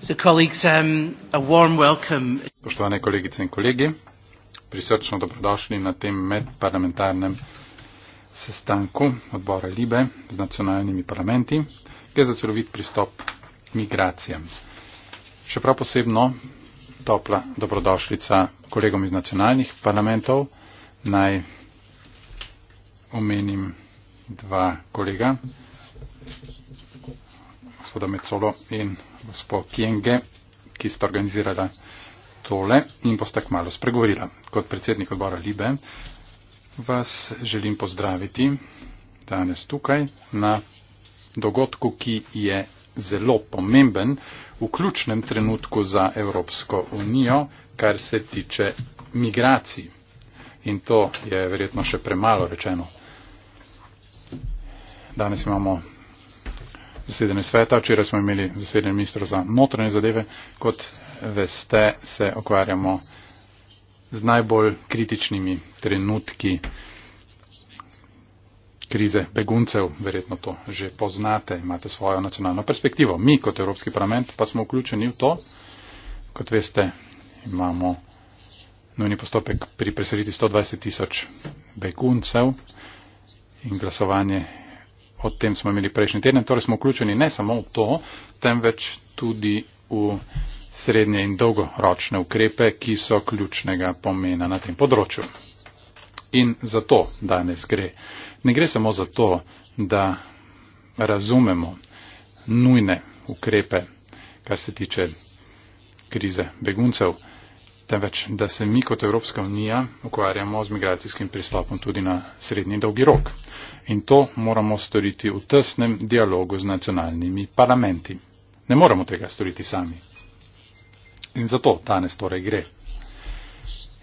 Um, Spoštovane kolegice in kolegi, prisrčno dobrodošli na tem medparlamentarnem sestanku odbora Libe z nacionalnimi parlamenti, ki je za celovit pristop k migracijam. Še prav posebno topla dobrodošlica kolegom iz nacionalnih parlamentov. Naj omenim dva kolega gospoda Mecolo in gospo Kienge, ki sta organizirala tole in bosta kmalo spregovorila. Kot predsednik odbora Libe vas želim pozdraviti danes tukaj na dogodku, ki je zelo pomemben v ključnem trenutku za Evropsko unijo, kar se tiče migracij. In to je verjetno še premalo rečeno. Danes imamo zasedanje sveta. Včeraj smo imeli zasedanje ministra za notranje zadeve. Kot veste, se okvarjamo z najbolj kritičnimi trenutki krize beguncev. Verjetno to že poznate, imate svojo nacionalno perspektivo. Mi kot Evropski parlament pa smo vključeni v to. Kot veste, imamo nujni postopek pri preseliti 120 tisoč beguncev in glasovanje o tem smo imeli prejšnji teden. Torej smo vključeni ne samo v to, temveč tudi v srednje in dolgoročne ukrepe, ki so ključnega pomena na tem področju. In zato danes gre. Ne gre samo za to, da razumemo nujne ukrepe, kar se tiče krize beguncev temveč da se mi kot Evropska unija ukvarjamo z migracijskim pristopom tudi na srednji dolgi rok. In to moramo storiti v tesnem dialogu z nacionalnimi parlamenti. Ne moramo tega storiti sami. In zato danes torej gre.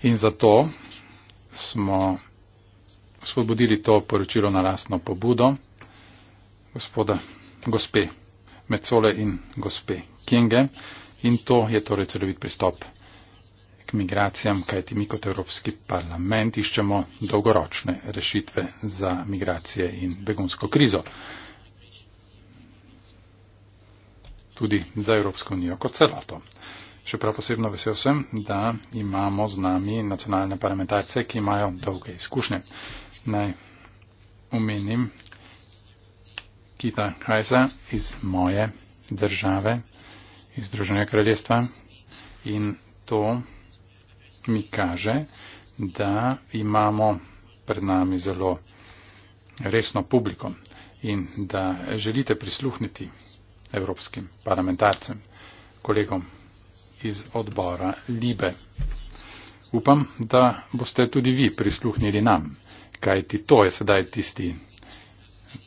In zato smo spodbudili to poročilo na lastno pobudo gospoda gospe Mecole in gospe Kinge. In to je torej celovit pristop migracijam, kajti mi kot Evropski parlament iščemo dolgoročne rešitve za migracije in begunsko krizo. Tudi za Evropsko unijo kot celoto. Še prav posebno vesel sem, da imamo z nami nacionalne parlamentarce, ki imajo dolge izkušnje. Naj omenim Kita Kajsa iz moje države, iz Združenega kraljestva in to mi kaže, da imamo pred nami zelo resno publiko in da želite prisluhniti evropskim parlamentarcem, kolegom iz odbora Libe. Upam, da boste tudi vi prisluhnili nam, kajti to je sedaj tisti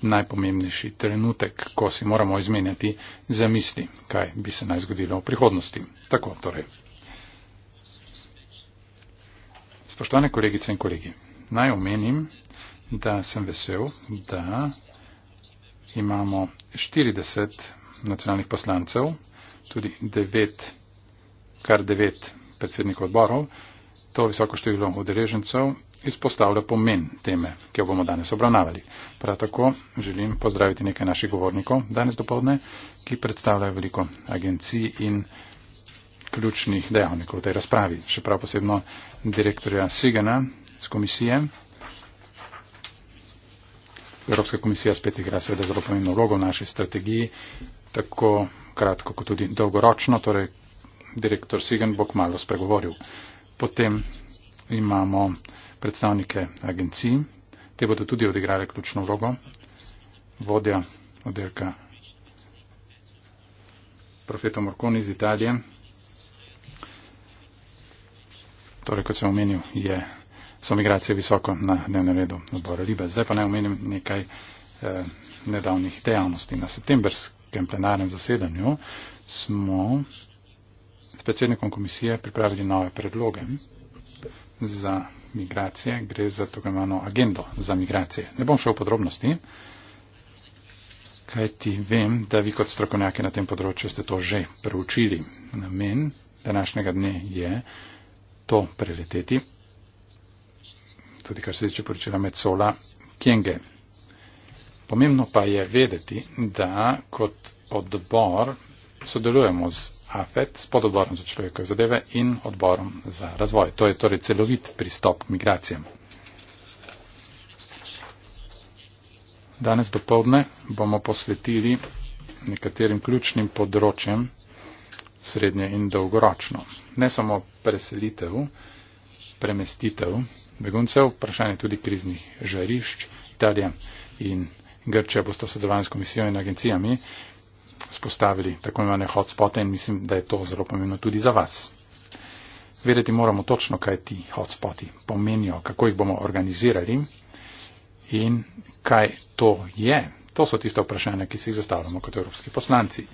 najpomembnejši trenutek, ko si moramo izmenjati zamisli, kaj bi se naj zgodilo v prihodnosti. Tako torej. Spoštovane kolegice in kolegi, naj omenim, da sem vesel, da imamo 40 nacionalnih poslancev, tudi 9, kar 9 predsednikov odborov. To visoko število udeležencev izpostavlja pomen teme, ki jo bomo danes obravnavali. Prav tako želim pozdraviti nekaj naših govornikov danes dopoledne, ki predstavljajo veliko agencij in ključnih dejavnikov v tej razpravi, še prav posebno direktorja Sigana s komisije. Evropska komisija spet igra seveda zelo pomembno vlogo v naši strategiji, tako kratko kot tudi dolgoročno, torej direktor Sigan bo kmalo spregovoril. Potem imamo predstavnike agencij, te bodo tudi odigrali ključno vlogo, vodja oddelka profeta Morconi iz Italije. Torej, kot sem omenil, je, so migracije visoko na dnevnem redu odbora Libe. Zdaj pa naj ne omenim nekaj eh, nedavnih dejavnosti. Na septembrskem plenarnem zasedanju smo s predsednikom komisije pripravili nove predloge za migracije. Gre za tako imeno agendo za migracije. Ne bom šel v podrobnosti, kaj ti vem, da vi kot strokovnjaki na tem področju ste to že preučili. Namen današnjega dne je, to preleteti. Tudi kar se tiče poročila Metzola Kienge. Pomembno pa je vedeti, da kot odbor sodelujemo z AFET, s pododborom za človekove zadeve in odborom za razvoj. To je torej celovit pristop k migracijam. Danes dopoldne bomo posvetili nekaterim ključnim področjem srednje in dolgoročno. Ne samo preselitev, premestitev beguncev, vprašanje tudi kriznih žarišč, Italija in Grčija bosta sodelovali s komisijo in agencijami, spostavili tako imenovane hotspote in mislim, da je to zelo pomembno tudi za vas. Vedeti moramo točno, kaj ti hotspoti pomenijo, kako jih bomo organizirali in kaj to je. To so tiste vprašanja, ki si jih zastavljamo kot evropski poslanci.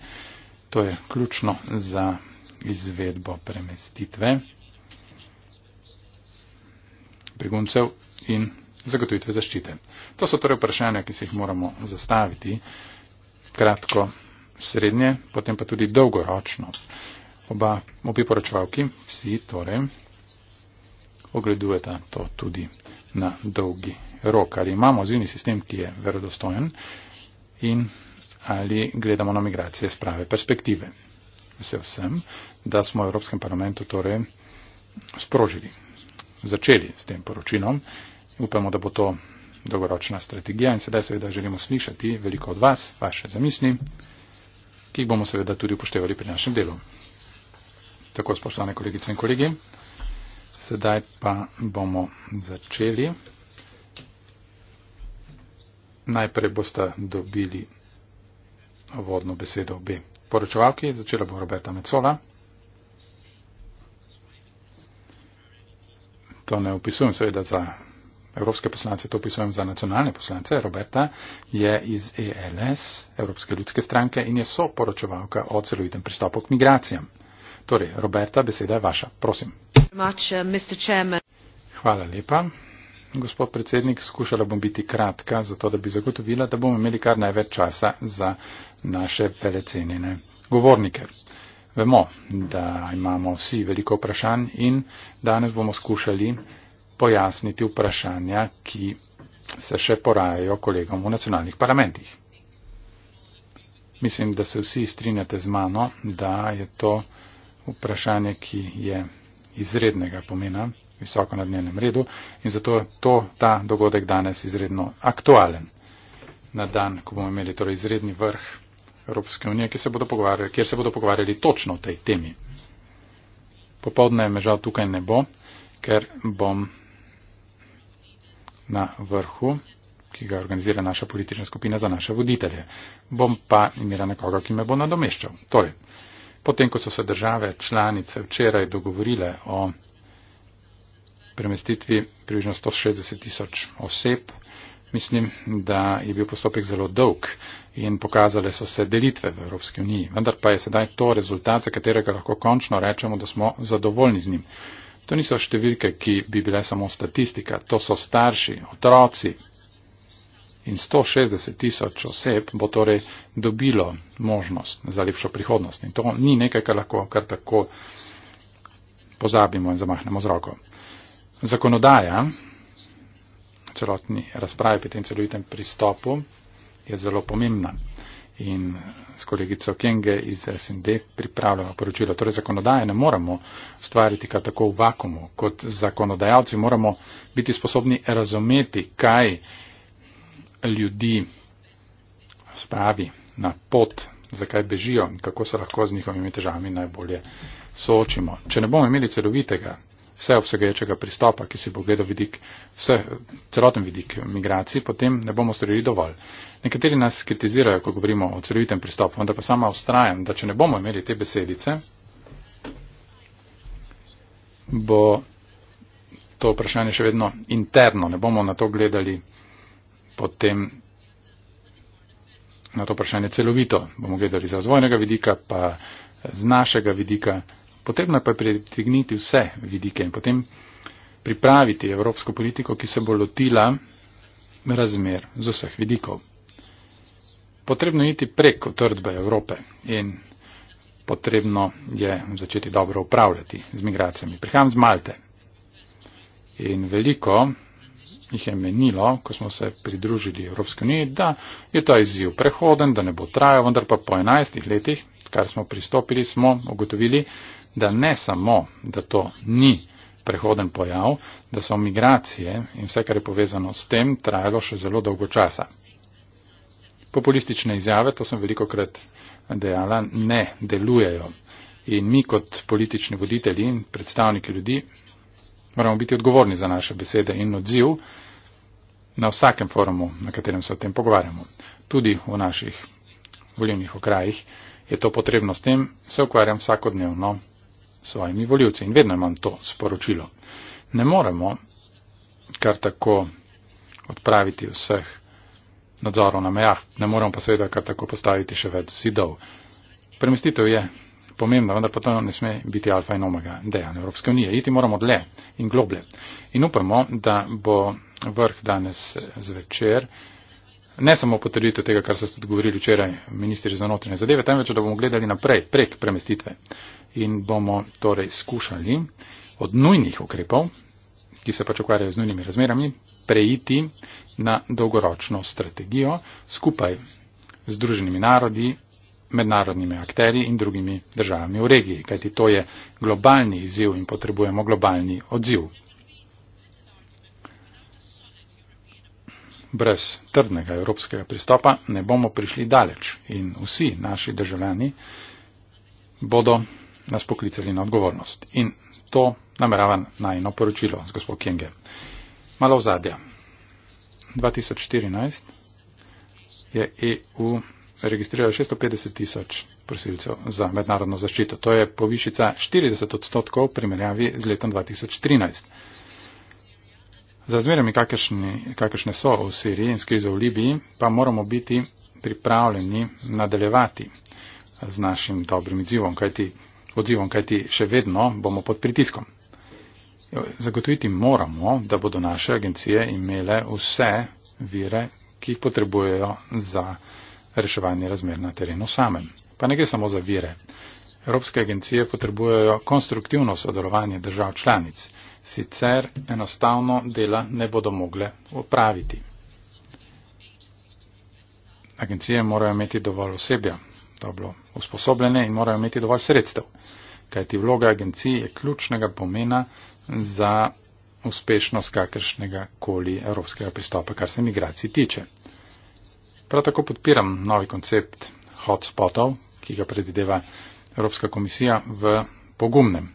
To je ključno za izvedbo premestitve beguncev in zagotovitve zaščite. To so torej vprašanja, ki se jih moramo zastaviti kratko, srednje, potem pa tudi dolgoročno. Oba obi poročevalki si torej ogledujeta to tudi na dolgi rok, ali imamo azilni sistem, ki je verodostojen in ali gledamo na migracije z prave perspektive. Vesel sem, da smo v Evropskem parlamentu torej sprožili, začeli s tem poročilom. Upamo, da bo to dolgoročna strategija in sedaj seveda želimo slišati veliko od vas, vaše zamisli, ki jih bomo seveda tudi upoštevali pri našem delu. Tako, spoštovane kolegice in kolegi, sedaj pa bomo začeli. Najprej boste dobili vodno besedo B. Poročevalki, začela bo Roberta Mecola. To ne opisujem seveda za evropske poslance, to opisujem za nacionalne poslance. Roberta je iz ELS, Evropske ljudske stranke in je soporočevalka o celovitem pristopu k migracijam. Torej, Roberta, beseda je vaša. Prosim. Uh, Hvala lepa gospod predsednik, skušala bom biti kratka, zato da bi zagotovila, da bomo imeli kar največ časa za naše velecenjene govornike. Vemo, da imamo vsi veliko vprašanj in danes bomo skušali pojasniti vprašanja, ki se še porajajo kolegom v nacionalnih parlamentih. Mislim, da se vsi strinjate z mano, da je to vprašanje, ki je izrednega pomena visoko na dnevnem redu in zato je to, ta dogodek danes izredno aktualen. Na dan, ko bomo imeli torej izredni vrh Evropske unije, se kjer se bodo pogovarjali točno o tej temi. Popovdne me žal tukaj ne bo, ker bom na vrhu, ki ga organizira naša politična skupina za naše voditelje. Bom pa imela nekoga, ki me bo nadomeščal. Torej, potem, ko so se države članice včeraj dogovorile o premestitvi približno 160 tisoč oseb. Mislim, da je bil postopek zelo dolg in pokazale so se delitve v Evropski uniji. Vendar pa je sedaj to rezultat, za katerega lahko končno rečemo, da smo zadovoljni z njim. To niso številke, ki bi bile samo statistika, to so starši, otroci. In 160 tisoč oseb bo torej dobilo možnost za lepšo prihodnost. In to ni nekaj, kar lahko kar tako pozabimo in zamahnemo z roko zakonodaja, celotni razpravi pri tem celovitem pristopu je zelo pomembna. In s kolegico Kenge iz SND pripravljamo poročilo. Torej zakonodaje ne moremo stvariti kar tako v vakumu. Kot zakonodajalci moramo biti sposobni razumeti, kaj ljudi spravi na pot, zakaj bežijo in kako se lahko z njihovimi težavami najbolje soočimo. Če ne bomo imeli celovitega vseobsegajočega pristopa, ki si bo gledal vidik, vse, celoten vidik migracij, potem ne bomo storili dovolj. Nekateri nas kritizirajo, ko govorimo o celovitem pristopu, vendar pa sama ustrajam, da če ne bomo imeli te besedice, bo to vprašanje še vedno interno, ne bomo na to gledali potem na to vprašanje celovito, bomo gledali z razvojnega vidika, pa z našega vidika. Potrebno je pa pritegniti vse vidike in potem pripraviti evropsko politiko, ki se bo lotila razmer z vseh vidikov. Potrebno je iti prek otrdbe Evrope in potrebno je začeti dobro upravljati z migracijami. Prihajam z Malte in veliko jih je menilo, ko smo se pridružili Evropske unije, da je ta izziv prehoden, da ne bo trajal, vendar pa po 11 letih, kar smo pristopili, smo ugotovili, da ne samo, da to ni prehoden pojav, da so migracije in vse, kar je povezano s tem, trajalo še zelo dolgo časa. Populistične izjave, to sem veliko krat dejala, ne delujejo. In mi kot politični voditelji in predstavniki ljudi moramo biti odgovorni za naše besede in odziv na vsakem forumu, na katerem se o tem pogovarjamo. Tudi v naših volivnih okrajih je to potrebno, s tem se ukvarjam vsakodnevno svojimi voljivci. In vedno imam to sporočilo. Ne moremo kar tako odpraviti vseh nadzorov na mejah, ne moremo pa seveda kar tako postaviti še več zidov. Premestitev je pomembna, vendar pa to ne sme biti alfa in omega dejanja Evropske unije. Iti moramo dlje in globlje. In upamo, da bo vrh danes eh, zvečer. Ne samo potrditi tega, kar so se odgovorili včeraj ministri za notranje zadeve, temveč, da bomo gledali naprej, prek premestitve in bomo torej skušali od nujnih ukrepov, ki se pač ukvarjajo z nujnimi razmerami, preiti na dolgoročno strategijo skupaj z druženimi narodi, mednarodnimi akteri in drugimi državami v regiji, kajti to je globalni izziv in potrebujemo globalni odziv. Brez trdnega evropskega pristopa ne bomo prišli daleč in vsi naši državljani bodo nas poklicali na odgovornost. In to nameravam najno poročilo z gospod Kenge. Malo vzadja. 2014 je EU registrirala 650 tisoč prosilcev za mednarodno zaščito. To je povišica 40 odstotkov v primerjavi z letom 2013. Za zmerami, kakršne, kakršne so v Siriji in skrizo v Libiji, pa moramo biti pripravljeni nadaljevati z našim dobrim izzivom, kajti odzivom, kajti še vedno bomo pod pritiskom. Zagotoviti moramo, da bodo naše agencije imele vse vire, ki jih potrebujejo za reševanje razmer na terenu samem. Pa ne gre samo za vire. Evropske agencije potrebujejo konstruktivno sodelovanje držav članic, sicer enostavno dela ne bodo mogle opraviti. Agencije morajo imeti dovolj osebja, dobro usposobljene in morajo imeti dovolj sredstev. Kajti vloga agencij je ključnega pomena za uspešnost kakršnega koli evropskega pristopa, kar se migracij tiče. Prav tako podpiram novi koncept hotspotov, ki ga predideva Evropska komisija v pogumnem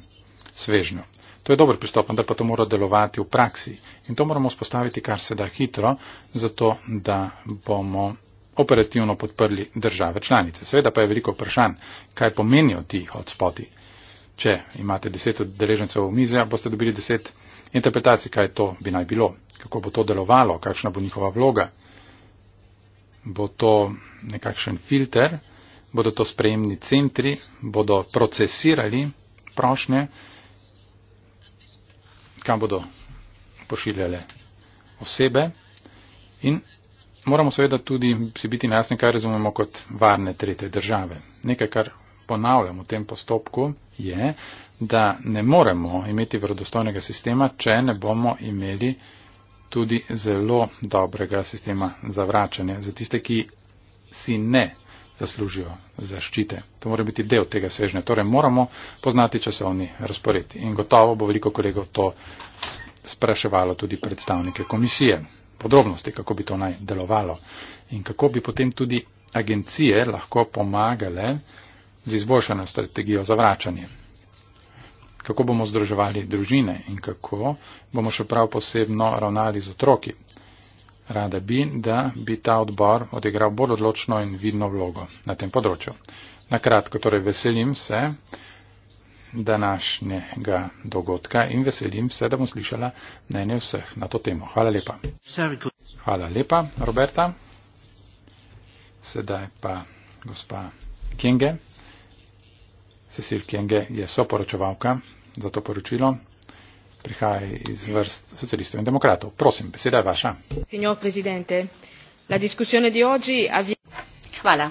svežnju. To je dober pristop, vendar pa to mora delovati v praksi in to moramo spostaviti kar se da hitro, zato da bomo operativno podprli države članice. Seveda pa je veliko vprašanj, kaj pomenijo ti hotspoti. Če imate deset odeležencev v mize, boste dobili deset interpretacij, kaj to bi naj bilo, kako bo to delovalo, kakšna bo njihova vloga. Bo to nekakšen filter, bodo to sprejemni centri, bodo procesirali prošnje, kam bodo pošiljale osebe in moramo seveda tudi si biti jasni, kaj razumemo kot varne tretje države. Nekaj, kar ponavljam v tem postopku, je, da ne moremo imeti verodostojnega sistema, če ne bomo imeli tudi zelo dobrega sistema zavračanja za tiste, ki si ne zaslužijo zaščite. To mora biti del tega svežnja. Torej moramo poznati časovni razpored. In gotovo bo veliko kolegov to spraševalo tudi predstavnike komisije podrobnosti, kako bi to naj delovalo in kako bi potem tudi agencije lahko pomagale z izboljšano strategijo zavračanja. Kako bomo združevali družine in kako bomo še prav posebno ravnali z otroki. Rada bi, da bi ta odbor odigral bolj odločno in vidno vlogo na tem področju. Na kratko, torej veselim se, današnjega dogodka in veselim se, da bom slišala mnenje vseh na to temo. Hvala lepa. Hvala lepa, Roberta. Sedaj pa gospa Kenge. Cecil Kenge je soporočevalka za to poročilo. Prihaja iz vrst socialistov in demokratov. Prosim, beseda je vaša. Hvala.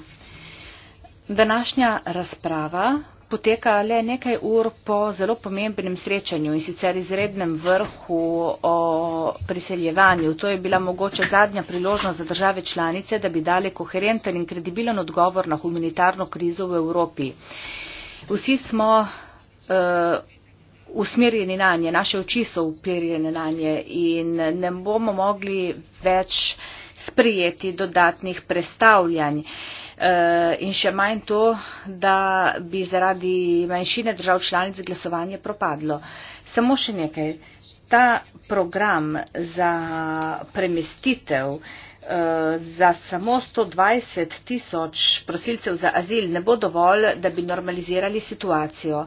Današnja razprava poteka le nekaj ur po zelo pomembnem srečanju in sicer izrednem vrhu o priseljevanju. To je bila mogoče zadnja priložnost za države članice, da bi dali koherenten in kredibilen odgovor na humanitarno krizo v Evropi. Vsi smo uh, usmerjeni na nje, naše oči so upirjene na nje in ne bomo mogli več sprijeti dodatnih predstavljanj. Uh, Eh, in še manj to, da bi zaradi manjšine držav članic glasovanje propadlo. Samo še nekaj. Ta program za premestitev eh, za samo 120 tisoč prosilcev za azil ne bo dovolj, da bi normalizirali situacijo.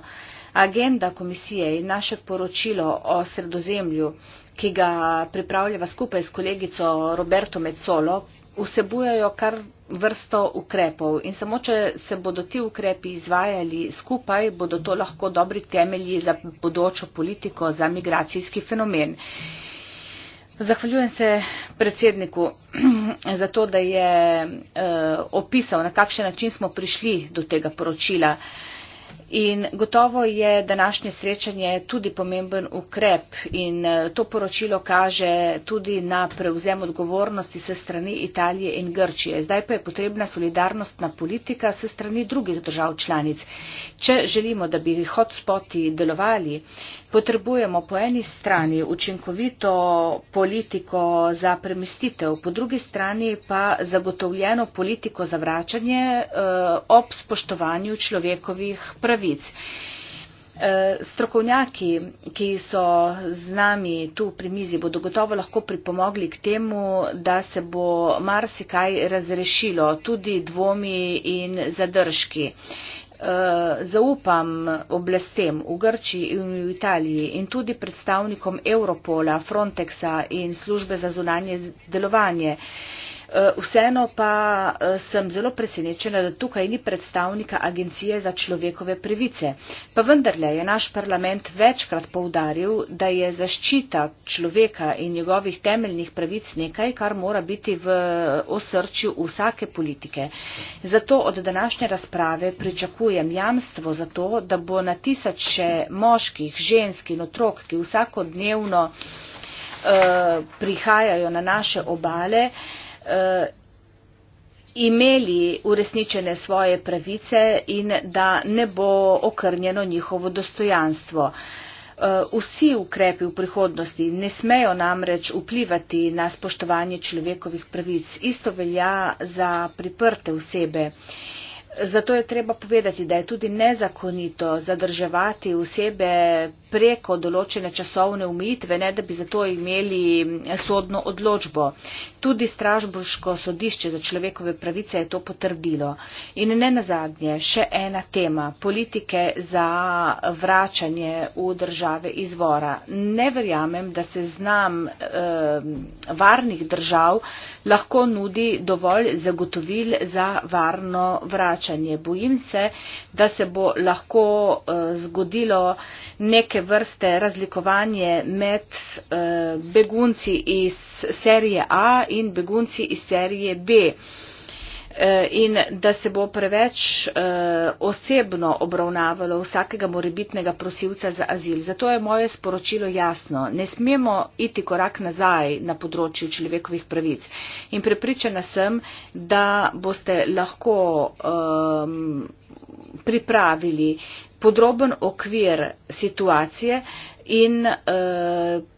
Agenda komisije in naše poročilo o sredozemlju, ki ga pripravljava skupaj s kolegico Roberto Mezzolo, vsebujajo kar vrsto ukrepov in samo, če se bodo ti ukrepi izvajali skupaj, bodo to lahko dobri temelji za bodočo politiko, za migracijski fenomen. Zahvaljujem se predsedniku za to, da je uh, opisal, na kakšen način smo prišli do tega poročila. Uh, in gotovo je današnje srečanje tudi pomemben ukrep in eh, to poročilo kaže tudi na prevzem odgovornosti se strani Italije in Grčije. Zdaj pa je potrebna solidarnostna politika se strani drugih držav članic. Če želimo, da bi hotspoti delovali, potrebujemo po eni strani učinkovito politiko za premestitev, po drugi strani pa zagotovljeno politiko za vračanje eh, ob spoštovanju človekovih pravil pravic. E, strokovnjaki, ki so z nami tu pri mizi, bodo gotovo lahko pripomogli k temu, da se bo marsikaj razrešilo, tudi dvomi in zadržki. E, zaupam oblastem v Grčiji in v Italiji in tudi predstavnikom Europola, Frontexa in službe za zunanje delovanje. Eh, vseeno pa eh, sem zelo presenečena, da tukaj ni predstavnika Agencije za človekove pravice. Pa vendarle je naš parlament večkrat povdaril, da je zaščita človeka in njegovih temeljnih pravic nekaj, kar mora biti v eh, osrčju vsake politike. Zato od današnje razprave pričakujem jamstvo za to, da bo na tisoče moških, žensk in otrok, ki vsakodnevno uh, prihajajo na naše obale, uh, Eh, imeli uresničene svoje pravice in da ne bo okrnjeno njihovo dostojanstvo. Eh, vsi ukrepi v prihodnosti ne smejo namreč vplivati na spoštovanje človekovih pravic. Isto velja za priprte osebe. Zato je treba povedati, da je tudi nezakonito zadrževati osebe preko določene časovne umitve, ne da bi zato imeli sodno odločbo. Tudi Stražburško sodišče za človekove pravice je to potrdilo. In ne nazadnje, še ena tema, politike za vračanje v države izvora. Ne verjamem, da se znam eh, varnih držav lahko nudi dovolj zagotovil za varno vračanje vračanje. Bojim se, da se bo lahko eh, zgodilo neke vrste razlikovanje med eh, begunci iz serije A in begunci iz serije B. Eh, in da se bo preveč eh, osebno obravnavalo vsakega morebitnega prosilca za azil. Zato je moje sporočilo jasno. Ne smemo iti korak nazaj na področju človekovih pravic. In prepričana sem, da boste lahko ehm, pripravili podroben okvir situacije in eh,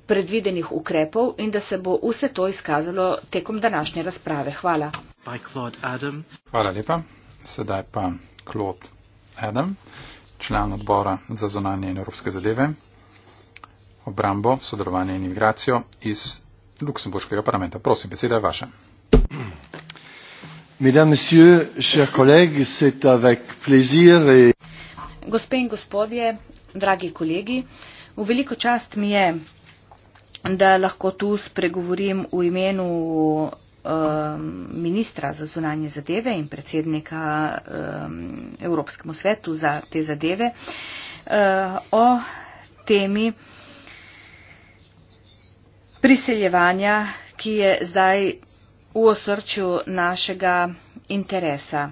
predvidenih ukrepov in da se bo vse to izkazalo tekom današnje razprave. Hvala. Hvala lepa. Sedaj pa Klod Adam, član odbora za zonanje in evropske zadeve, obrambo, sodelovanje in imigracijo iz Luksemburškega parlamenta. Prosim, beseda je vaša. Mesdames, Messieurs, chers collègues, c'est avec plaisir et gospe in gospodje, dragi kolegi, v veliko čast mi je, da lahko tu spregovorim v imenu um, ministra za zunanje zadeve in predsednika um, Evropskemu svetu za te zadeve uh, o temi priseljevanja, ki je zdaj v osrčju našega interesa.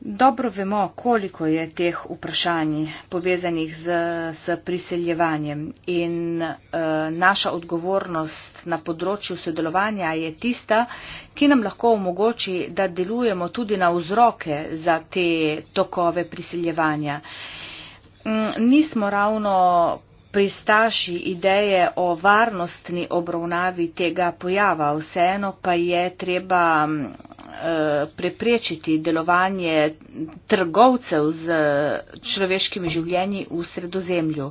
Dobro vemo, koliko je teh vprašanj povezanih z, z priseljevanjem in e, naša odgovornost na področju sodelovanja je tista, ki nam lahko omogoči, da delujemo tudi na vzroke za te tokove priseljevanja. Mm, nismo ravno pristaši ideje o varnostni obravnavi tega pojava, vseeno pa je treba mm, Eh, preprečiti delovanje trgovcev z človeškimi življenji v sredozemlju.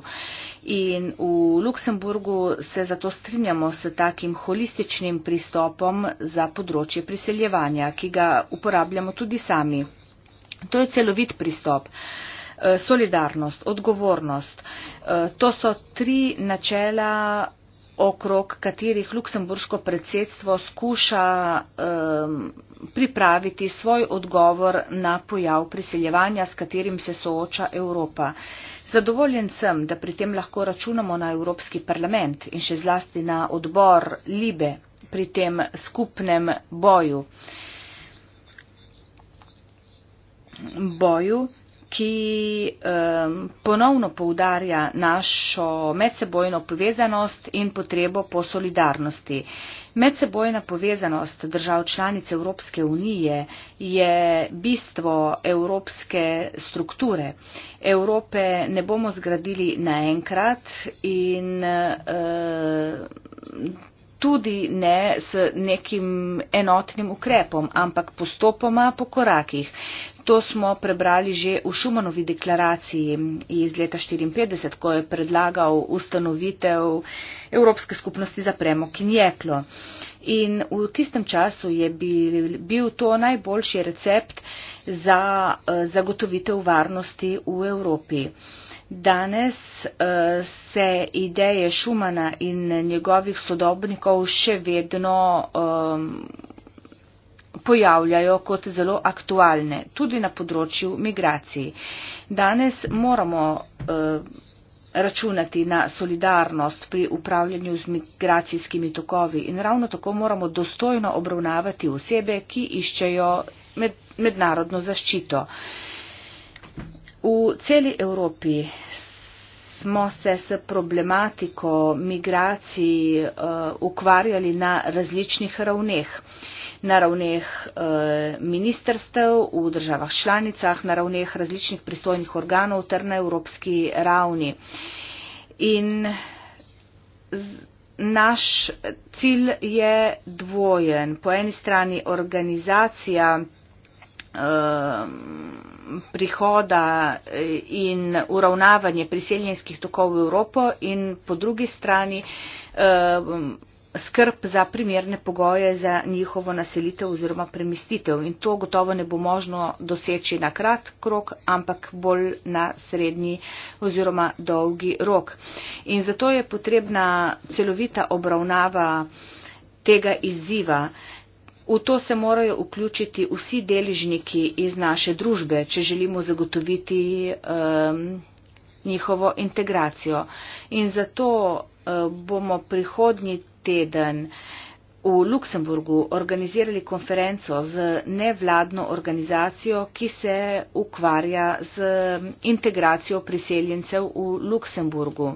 In v Luksemburgu se zato strinjamo s takim holističnim pristopom za področje priseljevanja, ki ga uporabljamo tudi sami. To je celovit pristop. Eh, solidarnost, odgovornost, eh, to so tri načela okrog katerih luksemburško predsedstvo skuša um, pripraviti svoj odgovor na pojav priseljevanja, s katerim se sooča Evropa. Zadovoljen sem, da pri tem lahko računamo na Evropski parlament in še zlasti na odbor Libe pri tem skupnem boju. boju ki um, ponovno poudarja našo medsebojno povezanost in potrebo po solidarnosti. Medsebojna povezanost držav članic Evropske unije je bistvo evropske strukture. Evrope ne bomo zgradili naenkrat in uh, tudi ne s nekim enotnim ukrepom, ampak postopoma po korakih. To smo prebrali že v Šumanovi deklaraciji iz leta 1954, ko je predlagal ustanovitev Evropske skupnosti za premok in jeklo. In v tistem času je bil, bil to najboljši recept za eh, zagotovitev varnosti v Evropi. Danes uh, se ideje Šumana in njegovih sodobnikov še vedno um, pojavljajo kot zelo aktualne, tudi na področju migracij. Danes moramo uh, računati na solidarnost pri upravljanju z migracijskimi tokovi in ravno tako moramo dostojno obravnavati osebe, ki iščejo med, mednarodno zaščito. Uh, V celi Evropi smo se s problematiko migracij uh, ukvarjali na različnih ravneh. Na ravneh uh, ministerstev v državah članicah, na ravneh različnih pristojnih organov ter na evropski ravni. In naš cilj je dvojen. Po eni strani organizacija. Uh, prihoda eh, in uravnavanje priseljenskih tokov v Evropo in po drugi strani eh, skrb za primerne pogoje za njihovo naselitev oziroma premestitev. In to gotovo ne bo možno doseči na krat krok, ampak bolj na srednji oziroma dolgi rok. In zato je potrebna celovita obravnava tega izziva. Uh, V to se morajo vključiti vsi deležniki iz naše družbe, če želimo zagotoviti um, njihovo integracijo. In zato um, bomo prihodnji teden v Luksemburgu organizirali konferenco z nevladno organizacijo, ki se ukvarja z integracijo priseljencev v Luksemburgu.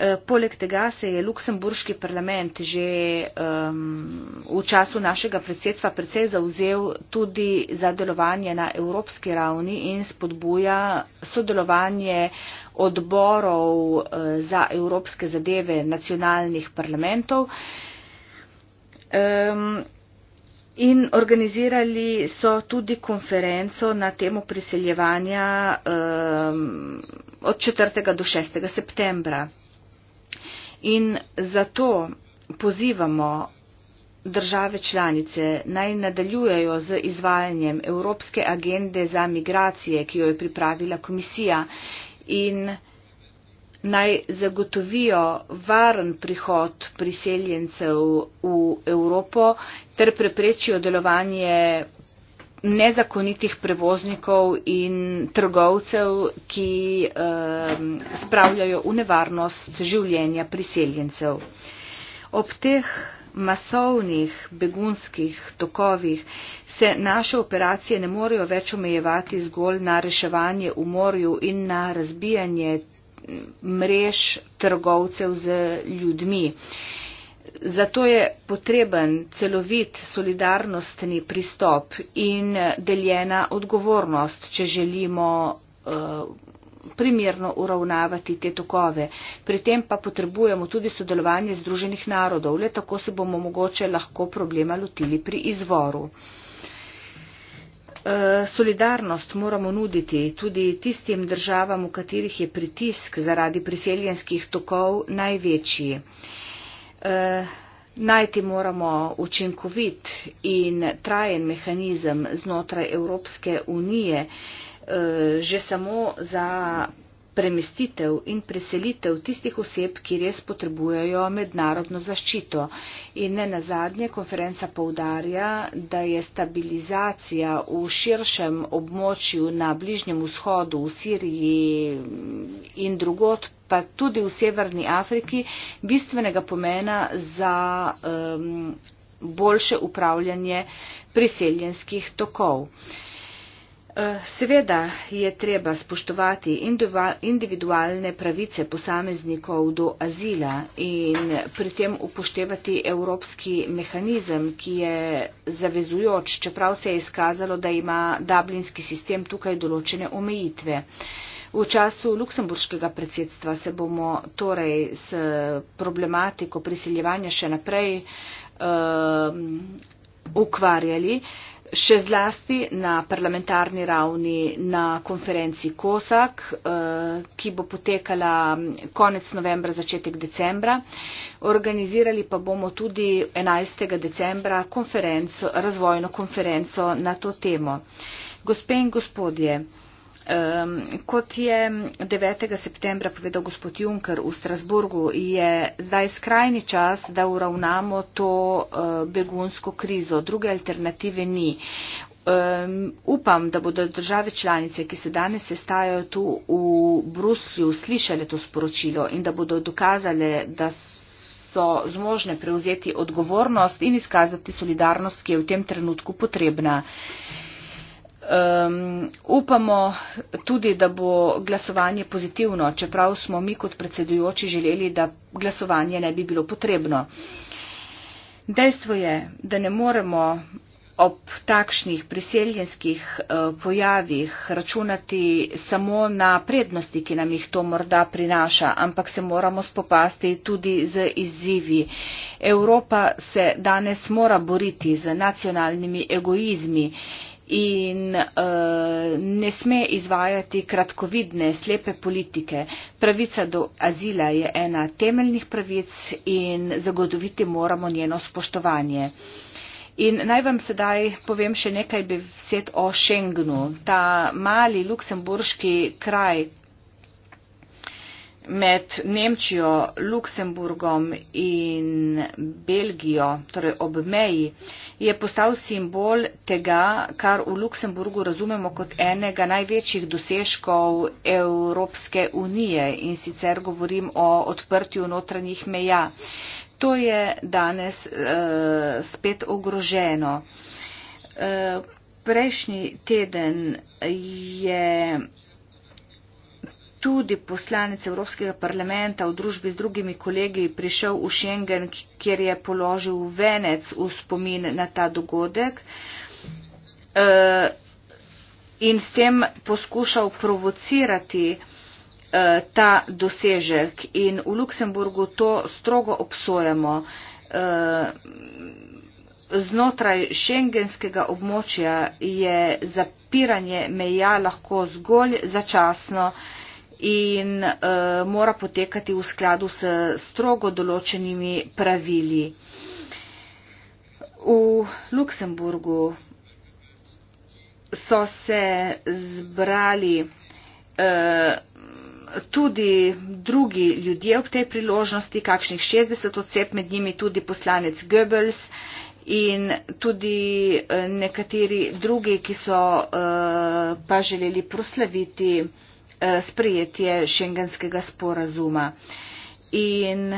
Eh, poleg tega se je luksemburški parlament že um, v času našega predsedstva precej zauzel tudi za delovanje na evropski ravni in spodbuja sodelovanje odborov uh, za evropske zadeve nacionalnih parlamentov. Um, In organizirali so tudi konferenco na temo priseljevanja um, od 4. do 6. septembra. In zato pozivamo države članice naj nadaljujejo z izvajanjem Evropske agende za migracije, ki jo je pripravila komisija in naj zagotovijo varen prihod priseljencev v Evropo ter preprečijo delovanje nezakonitih prevoznikov in trgovcev, ki um, spravljajo v nevarnost življenja priseljencev. Ob teh masovnih begunskih tokovih se naše operacije ne morejo več omejevati zgolj na reševanje v morju in na razbijanje mrež trgovcev z ljudmi. Uh, Zato je potreben celovit solidarnostni pristop in deljena odgovornost, če želimo eh, primerno uravnavati te tokove. Pri tem pa potrebujemo tudi sodelovanje Združenih narodov. Le tako se bomo mogoče lahko problema lotili pri izvoru. Eh, solidarnost moramo nuditi tudi tistim državam, v katerih je pritisk zaradi priseljenskih tokov največji. Eh, najti moramo učinkovit in trajen mehanizem znotraj Evropske unije eh, že samo za premestitev in preselitev tistih oseb, ki res potrebujejo mednarodno zaščito. In ne nazadnje, konferenca poudarja, da je stabilizacija v širšem območju na Bližnjem vzhodu, v Siriji in drugot pa tudi v Severni Afriki, bistvenega pomena za um, boljše upravljanje priseljenskih tokov. Eh, seveda je treba spoštovati individualne pravice posameznikov do azila in pri tem upoštevati evropski mehanizem, ki je zavezujoč, čeprav se je izkazalo, da ima dublinski sistem tukaj določene omejitve. V času luksemburškega predsedstva se bomo torej s problematiko priseljevanja še naprej um, ukvarjali, še zlasti na parlamentarni ravni na konferenci COSAC, uh, eh, ki bo potekala konec novembra, začetek decembra. Organizirali pa bomo tudi 11. decembra konferenco, razvojno konferenco na to temo. Gospe in gospodje, Um, kot je 9. septembra povedal gospod Juncker v Strasburgu, je zdaj skrajni čas, da uravnamo to uh, begunsko krizo. Druge alternative ni. Um, upam, da bodo države članice, ki se danes sestajajo tu v Bruslju, slišali to sporočilo in da bodo dokazali, da so zmožne prevzeti odgovornost in izkazati solidarnost, ki je v tem trenutku potrebna. Uh, upamo tudi, da bo glasovanje pozitivno, čeprav smo mi kot predsedujoči želeli, da glasovanje ne bi bilo potrebno. Dejstvo je, da ne moremo ob takšnih priseljenskih eh, pojavih računati samo na prednosti, ki nam jih to morda prinaša, ampak se moramo spopasti tudi z izzivi. Evropa se danes mora boriti z nacionalnimi egoizmi in uh, ne sme izvajati kratkovidne, slepe politike. Pravica do azila je ena temeljnih pravic in zagotoviti moramo njeno spoštovanje. In naj vam sedaj povem še nekaj besed o Schengenu. Ta mali luksemburški kraj, med Nemčijo, Luksemburgom in Belgijo, torej ob meji, je postal simbol tega, kar v Luksemburgu razumemo kot enega največjih dosežkov Evropske unije in sicer govorim o odprtju notranjih meja. To je danes uh, spet ogroženo. Uh, prejšnji teden je tudi poslanec Evropskega parlamenta v družbi z drugimi kolegi prišel v Schengen, kjer je položil venec v spomin na ta dogodek eh, in s tem poskušal provocirati eh, ta dosežek. In v Luksemburgu to strogo obsojamo. Eh, znotraj šengenskega območja je zapiranje meja lahko zgolj začasno in uh, mora potekati v skladu s strogo določenimi pravili. V Luksemburgu so se zbrali uh, tudi drugi ljudje ob tej priložnosti, kakšnih 60 odsep, med njimi tudi poslanec Goebbels in tudi eh, nekateri drugi, ki so uh, pa želeli proslaviti Eh, sprejetje šengenskega sporazuma. In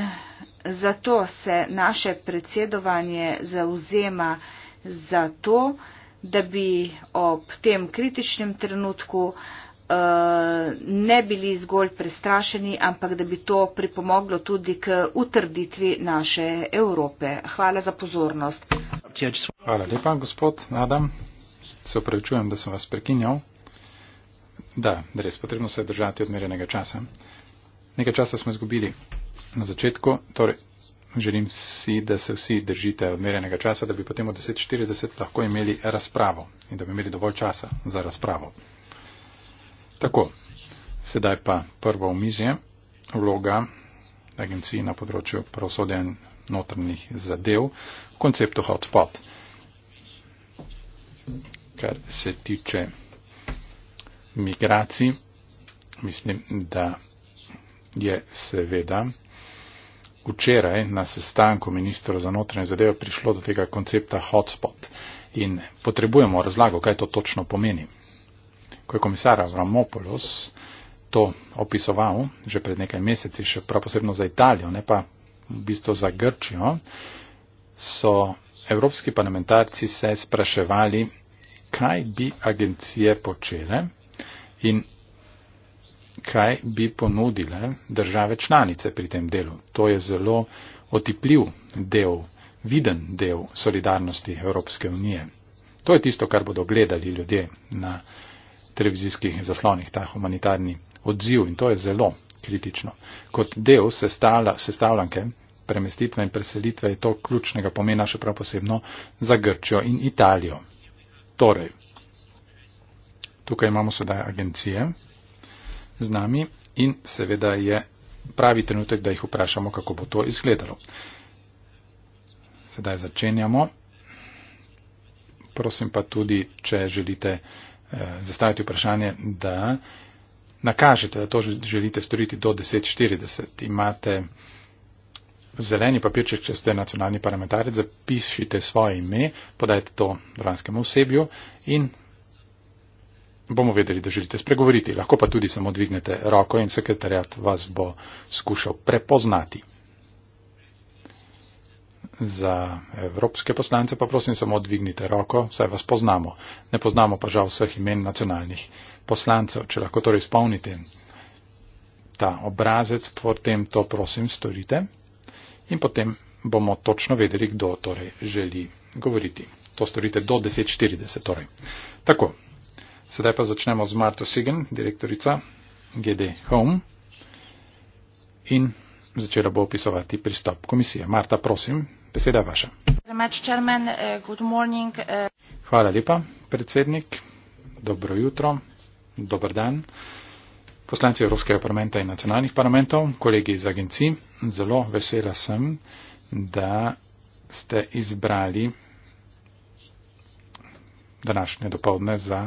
zato se naše predsedovanje zauzema za to, da bi ob tem kritičnem trenutku eh, ne bili zgolj prestrašeni, ampak da bi to pripomoglo tudi k utrditvi naše Evrope. Hvala za pozornost. Hvala lepa, gospod Adam. Se opravičujem, da sem vas prekinjal. Da, res, potrebno se je držati odmerenega časa. Nekaj časa smo izgubili na začetku, torej želim si, da se vsi držite odmerenega časa, da bi potem o 10.40 lahko imeli razpravo in da bi imeli dovolj časa za razpravo. Tako, sedaj pa prvo omizje, vloga agencij na področju pravosodja in notrnih zadev, konceptu hotspot, kar se tiče migracij. Mislim, da je seveda včeraj na sestanku ministra za notranje zadeve prišlo do tega koncepta hotspot in potrebujemo razlago, kaj to točno pomeni. Ko je komisar Avramopoulos to opisoval že pred nekaj meseci, še prav posebno za Italijo, ne pa v bistvu za Grčijo, so evropski parlamentarci se spraševali, kaj bi agencije počele in kaj bi ponudile države članice pri tem delu. To je zelo otipljiv del, viden del solidarnosti Evropske unije. To je tisto, kar bodo gledali ljudje na televizijskih zaslonih, ta humanitarni odziv in to je zelo kritično. Kot del sestavljanke premestitve in preselitve je to ključnega pomena še prav posebno za Grčjo in Italijo. Torej, Tukaj imamo sedaj agencije z nami in seveda je pravi trenutek, da jih vprašamo, kako bo to izgledalo. Sedaj začenjamo. Prosim pa tudi, če želite eh, zastaviti vprašanje, da nakažete, da to želite storiti do 10.40. Imate zeleni papirček, če ste nacionalni parlamentarec, zapišite svoje ime, podajte to dranskemu osebju in bomo vedeli, da želite spregovoriti, lahko pa tudi samo dvignete roko in sekretarjat vas bo skušal prepoznati. Za evropske poslance pa prosim samo dvignite roko, saj vas poznamo. Ne poznamo pa žal vseh imen nacionalnih poslancev. Če lahko torej izpolnite ta obrazec, potem to prosim storite in potem bomo točno vedeli, kdo torej želi govoriti. To storite do 10.40. Torej. Tako, Sedaj pa začnemo z Marto Sigen, direktorica GD Home. In začela bo opisovati pristop komisije. Marta, prosim, beseda je vaša. Hvala lepa, predsednik. Dobro jutro, dober dan. Poslanci Evropskega parlamenta in nacionalnih parlamentov, kolegi iz agencij, zelo vesela sem, da ste izbrali današnje dopoledne za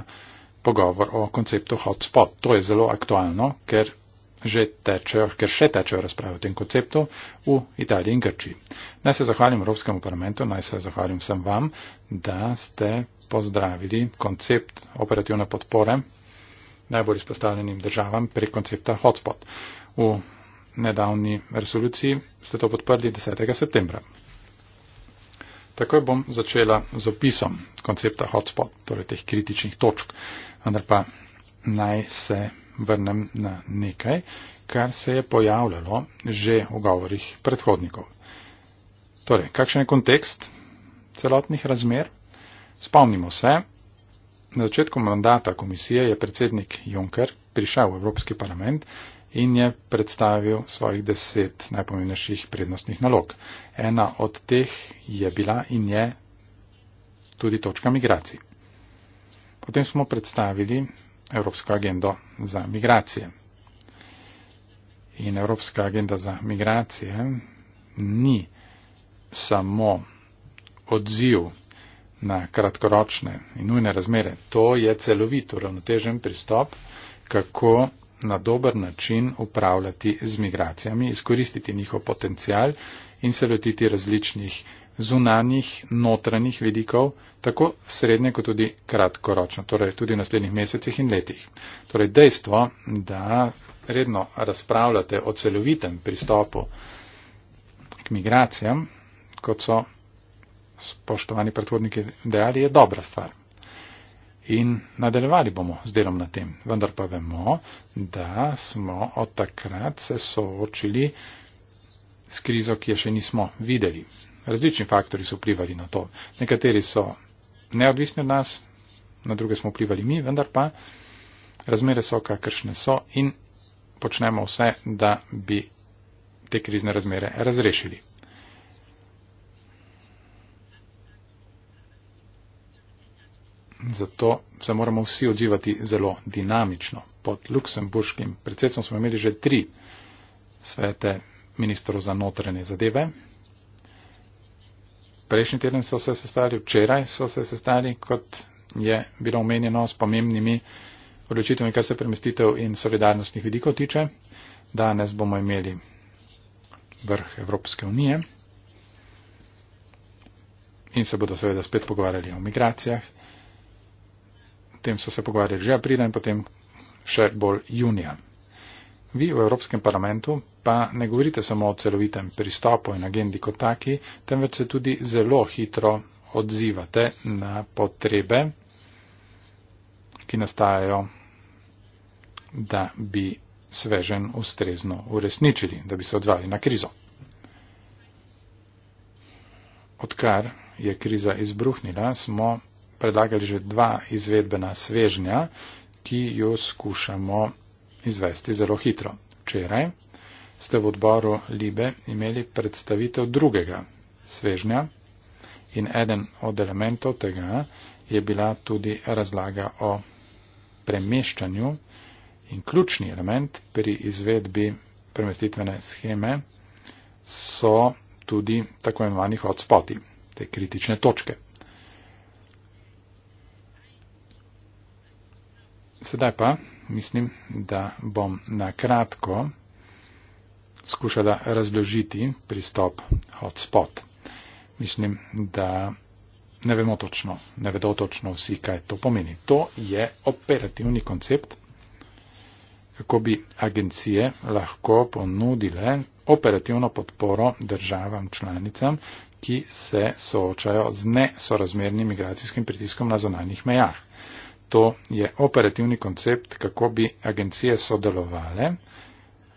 pogovor o konceptu hotspot. To je zelo aktualno, ker, tečejo, ker še tečejo razprave o tem konceptu v Italiji in Grčiji. Naj se zahvalim Evropskemu parlamentu, naj se zahvalim vsem vam, da ste pozdravili koncept operativne podpore najbolj izpostavljenim državam prek koncepta hotspot. V nedavni resoluciji ste to podprli 10. septembra. Takoj bom začela z opisom koncepta hotspot, torej teh kritičnih točk, vendar pa naj se vrnem na nekaj, kar se je pojavljalo že v govorih predhodnikov. Torej, kakšen je kontekst celotnih razmer? Spomnimo se, na začetku mandata komisije je predsednik Juncker prišel v Evropski parlament in je predstavil svojih deset najpomembnejših prednostnih nalog. Ena od teh je bila in je tudi točka migracij. Potem smo predstavili Evropsko agendo za migracije. In Evropska agenda za migracije ni samo odziv na kratkoročne in nujne razmere. To je celovit uravnotežen pristop, kako na dober način upravljati z migracijami, izkoristiti njihov potencial in se lotiti različnih zunanjih, notranjih vidikov, tako srednje kot tudi kratkoročno, torej tudi v naslednjih mesecih in letih. Torej dejstvo, da redno razpravljate o celovitem pristopu k migracijam, kot so spoštovani predhodniki dejali, je dobra stvar in nadaljevali bomo z delom na tem. Vendar pa vemo, da smo od takrat se soočili s krizo, ki je še nismo videli. Različni faktori so vplivali na to. Nekateri so neodvisni od nas, na druge smo vplivali mi, vendar pa razmere so, kakršne so in počnemo vse, da bi te krizne razmere razrešili. zato se moramo vsi odzivati zelo dinamično. Pod Luksemburškim predsedstvom smo imeli že tri svete ministrov za notranje zadeve. Prejšnji teden so se sestali, včeraj so se sestali, kot je bilo omenjeno s pomembnimi odločitvami, kar se premestitev in solidarnostnih vidikov tiče. Danes bomo imeli vrh Evropske unije in se bodo seveda spet pogovarjali o migracijah potem so se pogovarjali že aprila in potem še bolj junija. Vi v Evropskem parlamentu pa ne govorite samo o celovitem pristopu in agendi kot taki, temveč se tudi zelo hitro odzivate na potrebe, ki nastajajo, da bi svežen ustrezno uresničili, da bi se odzvali na krizo. Odkar je kriza izbruhnila, smo predlagali že dva izvedbena svežnja, ki jo skušamo izvesti zelo hitro. Včeraj ste v odboru Libe imeli predstavitev drugega svežnja in eden od elementov tega je bila tudi razlaga o premeščanju in ključni element pri izvedbi premestitvene scheme so tudi tako imenovani hotspoti, te kritične točke, Sedaj pa mislim, da bom na kratko skušala razložiti pristop hotspot. Mislim, da ne vemo točno, ne vedo točno vsi, kaj to pomeni. To je operativni koncept, kako bi agencije lahko ponudile operativno podporo državam članicam, ki se soočajo z nesorazmernim migracijskim pritiskom na zonalnih mejah. To je operativni koncept, kako bi agencije sodelovale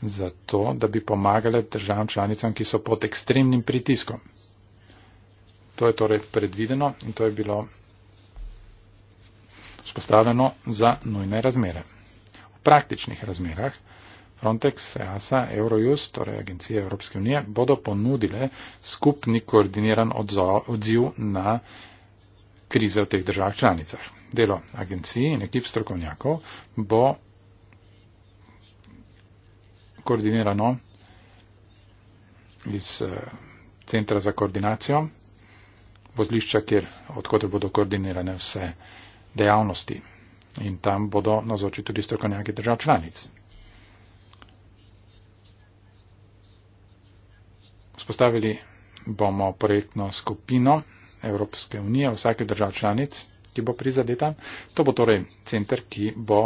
za to, da bi pomagale državam članicam, ki so pod ekstremnim pritiskom. To je torej predvideno in to je bilo spostavljeno za nujne razmere. V praktičnih razmerah Frontex, EASA, Eurojust, torej agencije Evropske unije, bodo ponudile skupni koordiniran odziv na krize v teh državah članicah delo agencij in ekip strokovnjakov bo koordinirano iz eh, centra za koordinacijo, vozlišča, kjer odkotr bodo koordinirane vse dejavnosti in tam bodo nazoči tudi strokovnjaki držav članic. Spostavili bomo projektno skupino Evropske unije vsake držav članic ki bo prizadeta. To bo torej centr, ki bo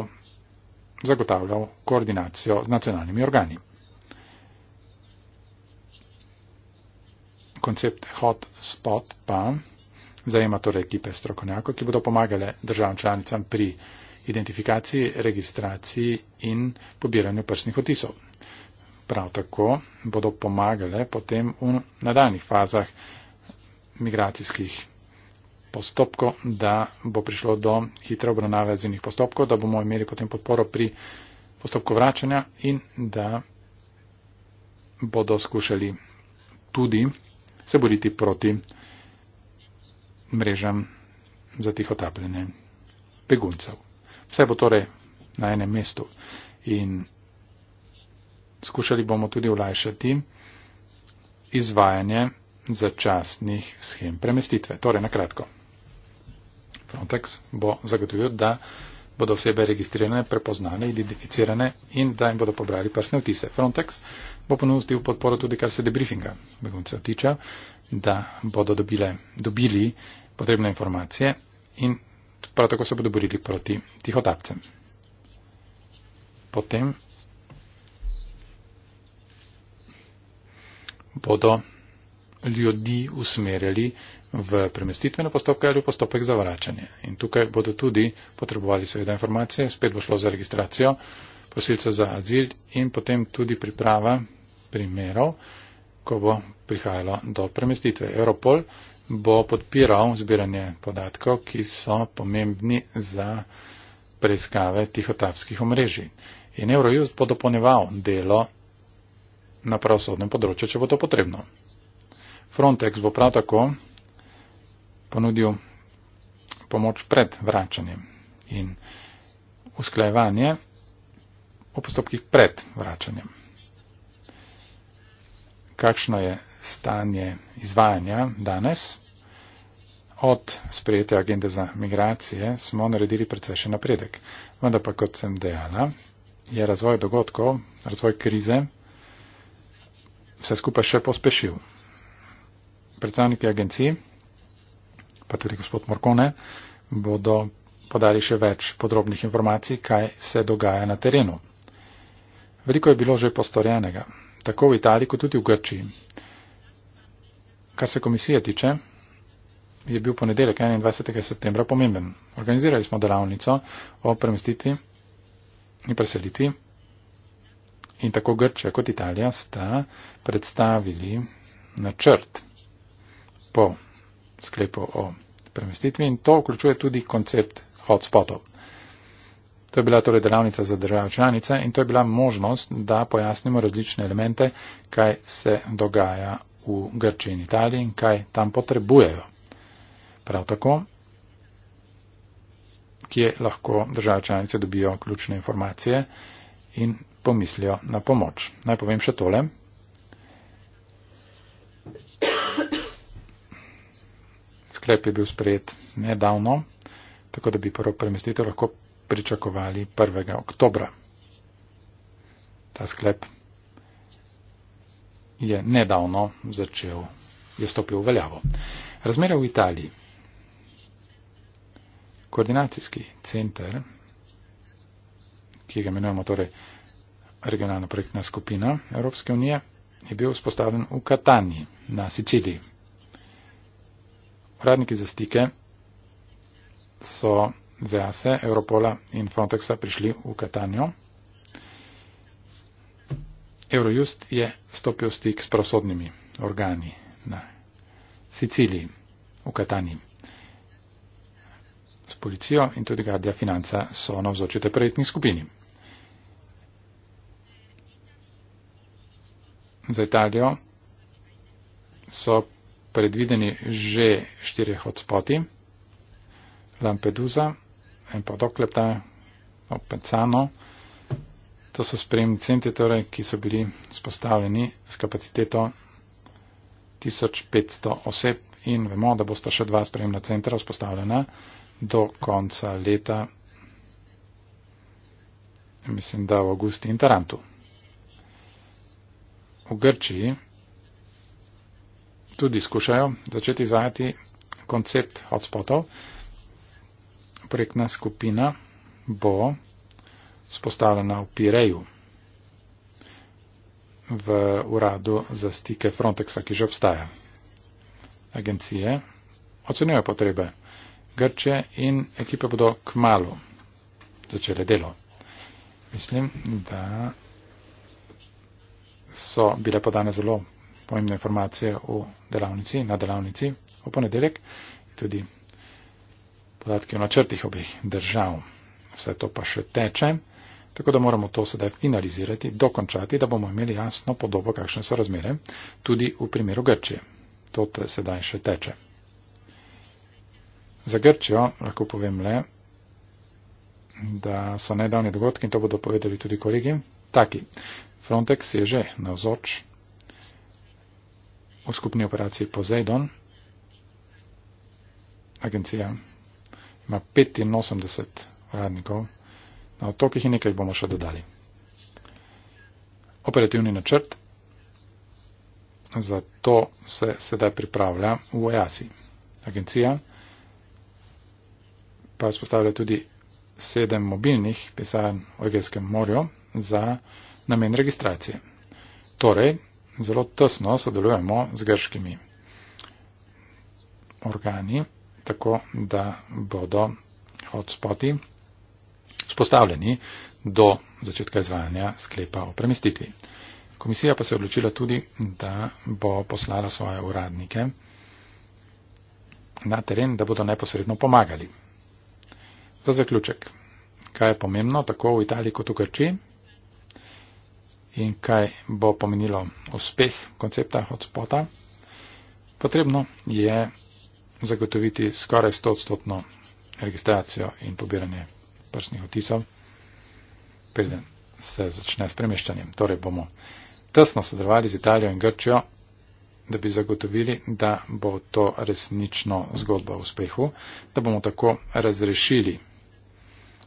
zagotavljal koordinacijo z nacionalnimi organi. Koncept hot spot pa zajema torej ekipe strokovnjakov, ki bodo pomagale državam članicam pri identifikaciji, registraciji in pobiranju prsnih otisov. Prav tako bodo pomagale potem v nadaljnih fazah migracijskih postopkov, da bo prišlo do hitre obravnave azilnih postopkov, da bomo imeli potem podporo pri postopku vračanja in da bodo skušali tudi se boriti proti mrežam za tih otapljene beguncev. Vse bo torej na enem mestu in skušali bomo tudi ulajšati izvajanje začasnih schem premestitve. Torej, nakratko. Frontex bo zagotovil, da bodo osebe registrirane, prepoznane, identificirane in da jim bodo pobrali prsne vtise. Frontex bo ponudil podporo tudi, kar se debriefinga beguncev tiče, da bodo dobile, dobili potrebne informacije in prav tako se bodo borili proti tihotapcem. Potem bodo ljudi usmerjali v premestitvene postopke ali v postopek za vračanje. In tukaj bodo tudi potrebovali seveda informacije, spet bo šlo za registracijo posilca za azil in potem tudi priprava primerov, ko bo prihajalo do premestitve. Europol bo podpiral zbiranje podatkov, ki so pomembni za preiskave tihotapskih omrežij. In Eurojust bo dopolneval delo na pravosodnem področju, če bo to potrebno. Frontex bo prav tako ponudil pomoč pred vračanjem in usklajevanje o postopkih pred vračanjem. Kakšno je stanje izvajanja danes? Od sprejete agende za migracije smo naredili precej še napredek. Vendar pa, kot sem dejala, je razvoj dogodkov, razvoj krize se skupaj še pospešil. Predstavniki agencije pa tudi gospod Morkone, bodo podali še več podrobnih informacij, kaj se dogaja na terenu. Veliko je bilo že postorjenega, tako v Italiji kot tudi v Grčiji. Kar se komisije tiče, je bil ponedeljek 21. septembra pomemben. Organizirali smo delavnico o premestiti in preseliti in tako Grčija kot Italija sta predstavili načrt po sklepov o premestitvi in to vključuje tudi koncept hotspotov. To je bila torej delavnica za države članice in to je bila možnost, da pojasnimo različne elemente, kaj se dogaja v Grčiji in Italiji in kaj tam potrebujejo. Prav tako, kje lahko države članice dobijo ključne informacije in pomislijo na pomoč. Naj povem še tole. sklep je bil sprejet nedavno, tako da bi prvo premestitev lahko pričakovali 1. oktobra. Ta sklep je nedavno začel, je stopil v veljavo. Razmere v Italiji. Koordinacijski center, ki ga imenujemo torej regionalna projektna skupina Evropske unije, je bil vzpostavljen v Kataniji na Siciliji. Uradniki za stike so z EASE, Europola in Frontexa prišli v Katanjo. Eurojust je stopil stik s prosodnimi organi na Siciliji, v Kataniji. S policijo in tudi gardija financa so na vzočite prejetni skupini. Za Italijo so predvideni že štiri hotspoti, Lampedusa in pa Dokleta, Opecano. No, to so sprejemni centri, torej, ki so bili spostavljeni s kapaciteto 1500 oseb in vemo, da bosta še dva sprejemna centra vzpostavljena do konca leta, mislim, da v avgusti in Tarantu. V Grčiji tudi skušajo začeti izvajati koncept hotspotov. Projektna skupina bo spostavljena v Pireju v uradu za stike Frontexa, ki že obstaja. Agencije ocenjujejo potrebe Grče in ekipe bodo k malu začele delo. Mislim, da so bile podane zelo pomembne informacije v delavnici, na delavnici v ponedeljek, tudi podatke o načrtih obeh držav. Vse to pa še teče, tako da moramo to sedaj finalizirati, dokončati, da bomo imeli jasno podobo, kakšne so razmere, tudi v primeru Grčije. To te sedaj še teče. Za Grčijo lahko povem le, da so najdaljni dogodki, in to bodo povedali tudi kolegi, taki. Frontex je že na vzorč v skupni operaciji Poseidon. Agencija ima 85 uradnikov, na otokih in nekaj bomo še dodali. Operativni načrt za to se sedaj pripravlja v EASI. Agencija pa spostavlja tudi sedem mobilnih pisarn v Egejskem morju za namen registracije. Torej, zelo tesno sodelujemo z grškimi organi, tako da bodo hotspoti spostavljeni do začetka izvajanja sklepa o premestitvi. Komisija pa se je odločila tudi, da bo poslala svoje uradnike na teren, da bodo neposredno pomagali. Za zaključek, kaj je pomembno tako v Italiji kot v Grčiji? in kaj bo pomenilo uspeh koncepta hotspota, potrebno je zagotoviti skoraj 100-odstotno registracijo in pobiranje prstnih otisov, preden se začne s premeščanjem. Torej bomo tesno sodelovali z Italijo in Grčijo, da bi zagotovili, da bo to resnično zgodba o uspehu, da bomo tako razrešili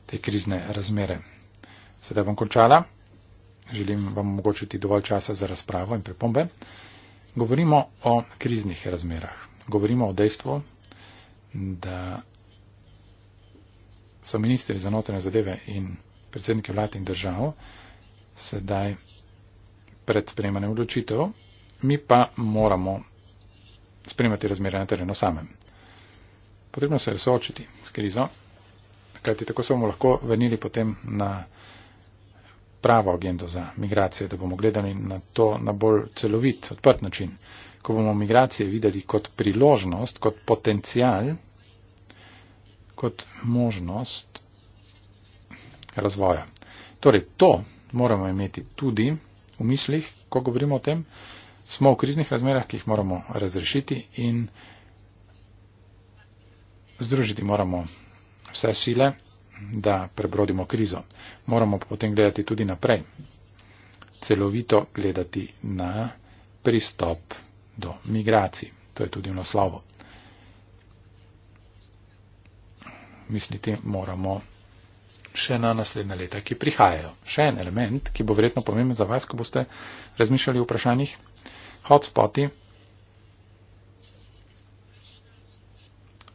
te krizne razmere. Sedaj bom končala želim vam omogočiti dovolj časa za razpravo in pripombe. Govorimo o kriznih razmerah. Govorimo o dejstvu, da so ministri za notranje zadeve in predsedniki vlad in držav sedaj pred sprejemanjem odločitev, mi pa moramo spremljati razmere na terenu samem. Potrebno se je soočiti s krizo, kajti tako se bomo lahko vrnili potem na pravo agendo za migracije, da bomo gledali na to na bolj celovit, odprt način. Ko bomo migracije videli kot priložnost, kot potencial, kot možnost razvoja. Torej, to moramo imeti tudi v mislih, ko govorimo o tem, smo v kriznih razmerah, ki jih moramo razrešiti in združiti moramo vse sile da prebrodimo krizo. Moramo potem gledati tudi naprej. Celovito gledati na pristop do migracij. To je tudi ono slovo. Misliti moramo še na naslednja leta, ki prihajajo. Še en element, ki bo verjetno pomemben za vas, ko boste razmišljali o vprašanjih. Hotspoti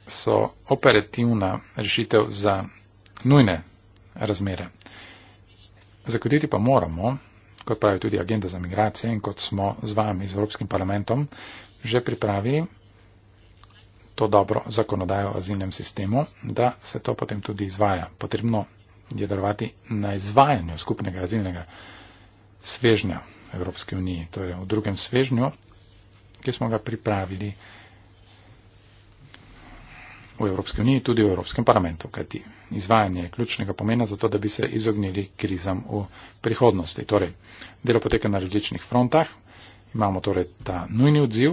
so operativna rešitev za nujne razmere. Zakoditi pa moramo, kot pravi tudi agenda za migracije in kot smo z vami, z Evropskim parlamentom, že pripravili to dobro zakonodajo o azilnem sistemu, da se to potem tudi izvaja. Potrebno je delovati na izvajanju skupnega azilnega svežnja Evropske unije. To je v drugem svežnju, ki smo ga pripravili v Evropski uniji, tudi v Evropskem parlamentu, kajti izvajanje je ključnega pomena za to, da bi se izognili krizam v prihodnosti. Torej, delo poteka na različnih frontah, imamo torej ta nujni odziv,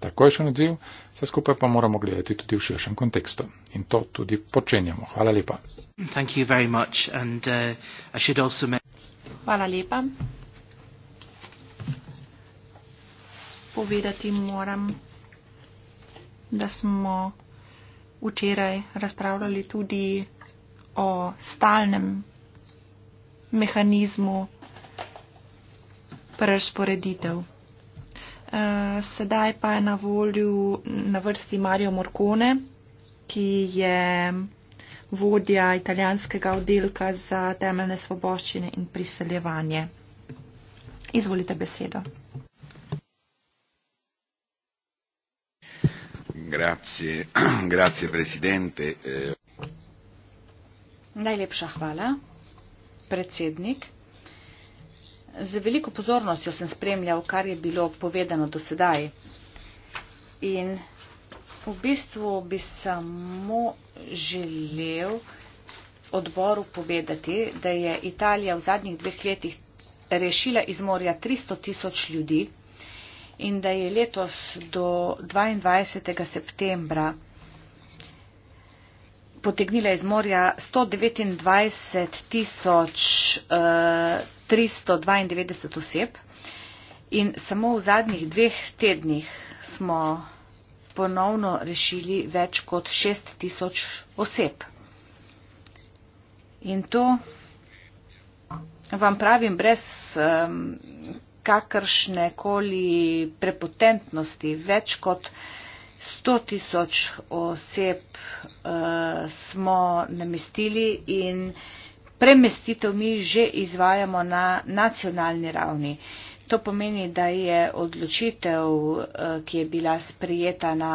takojšen odziv, vse skupaj pa moramo gledati tudi v širšem kontekstu in to tudi počenjamo. Hvala lepa. Uh, Hvala lepa. Povedati moram, da smo včeraj razpravljali tudi o stalnem mehanizmu prerasporeditev. Eh, sedaj pa je na volju na vrsti Mario Morcone, ki je vodja italijanskega oddelka za temeljne svoboščine in priseljevanje. Izvolite besedo. Grazie, grazie presidente. Eh. Najlepša hvala, predsednik. Z veliko pozornostjo sem spremljal, kar je bilo povedano do sedaj. In v bistvu bi samo želel odboru povedati, da je Italija v zadnjih dveh letih rešila iz morja 300 tisoč ljudi in da je letos do 22. septembra potegnila iz morja 129 tisoč 392 eh, oseb in samo v zadnjih dveh tednih smo ponovno rešili več kot 6 tisoč oseb. In to vam pravim brez um, kakršne koli prepotentnosti. Več kot 100 tisoč oseb uh, smo namestili in premestitev mi že izvajamo na nacionalni ravni. Uh, To pomeni, da je odločitev, eh, ki je bila sprijeta na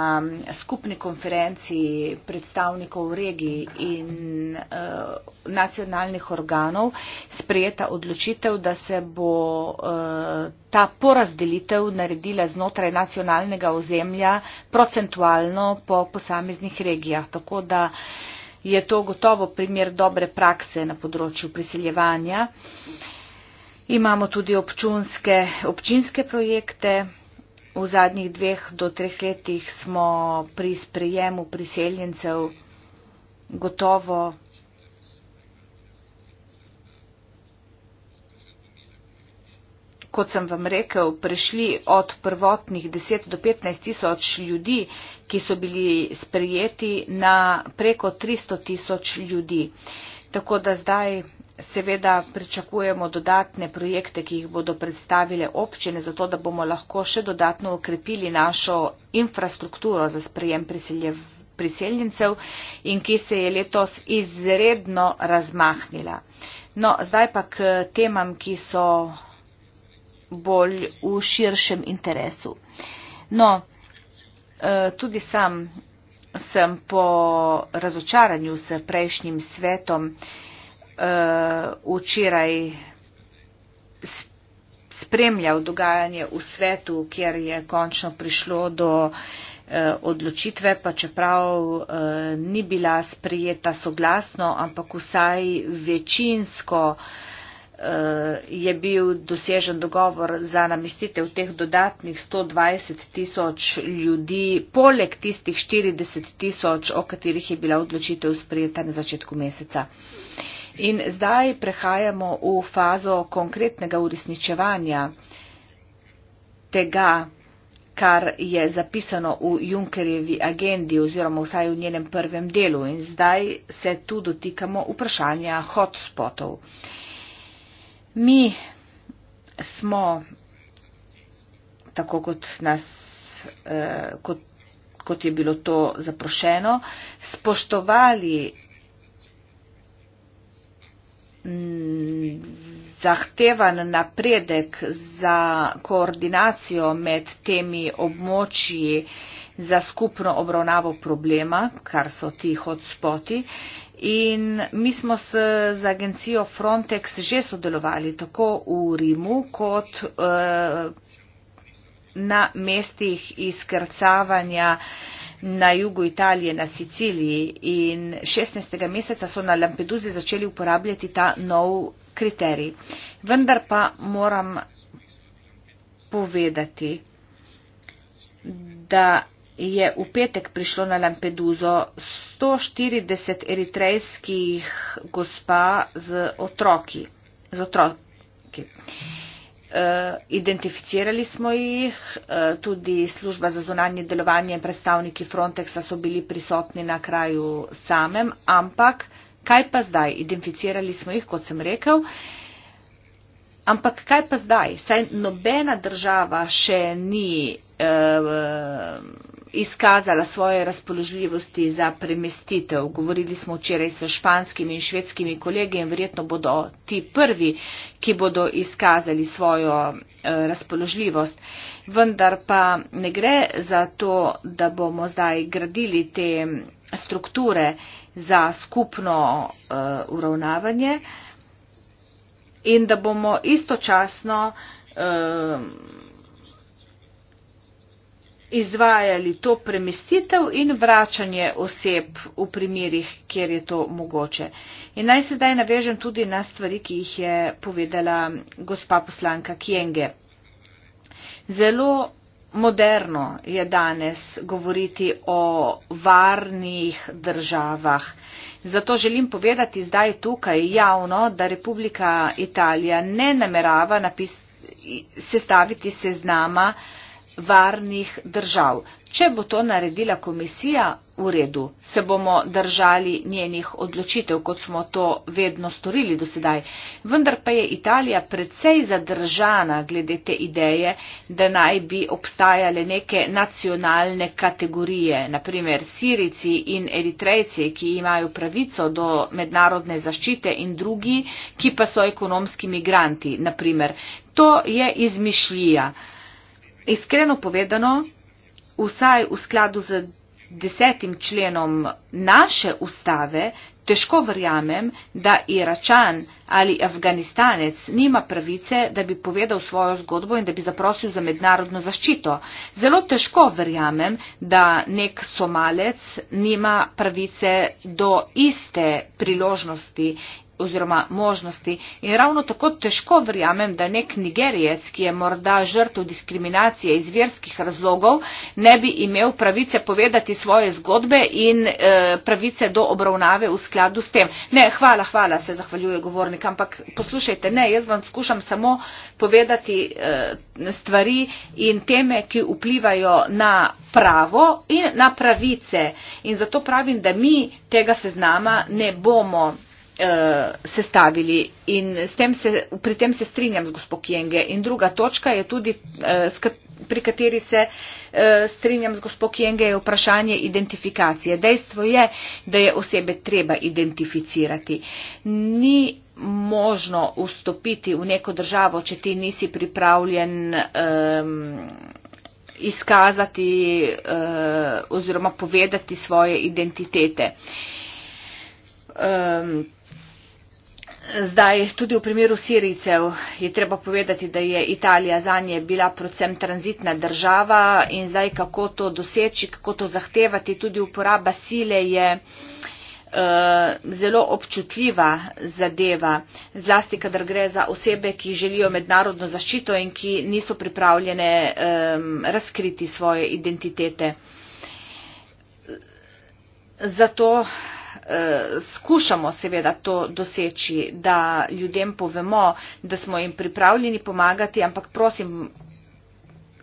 skupni konferenci predstavnikov regij in eh, nacionalnih organov, sprijeta odločitev, da se bo eh, ta porazdelitev naredila znotraj nacionalnega ozemlja procentualno po posameznih regijah. Tako da je to gotovo primer dobre prakse na področju priseljevanja. Uh, Imamo tudi občunske, občinske projekte. V zadnjih dveh do treh letih smo pri sprejemu priseljencev gotovo kot sem vam rekel, prešli od prvotnih 10 do 15 tisoč ljudi, ki so bili sprejeti na preko 300 tisoč ljudi. Uh, Tako da zdaj seveda pričakujemo dodatne projekte, ki jih bodo predstavile občine, zato da bomo lahko še dodatno okrepili našo infrastrukturo za sprejem priseljev priseljencev in ki se je letos izredno razmahnila. No, zdaj pa k temam, ki so bolj v širšem interesu. No, eh, tudi sam sem po razočaranju s prejšnjim svetom uh, včeraj spremljal dogajanje v svetu, kjer je končno prišlo do eh, odločitve, pa čeprav eh, ni bila sprejeta soglasno, ampak vsaj večinsko eh, Eh, je bil dosežen dogovor za namestitev teh dodatnih 120 tisoč ljudi, poleg tistih 40 tisoč, o katerih je bila odločitev sprejeta na začetku meseca. In zdaj prehajamo v fazo konkretnega uresničevanja tega, kar je zapisano v Junkerjevi agendi oziroma vsaj v njenem prvem delu. In zdaj se tu dotikamo vprašanja hotspotov. Uh, Mi smo, tako kot, nas, eh, kot, kot je bilo to zaprošeno, spoštovali mm, zahtevan napredek za koordinacijo med temi območji za skupno obravnavo problema, kar so ti hotspoti, in mi smo se z agencijo Frontex že sodelovali tako v Rimu kot eh, na mestih izkrcavanja na jugu Italije, na Siciliji in 16. meseca so na Lampeduzi začeli uporabljati ta nov kriterij. Vendar pa moram povedati, da je v petek prišlo na Lampeduzo 140 eritrejskih gospa z otroki. Z otroki. E, identificirali smo jih, e, tudi služba za zunanje delovanje in predstavniki Frontexa so bili prisotni na kraju samem, ampak kaj pa zdaj? Identificirali smo jih, kot sem rekel, ampak kaj pa zdaj? Saj nobena država še ni. Uh, izkazala svoje razpoložljivosti za premestitev. Govorili smo včeraj s španskimi in švedskimi kolegi in verjetno bodo ti prvi, ki bodo izkazali svojo eh, razpoložljivost. Vendar pa ne gre za to, da bomo zdaj gradili te strukture za skupno uh, uravnavanje in da bomo istočasno uh, izvajali to premestitev in vračanje oseb v primerih, kjer je to mogoče. In naj sedaj navežem tudi na stvari, ki jih je povedala gospa poslanka Kjenge. Zelo moderno je danes govoriti o varnih državah. Zato želim povedati zdaj tukaj javno, da Republika Italija ne namerava napis, sestaviti seznama uh, varnih držav. Če bo to naredila komisija, v redu, se bomo držali njenih odločitev, kot smo to vedno storili do sedaj. Vendar pa je Italija predvsej zadržana glede te ideje, da naj bi obstajale neke nacionalne kategorije, naprimer Sirici in Eritrejci, ki imajo pravico do mednarodne zaščite in drugi, ki pa so ekonomski migranti, naprimer. To je izmišljija. Iskreno povedano, vsaj v skladu z desetim členom naše ustave, težko verjamem, da Iračan ali Afganistanec nima pravice, da bi povedal svojo zgodbo in da bi zaprosil za mednarodno zaščito. Zelo težko verjamem, da nek Somalec nima pravice do iste priložnosti oziroma možnosti. In ravno tako težko verjamem, da nek nigerijec, ki je morda žrtev diskriminacije iz verskih razlogov, ne bi imel pravice povedati svoje zgodbe in e, pravice do obravnave v skladu s tem. Ne, hvala, hvala, se zahvaljuje govornik, ampak poslušajte, ne, jaz vam skušam samo povedati e, stvari in teme, ki vplivajo na pravo in na pravice. In zato pravim, da mi tega seznama ne bomo uh, sestavili. In s tem se, pri tem se strinjam z gospod Kjenge. In druga točka je tudi, uh, kat, pri kateri se uh, strinjam z gospod Kjenge, je vprašanje identifikacije. Dejstvo je, da je osebe treba identificirati. Ni možno vstopiti v neko državo, če ti nisi pripravljen um, izkazati uh, oziroma povedati svoje identitete. Um, Zdaj, tudi v primeru Siricev je treba povedati, da je Italija za nje bila predvsem tranzitna država in zdaj, kako to doseči, kako to zahtevati, tudi uporaba sile je eh, zelo občutljiva zadeva, zlasti, kadar gre za osebe, ki želijo mednarodno zaščito in ki niso pripravljene um, razkriti svoje identitete. Zato Eh, skušamo seveda to doseči, da ljudem povemo, da smo jim pripravljeni pomagati, ampak prosim,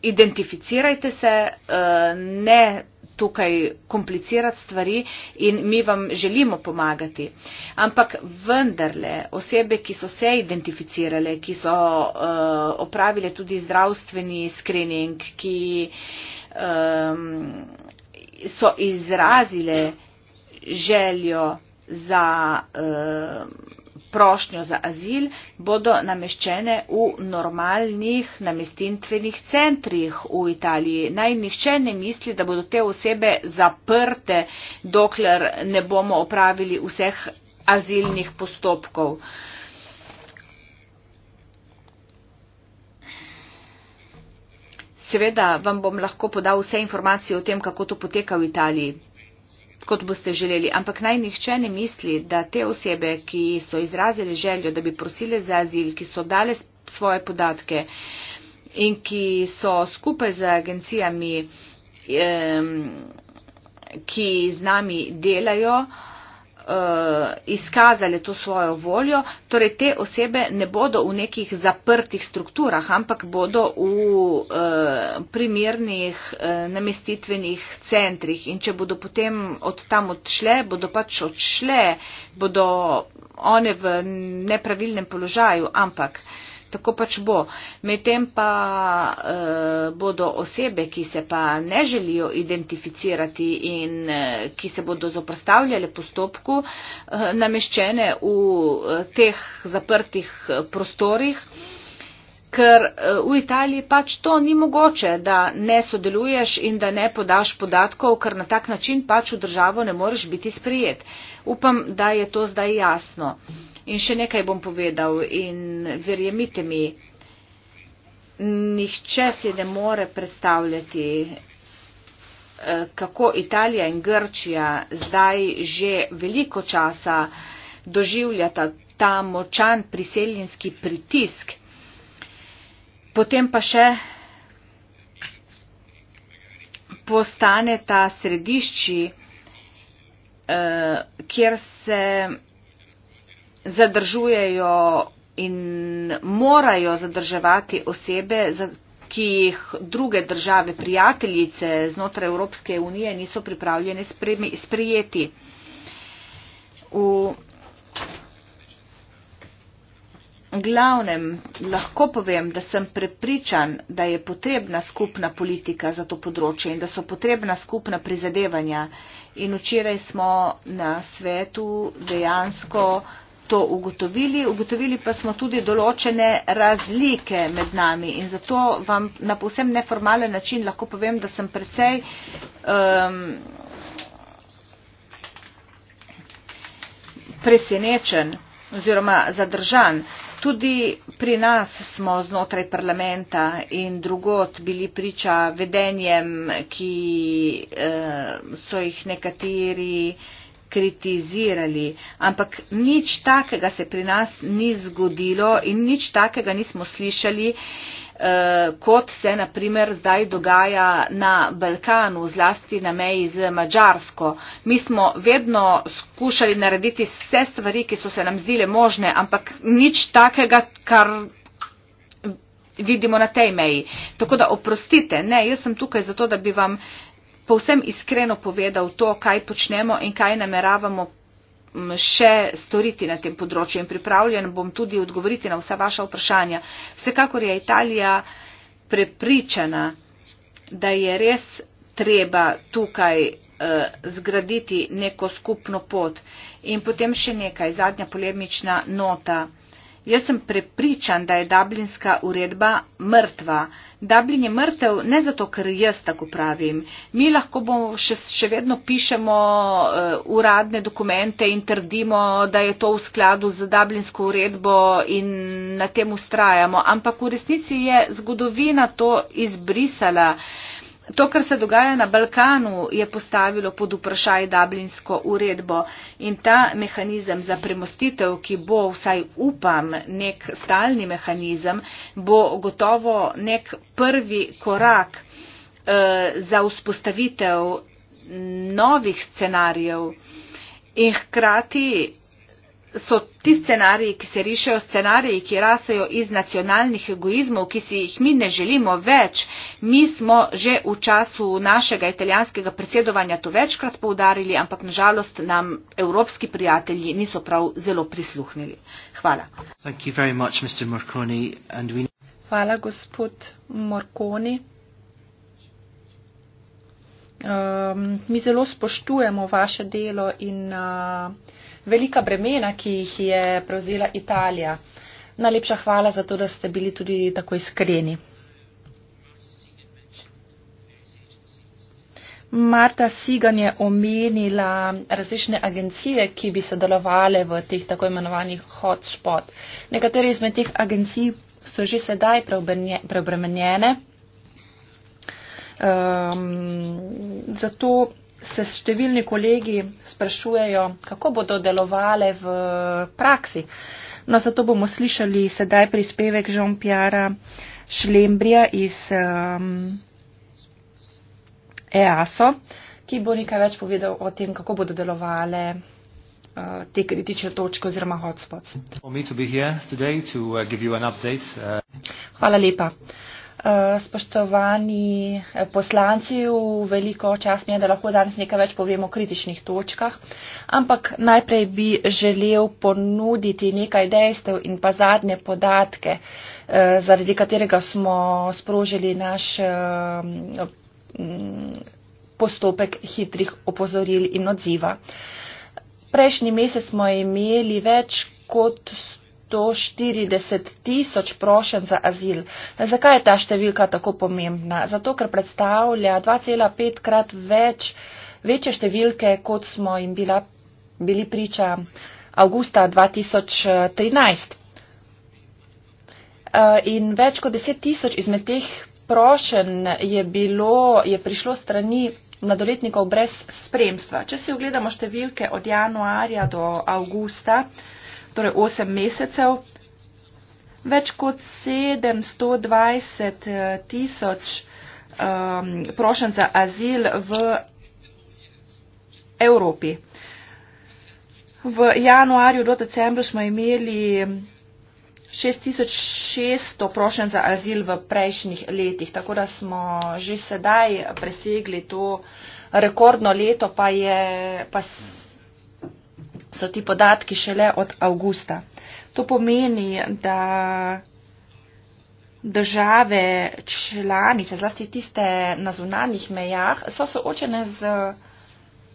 identificirajte se, eh, ne tukaj komplicirati stvari in mi vam želimo pomagati. Ampak vendarle, osebe, ki so se identificirale, ki so eh, opravile tudi zdravstveni screening, ki ehm, so izrazile, željo za eh, prošnjo za azil, bodo nameščene v normalnih namestitvenih centrih v Italiji. Naj nihče ne misli, da bodo te osebe zaprte, dokler ne bomo opravili vseh azilnih postopkov. Seveda vam bom lahko podal vse informacije o tem, kako to poteka v Italiji kot boste želeli, ampak naj nihče ne misli, da te osebe, ki so izrazili željo, da bi prosile za azil, ki so dale svoje podatke in ki so skupaj z agencijami, eh, ki z nami delajo, eh, Eh, izkazali to svojo voljo, torej te osebe ne bodo v nekih zaprtih strukturah, ampak bodo v eh, primernih eh, namestitvenih centrih in če bodo potem od tam odšle, bodo pač odšle, bodo one v nepravilnem položaju, ampak uh, Tako pač bo. Medtem pa uh, bodo osebe, ki se pa ne želijo identificirati in uh, ki se bodo zoprstavljale postopku, uh, nameščene v uh, teh zaprtih uh, prostorih. Ker v Italiji pač to ni mogoče, da ne sodeluješ in da ne podaš podatkov, ker na tak način pač v državo ne moreš biti sprijet. Upam, da je to zdaj jasno. In še nekaj bom povedal in verjemite mi, nihče si ne more predstavljati, eh, kako Italija in Grčija zdaj že veliko časa doživljata ta močan priseljenski pritisk. Potem pa še postane ta središči, eh, kjer se zadržujejo in morajo zadrževati osebe, ki jih druge države prijateljice znotraj Evropske unije niso pripravljene sprejeti. V glavnem lahko povem, da sem prepričan, da je potrebna skupna politika za to področje in da so potrebna skupna prizadevanja. In včeraj smo na svetu dejansko to ugotovili. Ugotovili pa smo tudi določene razlike med nami in zato vam na povsem neformalen način lahko povem, da sem precej um, presenečen oziroma zadržan. Tudi pri nas smo znotraj parlamenta in drugot bili priča vedenjem, ki eh, so jih nekateri eh, kritizirali, ampak nič takega se pri nas ni zgodilo in nič takega nismo slišali, eh, kot se naprimer zdaj dogaja na Balkanu, zlasti na meji z Mačarsko. Mi smo vedno skušali narediti vse stvari, ki so se nam zdile možne, ampak nič takega, kar vidimo na tej meji. Tako da oprostite, ne, jaz sem tukaj zato, da bi vam povsem iskreno povedal to, kaj počnemo in kaj nameravamo še storiti na tem področju. In pripravljen bom tudi odgovoriti na vsa vaša vprašanja. Vsekakor je Italija prepričana, da je res treba tukaj eh, zgraditi neko skupno pot. In potem še nekaj, zadnja polemična nota. Jaz sem prepričan, da je dublinska uredba mrtva. Dublin je mrtev ne zato, ker jaz tako pravim. Mi lahko bomo še, še vedno pišemo uh, uradne dokumente in trdimo, da je to v skladu z dublinsko uredbo in na tem ustrajamo. Ampak v resnici je zgodovina to izbrisala. Uh, To, kar se dogaja na Balkanu, je postavilo pod vprašaj Dublinsko uredbo in ta mehanizem za premostitev, ki bo vsaj upam nek stalni mehanizem, bo gotovo nek prvi korak eh, za vzpostavitev novih scenarijev in hkrati so ti scenariji, ki se rišajo, scenariji, ki rasejo iz nacionalnih egoizmov, ki si jih mi ne želimo več. Mi smo že v času našega italijanskega predsedovanja to večkrat poudarili, ampak nažalost nam evropski prijatelji niso prav zelo prisluhnili. Hvala. Much, Marconi, we... Hvala, gospod Morconi. Um, mi zelo spoštujemo vaše delo in uh, velika bremena, ki jih je prevzela Italija. Najlepša hvala za to, da ste bili tudi tako iskreni. Marta Sigan je omenila različne agencije, ki bi sodelovali v teh tako imenovanih hotspot. Nekatere izmed teh agencij so že sedaj preobremenjene. Um, zato se številni kolegi sprašujejo, kako bodo delovale v praksi. No, zato bomo slišali sedaj prispevek Jean-Pierre Šlembrija iz um, EASO, ki bo nekaj več povedal o tem, kako bodo delovale uh, te kritične točke oziroma hotspots. Uh, uh, Hvala lepa. Eh, spoštovani eh, poslanci, veliko čas mi je, da lahko danes nekaj več povem o kritičnih točkah, ampak najprej bi želel ponuditi nekaj dejstev in pa zadnje podatke, eh, zaradi katerega smo sprožili naš mm, postopek hitrih opozoril in odziva. Prejšnji mesec smo imeli več kot 100. 140 tisoč prošen za azil. Zakaj je ta številka tako pomembna? Zato, ker predstavlja 2,5 krat več, večje številke, kot smo jim bila, bili priča avgusta 2013. Eh, in več kot 10 tisoč izmed teh prošen je, bilo, je prišlo strani mladoletnikov brez spremstva. Če si ogledamo številke od januarja do avgusta, torej 8 mesecev. Več kot 720 eh, tisoč um, ehm, prošen za azil v Evropi. V januarju do decembru smo imeli 6600 prošen za azil v prejšnjih letih, tako da smo že sedaj presegli to rekordno leto, pa, je, pa so ti podatki šele od avgusta. To pomeni, da države članice, zlasti tiste na zunanjih mejah, so soočene z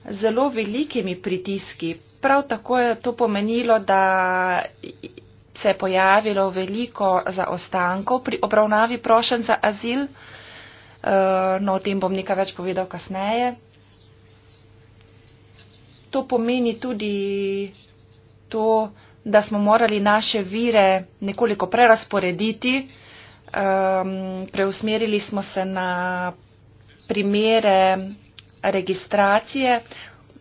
zelo velikimi pritiski. Prav tako je to pomenilo, da se je pojavilo veliko zaostankov pri obravnavi prošen za azil, eh, no o tem bom nekaj več povedal kasneje to pomeni tudi to, da smo morali naše vire nekoliko prerasporediti. Um, preusmerili smo se na primere registracije,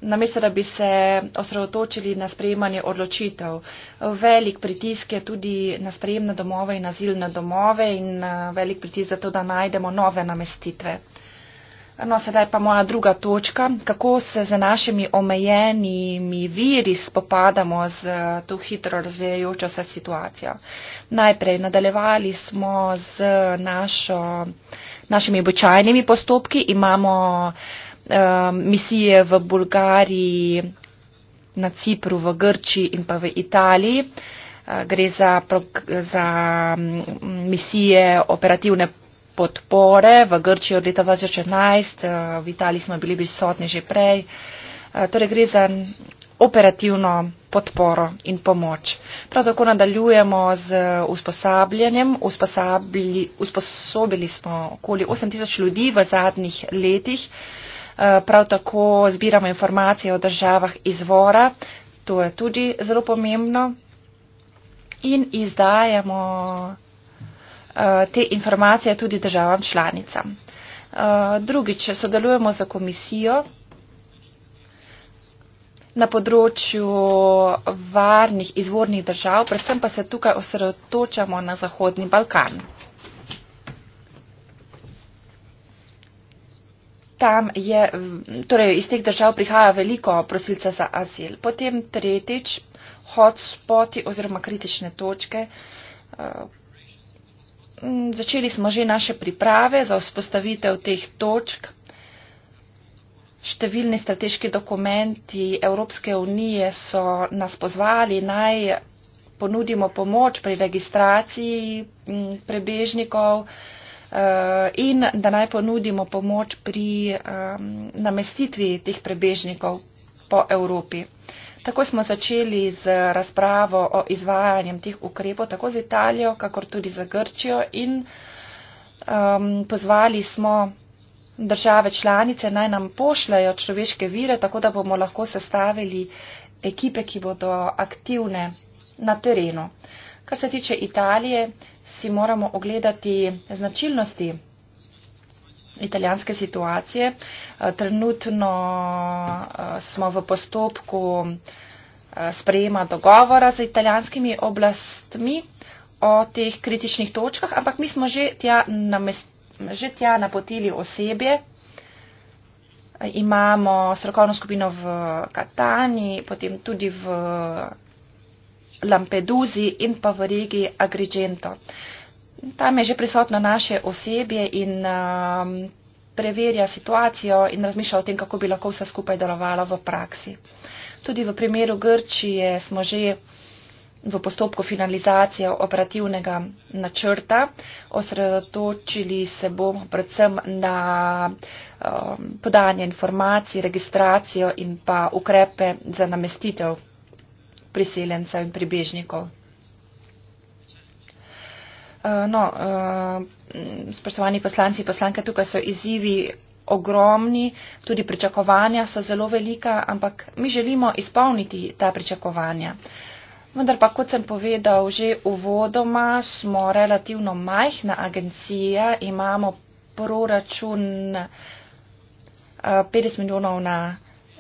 namesto da bi se osredotočili na sprejemanje odločitev. Velik pritisk je tudi na sprejemne domove in azilne domove in velik pritisk za to, da najdemo nove namestitve. No, sedaj pa moja druga točka. Kako se z našimi omejenimi viri spopadamo z eh, to hitro razvijajočo se situacijo? Najprej nadaljevali smo z našo, našimi običajnimi postopki. Imamo um, misije v Bulgariji, na Cipru, v Grčiji in pa v Italiji. Eh, gre za, za mm, misije operativne podpore v Grčijo od leta 2014, eh, v Italiji smo bili prisotni že prej. Eh, torej gre za operativno podporo in pomoč. Prav tako nadaljujemo z usposabljanjem. Usposobili smo okoli 8000 ljudi v zadnjih letih. Eh, prav tako zbiramo informacije o državah izvora. To je tudi zelo pomembno. In izdajamo Eh, te informacije tudi državam članicam. Eh, drugič, sodelujemo za komisijo na področju varnih izvornih držav, predvsem pa se tukaj osredotočamo na Zahodni Balkan. Tam je, torej iz teh držav prihaja veliko prosilca za azil. Potem tretjič, hotspoti oziroma kritične točke, eh, Mm, začeli smo že naše priprave za vzpostavitev teh točk. Številni strateški dokumenti Evropske unije so nas pozvali naj ponudimo pomoč pri registraciji mm, prebežnikov eh, in da naj ponudimo pomoč pri namestitvi teh prebežnikov po Evropi. Tako smo začeli z razpravo o izvajanjem teh ukrepov tako z Italijo, kakor tudi z Grčijo in um, pozvali smo države članice naj nam pošljajo človeške vire, tako da bomo lahko sestavili ekipe, ki bodo aktivne na terenu. Kar se tiče Italije, si moramo ogledati značilnosti italijanske situacije. Eh, trenutno eh, smo v postopku eh, sprejema dogovora z italijanskimi oblastmi o teh kritičnih točkah, ampak mi smo že tja, namest, že tja napotili osebje. Imamo strokovno skupino v Katani, potem tudi v Lampeduzi in pa v regiji Agrigento. Uh, tam je že prisotno naše osebje in um, preverja situacijo in razmišlja o tem, kako bi lahko vse skupaj delovalo v praksi. Tudi v primeru Grčije smo že v postopku finalizacije operativnega načrta. Osredotočili se bomo predvsem na um, podanje informacij, registracijo in pa ukrepe za namestitev priseljencev in pribežnikov. Eh, no, eh, spoštovani poslanci in poslanke, tukaj so izzivi ogromni, tudi pričakovanja so zelo velika, ampak mi želimo izpolniti ta pričakovanja. Vendar pa, kot sem povedal, že uvodoma smo relativno majhna agencija, imamo proračun 50 eh, milijonov na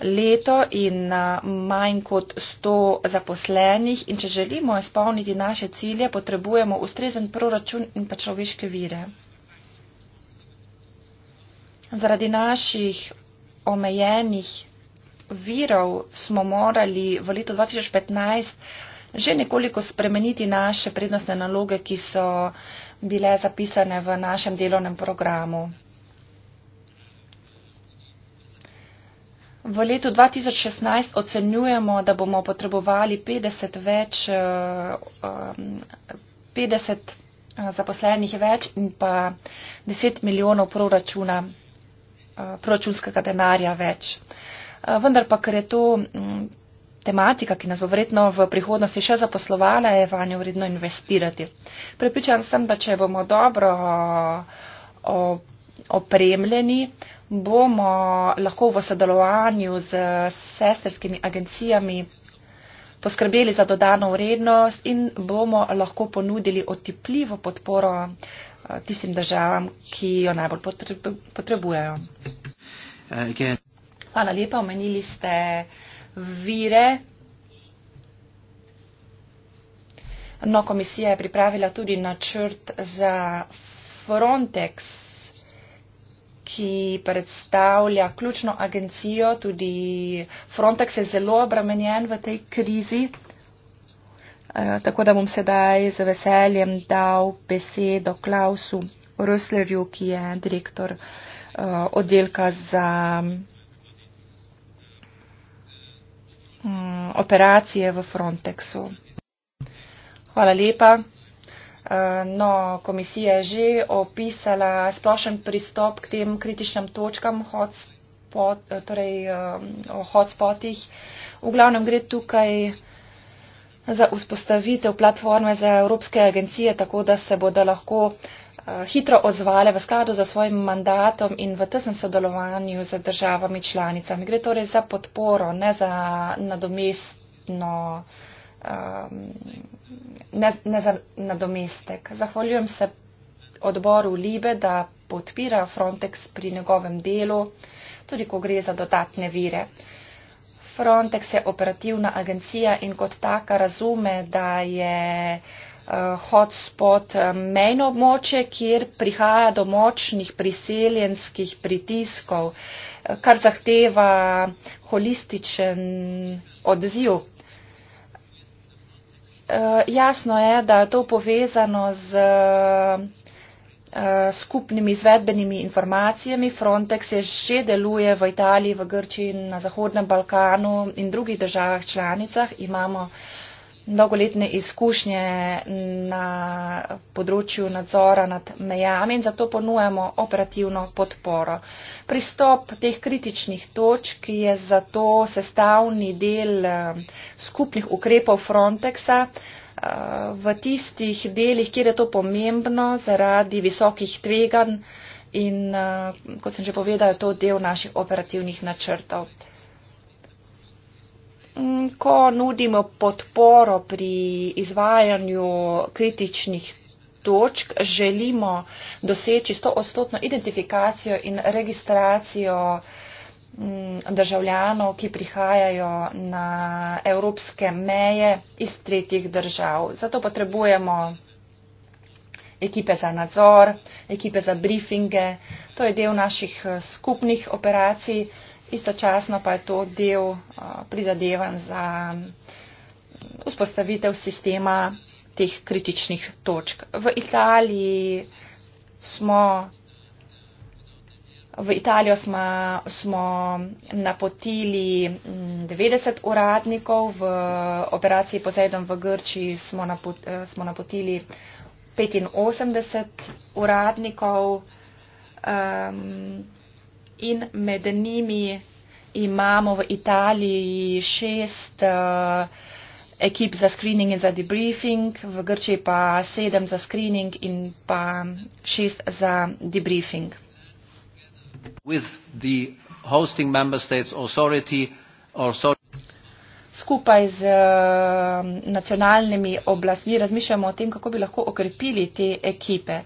leto in manj kot 100 zaposlenih. In če želimo izpolniti naše cilje, potrebujemo ustrezen proračun in pa človeške vire. Zaradi naših omejenih virov smo morali v letu 2015 že nekoliko spremeniti naše prednostne naloge, ki so bile zapisane v našem delovnem programu. V letu 2016 ocenjujemo, da bomo potrebovali 50 več, 50 eh, um, eh, zaposlenih več in pa 10 milijonov proračuna, eh, proračunskega denarja več. Vendar pa, ker je to mm, tematika, ki nas bo verjetno v prihodnosti še zaposlovala, je vanjo vredno investirati. Prepričan sem, da če bomo dobro opremljeni, bomo lahko v sodelovanju z sesterskimi agencijami poskrbeli za dodano vrednost in bomo lahko ponudili otipljivo podporo eh, tistim državam, ki jo najbolj potrebujejo. Hvala lepa, omenili ste vire. No, komisija je pripravila tudi načrt za Frontex ki predstavlja ključno agencijo, tudi Frontex je zelo obremenjen v tej krizi. Eh, tako da bom sedaj z veseljem dal besedo Klausu Röslerju, ki je direktor eh, oddelka za mm, operacije v Frontexu. Hvala lepa. No, komisija je že opisala splošen pristop k tem kritičnim točkam, hotspot, torej um, o hotspotih. V glavnem gre tukaj za vzpostavitev platforme za evropske agencije, tako da se bodo lahko uh, hitro ozvale v skladu za svojim mandatom in v tesnem sodelovanju z državami članicami. Gre torej za podporo, ne za nadomestno. Uh, um, ne, ne za nadomestek. Zahvaljujem se odboru Libe, da podpira Frontex pri njegovem delu, tudi ko gre za dodatne vire. Frontex je operativna agencija in kot taka razume, da je uh, hotspot um, mejno območje, kjer prihaja do močnih priseljenskih pritiskov, kar zahteva holističen odziv Eh, jasno je, da je to povezano z eh, skupnimi izvedbenimi informacijami. Frontex je že deluje v Italiji, v Grčiji, na Zahodnem Balkanu in drugih državah članicah. Imamo uh, mnogoletne izkušnje na področju nadzora nad mejami in zato ponujamo operativno podporo. Pristop teh kritičnih točk je zato sestavni del eh, skupnih ukrepov Frontexa eh, v tistih delih, kjer je to pomembno zaradi visokih tveganj in, eh, kot sem že povedala, je to del naših operativnih načrtov. Mm, ko nudimo podporo pri izvajanju kritičnih točk, želimo doseči 100-odstotno identifikacijo in registracijo mm, državljanov, ki prihajajo na evropske meje iz tretjih držav. Zato potrebujemo ekipe za nadzor, ekipe za briefinge. To je del naših eh, skupnih operacij istočasno pa je to del eh, prizadevanj za vzpostavitev sistema teh kritičnih točk. V Italiji smo. V Italijo smo, smo napotili 90 mm, uradnikov, v operaciji Poseidon v Grčiji smo, napot, eh, smo napotili 85 uradnikov. Um, in med njimi imamo v Italiji šest uh, ekip za screening in za debriefing, v Grčiji pa sedem za screening in pa šest za debriefing. Skupaj z eh, nacionalnimi oblastmi razmišljamo o tem, kako bi lahko okrepili te ekipe.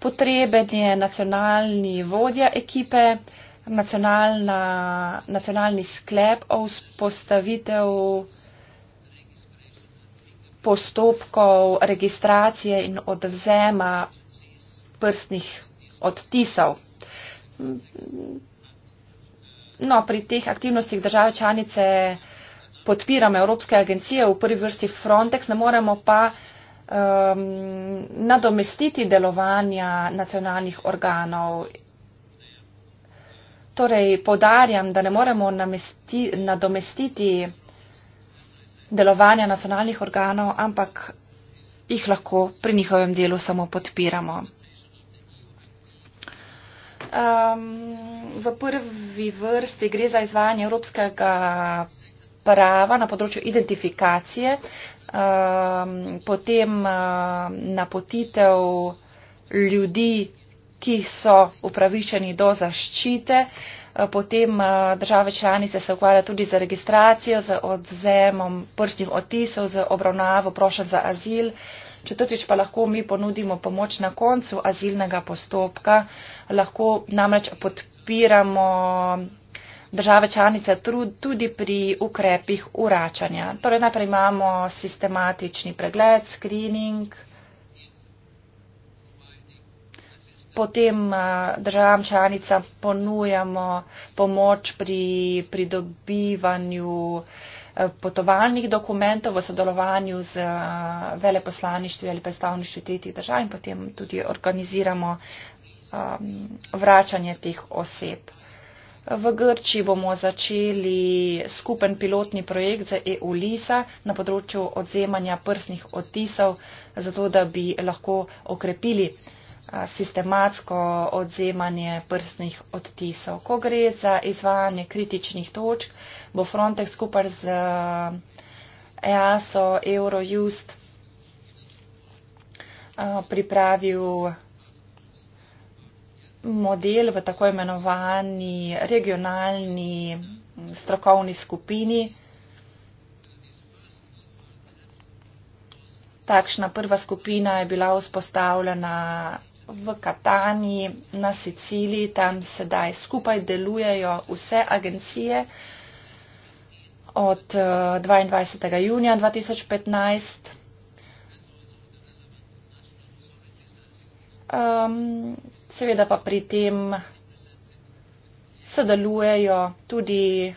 Potreben je nacionalni vodja ekipe, nacionalni sklep o vzpostavitev postopkov registracije in odvzema prstnih odtisov. No, pri teh aktivnostih države članice podpiramo Evropske agencije, v prvi vrsti Frontex, ne moremo pa um, nadomestiti delovanja nacionalnih organov Torej, podarjam, da ne moremo namesti, nadomestiti delovanja nacionalnih organov, ampak jih lahko pri njihovem delu samo podpiramo. Um, v prvi vrsti gre za izvajanje evropskega prava na področju identifikacije, um, potem uh, napotitev ljudi ki so upravičeni do zaščite. Eh, potem eh, države članice se ukvarjajo tudi z registracijo, z odzemom prstnih otisov, z obravnavo prošen za azil. Četrtič pa lahko mi ponudimo pomoč na koncu azilnega postopka. Lahko namreč podpiramo države članice tudi pri ukrepih uračanja. Torej najprej imamo sistematični pregled, screening. potem eh, državam članicam ponujamo pomoč pri pridobivanju eh, potovalnih dokumentov v sodelovanju z eh, veleposlaništvi ali predstavništvi tretjih držav in potem tudi organiziramo ehm, vračanje teh oseb. V Grčiji bomo začeli skupen pilotni projekt za EU-LISA na področju odzemanja prsnih odtisov, zato da bi lahko okrepili sistematsko odzemanje prstnih odtisov. Ko gre za izvajanje kritičnih točk, bo Frontex skupaj z EASO Eurojust pripravil model v tako imenovani regionalni strokovni skupini. Takšna prva skupina je bila vzpostavljena v Kataniji, na Siciliji, tam sedaj skupaj delujejo vse agencije od 22. Eh, junija 2015. Um, ehm, seveda pa pri tem sodelujejo tudi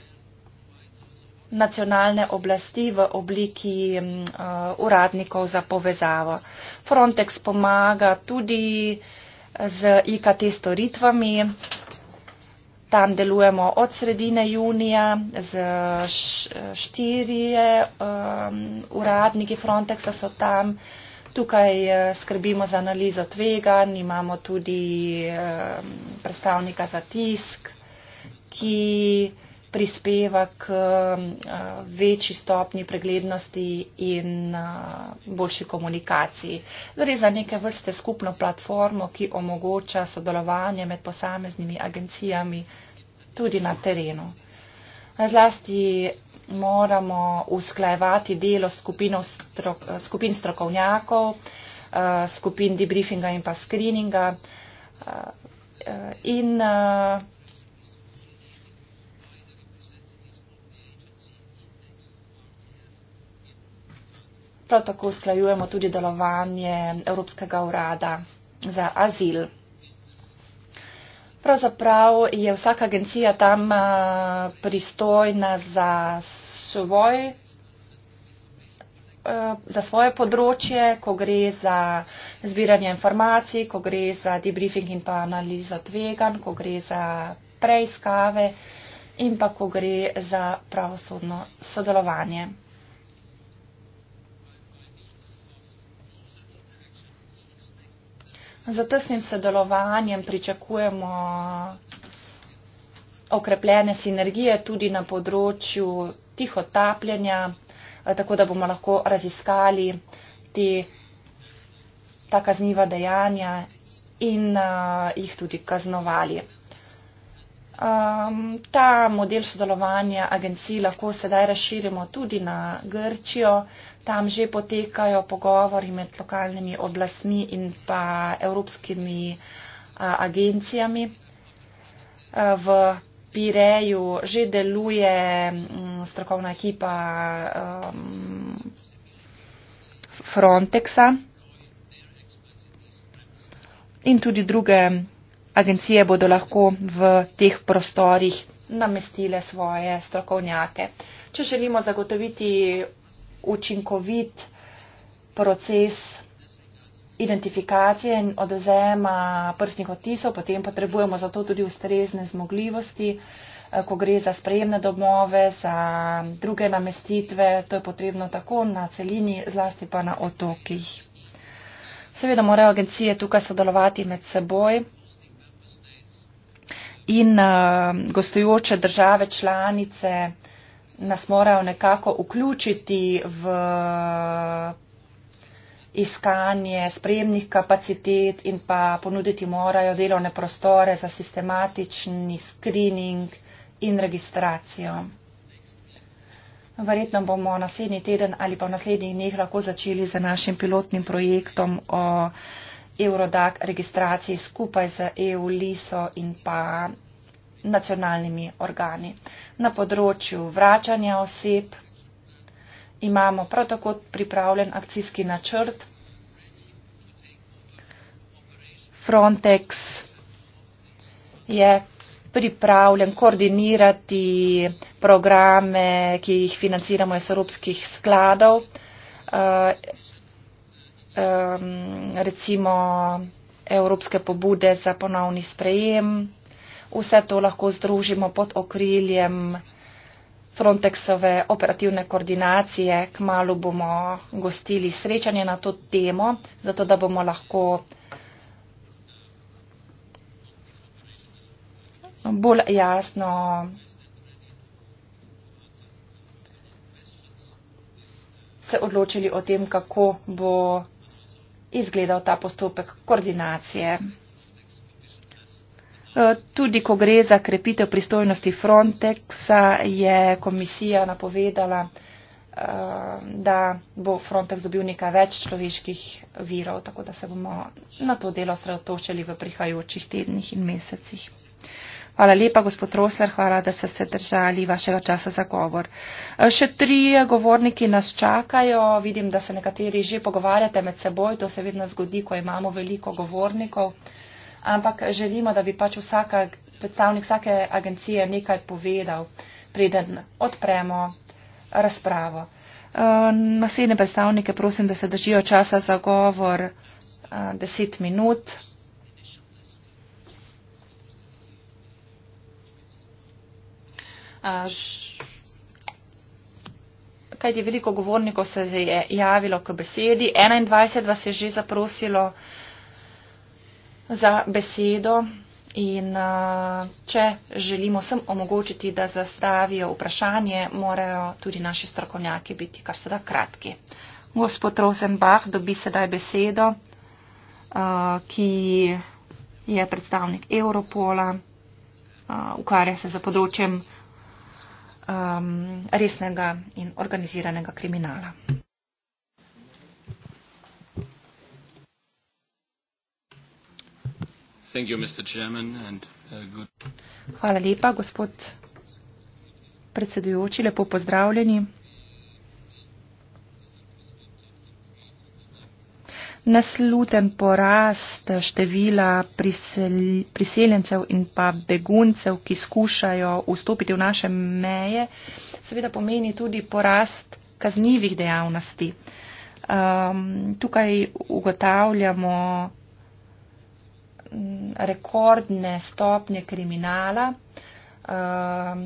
nacionalne oblasti v obliki um, uradnikov za povezavo. Frontex pomaga tudi z IKT storitvami. Tam delujemo od sredine junija z štirije um, uradniki Frontexa so tam. Tukaj eh, skrbimo za analizo tvega, imamo tudi um, predstavnika za tisk, ki uh, prispeva k eh, večji stopni preglednosti in eh, boljši komunikaciji. Gre za neke vrste skupno platformo, ki omogoča sodelovanje med posameznimi agencijami tudi na terenu. Zlasti moramo usklajevati delo eh, skupin strokovnjakov, skupin debriefinga in pa screeninga in prav tako usklajujemo tudi delovanje Evropskega urada za azil. Pravzaprav je vsaka agencija tam pristojna za svoj za svoje področje, ko gre za zbiranje informacij, ko gre za debriefing in pa analizo tvegan, ko gre za preiskave in pa ko gre za pravosodno sodelovanje. Za tesnim sodelovanjem pričakujemo okrepljene sinergije tudi na področju tiho tapljenja, eh, tako da bomo lahko raziskali te, ta kazniva dejanja in uh, jih tudi kaznovali. Um, ta model sodelovanja agencij lahko sedaj razširimo tudi na Grčijo, uh, tam že potekajo pogovori med lokalnimi oblastmi in pa evropskimi agencijami. V Pireju že deluje strokovna ekipa Frontexa in tudi druge agencije bodo lahko v teh prostorih namestile svoje strokovnjake. Če želimo zagotoviti učinkovit proces identifikacije in odvzema prstnih odtisov. Potem potrebujemo za to tudi ustrezne zmogljivosti, eh, ko gre za sprejemne domove, za druge namestitve. To je potrebno tako na celini, zlasti pa na otokih. Seveda morajo agencije tukaj sodelovati med seboj in uh, gostujoče države članice nas morajo nekako vključiti v iskanje spremnih kapacitet in pa ponuditi morajo delovne prostore za sistematični screening in registracijo. Verjetno bomo naslednji teden ali pa v naslednjih dneh lahko začeli z našim pilotnim projektom o Eurodac registraciji skupaj z EU-LISO in pa nacionalnimi organi. Na področju vračanja oseb imamo prav tako pripravljen akcijski načrt. Frontex je pripravljen koordinirati programe, ki jih financiramo iz evropskih skladov, eh, recimo evropske pobude za ponovni sprejem vse to lahko združimo pod okriljem Frontexove operativne koordinacije. Kmalo bomo gostili srečanje na to temo, zato da bomo lahko bolj jasno se odločili o tem, kako bo izgledal ta postopek koordinacije. Eh, tudi ko gre za krepitev pristojnosti Frontexa, je komisija napovedala, eh, da bo Frontex dobil nekaj več človeških virov, tako da se bomo na to delo sredotočili v prihajajočih tednih in mesecih. Hvala lepa, gospod Rosler, hvala, da ste se držali vašega časa za govor. Eh, še tri govorniki nas čakajo, vidim, da se nekateri že pogovarjate med seboj, to se vedno zgodi, ko imamo veliko govornikov ampak želimo, da bi pač vsaka, predstavnik vsake agencije nekaj povedal, preden odpremo razpravo. E, naslednje predstavnike prosim, da se držijo časa za govor 10 e, minut. Kaj je veliko govornikov se je javilo k besedi? 21 vas je že zaprosilo. Uh, za besedo in če želimo vsem omogočiti, da zastavijo vprašanje, morajo tudi naši strokovnjaki biti kar sedaj kratki. Gospod Rosenbach dobi sedaj besedo, ki je predstavnik Europola, ukvarja se za področjem resnega in organiziranega kriminala. Thank you, Mr. Chairman, and, uh, good... Hvala lepa, gospod predsedujoči, lepo pozdravljeni. Nasluten porast števila prisel, priseljencev in pa beguncev, ki skušajo vstopiti v naše meje, seveda pomeni tudi porast kaznjivih dejavnosti. Um, tukaj ugotavljamo rekordne stopnje kriminala. Um,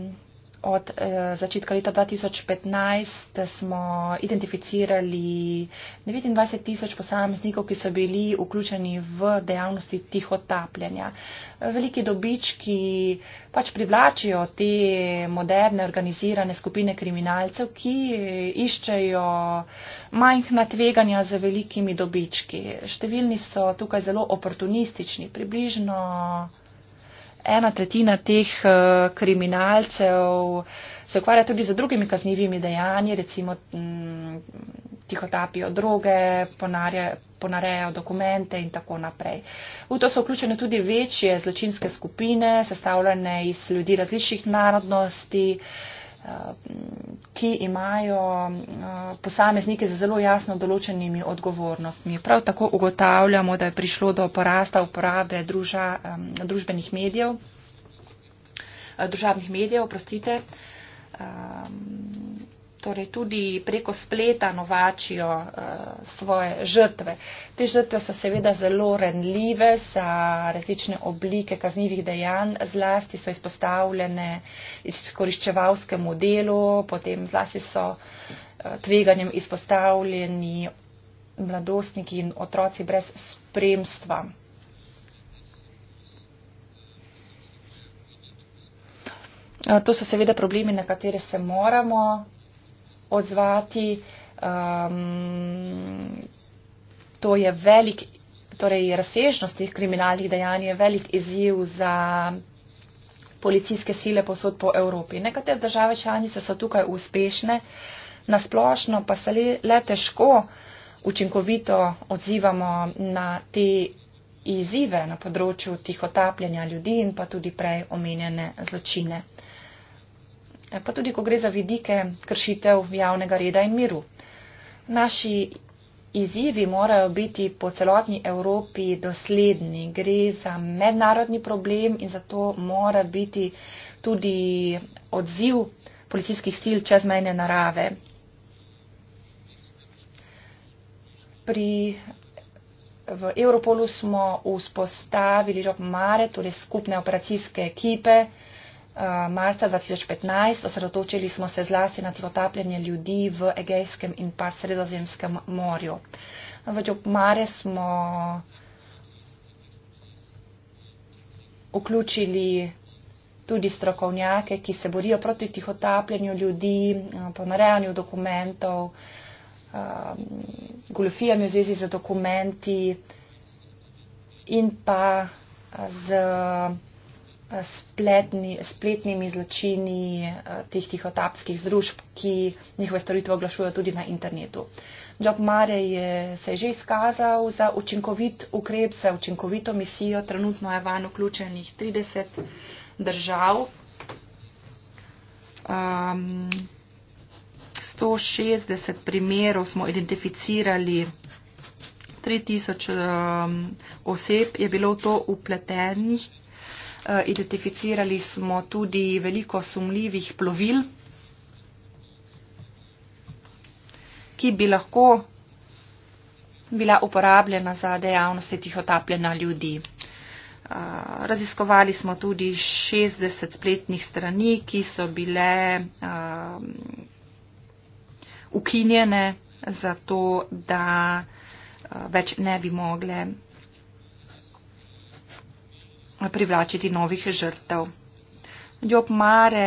od eh, začetka leta 2015 smo identificirali 29 tisoč posameznikov, ki so bili vključeni v dejavnosti tihotapljanja. Eh, veliki dobički pač privlačijo te moderne organizirane skupine kriminalcev, ki iščejo majhna tveganja z velikimi dobički. Številni so tukaj zelo oportunistični. Približno ena tretjina teh eh, kriminalcev se ukvarja tudi z drugimi kaznjivimi dejanji, recimo mm, tihotapijo droge, ponarejajo dokumente in tako naprej. V to so vključene tudi večje zločinske skupine, sestavljene iz ljudi različnih narodnosti, uh, Eh, ki imajo eh, posameznike z zelo jasno določenimi odgovornostmi. Prav tako ugotavljamo, da je prišlo do porasta uporabe druža, eh, družbenih medijev, družabnih medijev, prostite, torej tudi preko spleta novačijo eh, svoje žrtve. Te žrtve so seveda zelo renljive za različne oblike kaznjivih dejanj, zlasti so izpostavljene izkoriščevalskemu delu, potem zlasti so eh, tveganjem izpostavljeni mladostniki in otroci brez spremstva. Eh, to so seveda problemi, na katere se moramo odzvati. Um, to je velik, torej razsežnost teh kriminalnih dejanj je velik izziv za policijske sile posod po Evropi. Nekatere države članice so tukaj uspešne, nasplošno pa se le, le težko učinkovito odzivamo na te izzive na področju tih otapljanja ljudi in pa tudi prej omenjene zločine. Eh, pa tudi, ko gre za vidike kršitev javnega reda in miru. Naši izzivi morajo biti po celotni Evropi dosledni. Gre za mednarodni problem in zato mora biti tudi odziv policijskih sil čezmejne narave. Pri, v Evropolu smo vzpostavili že marec, torej skupne operacijske ekipe. Eh, marca 2015 osredotočili smo se zlasti na tihotapljanje ljudi v Egejskem in pa Sredozemskem morju. V Džopmare smo vključili tudi strokovnjake, ki se borijo proti tihotapljanju ljudi, eh, ponarejanju dokumentov, eh, goljofijami v zvezi z dokumenti in pa z spletni, spletnimi zločini eh, teh tihotapskih združb, ki njihove storitve oglašujejo tudi na internetu. Blok Mare je, se je že izkazal za učinkovit ukrep, za učinkovito misijo. Trenutno je van vključenih 30 držav. Um, ehm, 160 primerov smo identificirali, 3000 um, ehm, oseb je bilo v to upletenih, Eh, identificirali smo tudi veliko sumljivih plovil, ki bi lahko bila uporabljena za dejavnosti tih otapljena ljudi. Eh, raziskovali smo tudi 60 spletnih strani, ki so bile eh, ukinjene zato, da več ne bi mogle privlačiti novih žrtev. Job Mare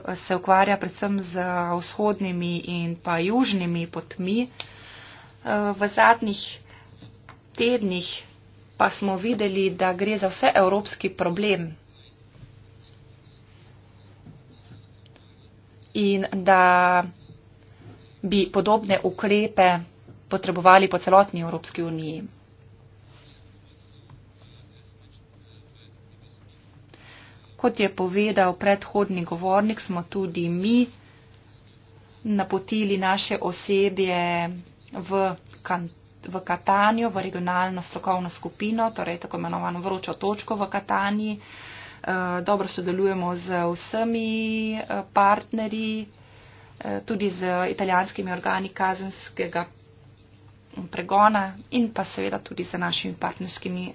eh, se ukvarja predvsem z eh, vzhodnimi in pa južnimi potmi. Eh, v zadnjih tednih pa smo videli, da gre za vse evropski problem in da bi podobne ukrepe potrebovali po celotni Evropski uniji. Kot je povedal predhodni govornik, smo tudi mi napotili naše osebje v, v Katanjo, v regionalno strokovno skupino, torej tako imenovano vročo točko v Katanji. Eh, dobro sodelujemo z vsemi eh, partnerji, eh, tudi z italijanskimi organi kazenskega pregona in pa seveda tudi z našimi partnerskimi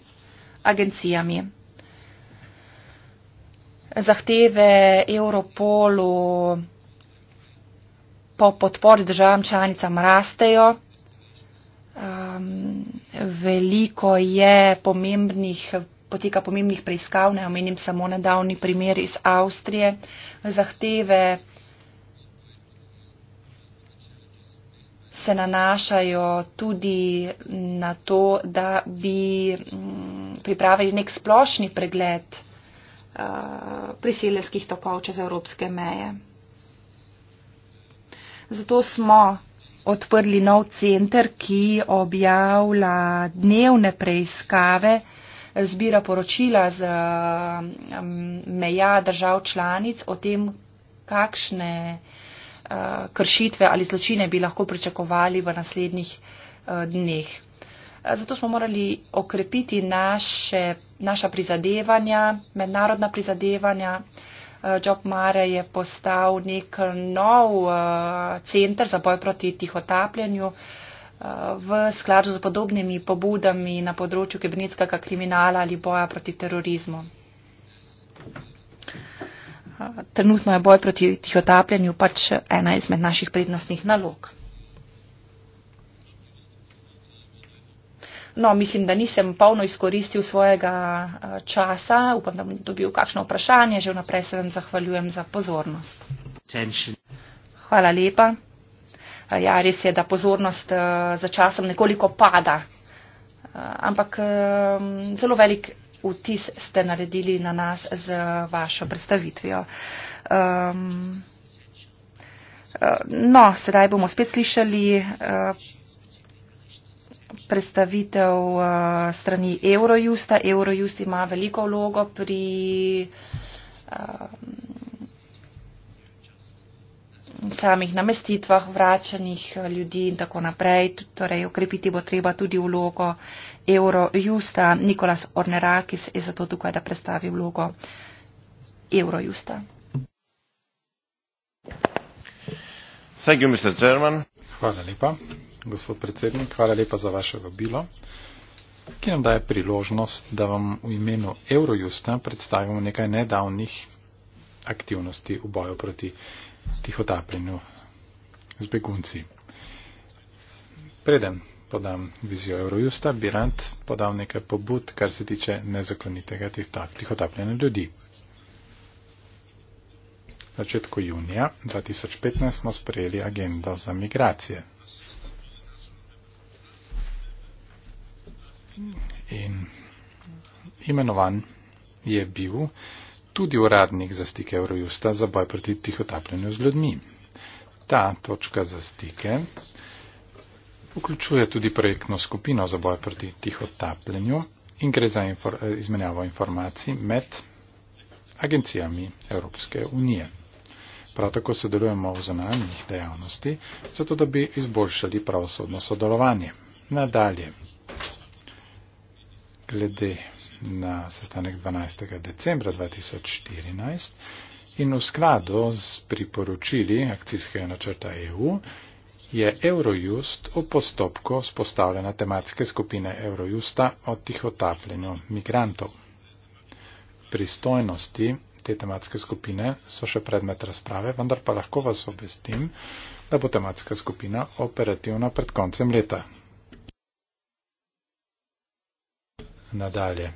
agencijami zahteve Europolu po podpori državam članicam rastejo. Um, veliko je pomembnih, poteka pomembnih preiskav, ne omenim samo nedavni primer iz Avstrije. Zahteve se nanašajo tudi na to, da bi mm, pripravili nek splošni pregled Eh, priseljskih tokov čez evropske meje. Zato smo odprli nov center, ki objavlja dnevne preiskave, zbira poročila z meja držav članic o tem, kakšne eh, kršitve ali zločine bi lahko pričakovali v naslednjih eh, dneh. Zato smo morali okrepiti naše, naša prizadevanja, mednarodna prizadevanja. Eh, Job Mare je postal nek nov eh, center za boj proti tihotapljenju eh, v skladu z podobnimi pobudami na področju kibernetskega kriminala ali boja proti terorizmu. Trenutno je boj proti tihotapljenju pač ena izmed naših prednostnih nalog. No, mislim, da nisem polno izkoristil svojega eh, časa. Upam, da bom dobil kakšno vprašanje. Že vnaprej se vam zahvaljujem za pozornost. Tension. Hvala lepa. Eh, ja, res je, da pozornost eh, za časom nekoliko pada. Ampak zelo velik vtis ste naredili na nas z vašo predstavitvijo. Um, no, sedaj bomo spet slišali uh, predstavitev uh, strani Eurojusta. Eurojust ima veliko vlogo pri uh, samih namestitvah, vračanjih uh, ljudi in tako naprej. Torej, okrepiti bo treba tudi vlogo Eurojusta. Nikolas Ornerakis je zato tukaj, da predstavi vlogo Eurojusta. Thank you, Mr. Chairman. Hvala lepa gospod predsednik, hvala lepa za vaše vabilo, ki nam daje priložnost, da vam v imenu Eurojusta predstavimo nekaj nedavnih aktivnosti v boju proti tihotapljenju z begunci. Preden podam vizijo Eurojusta, bi rad podal nekaj pobud, kar se tiče nezakonitega tihotapljenja ljudi. V začetku junija 2015 smo sprejeli agendo za migracije. In imenovan je bil tudi uradnik za stike Eurojusta za boj proti tihotapljenju z ljudmi. Ta točka za stike vključuje tudi projektno skupino za boj proti tihotapljenju in gre za infor, izmenjavo informacij med agencijami Evropske unije. Prav tako sodelujemo v zonalnih dejavnosti, zato da bi izboljšali pravosodno sodelovanje. Nadalje glede na sestanek 12. decembra 2014 in v skladu z priporočili akcijskega načrta EU je Eurojust v postopku spostavljena tematske skupine Eurojusta o tihotapljenju migrantov. Pristojnosti te tematske skupine so še predmet razprave, vendar pa lahko vas obvestim, da bo tematska skupina operativna pred koncem leta. nadalje.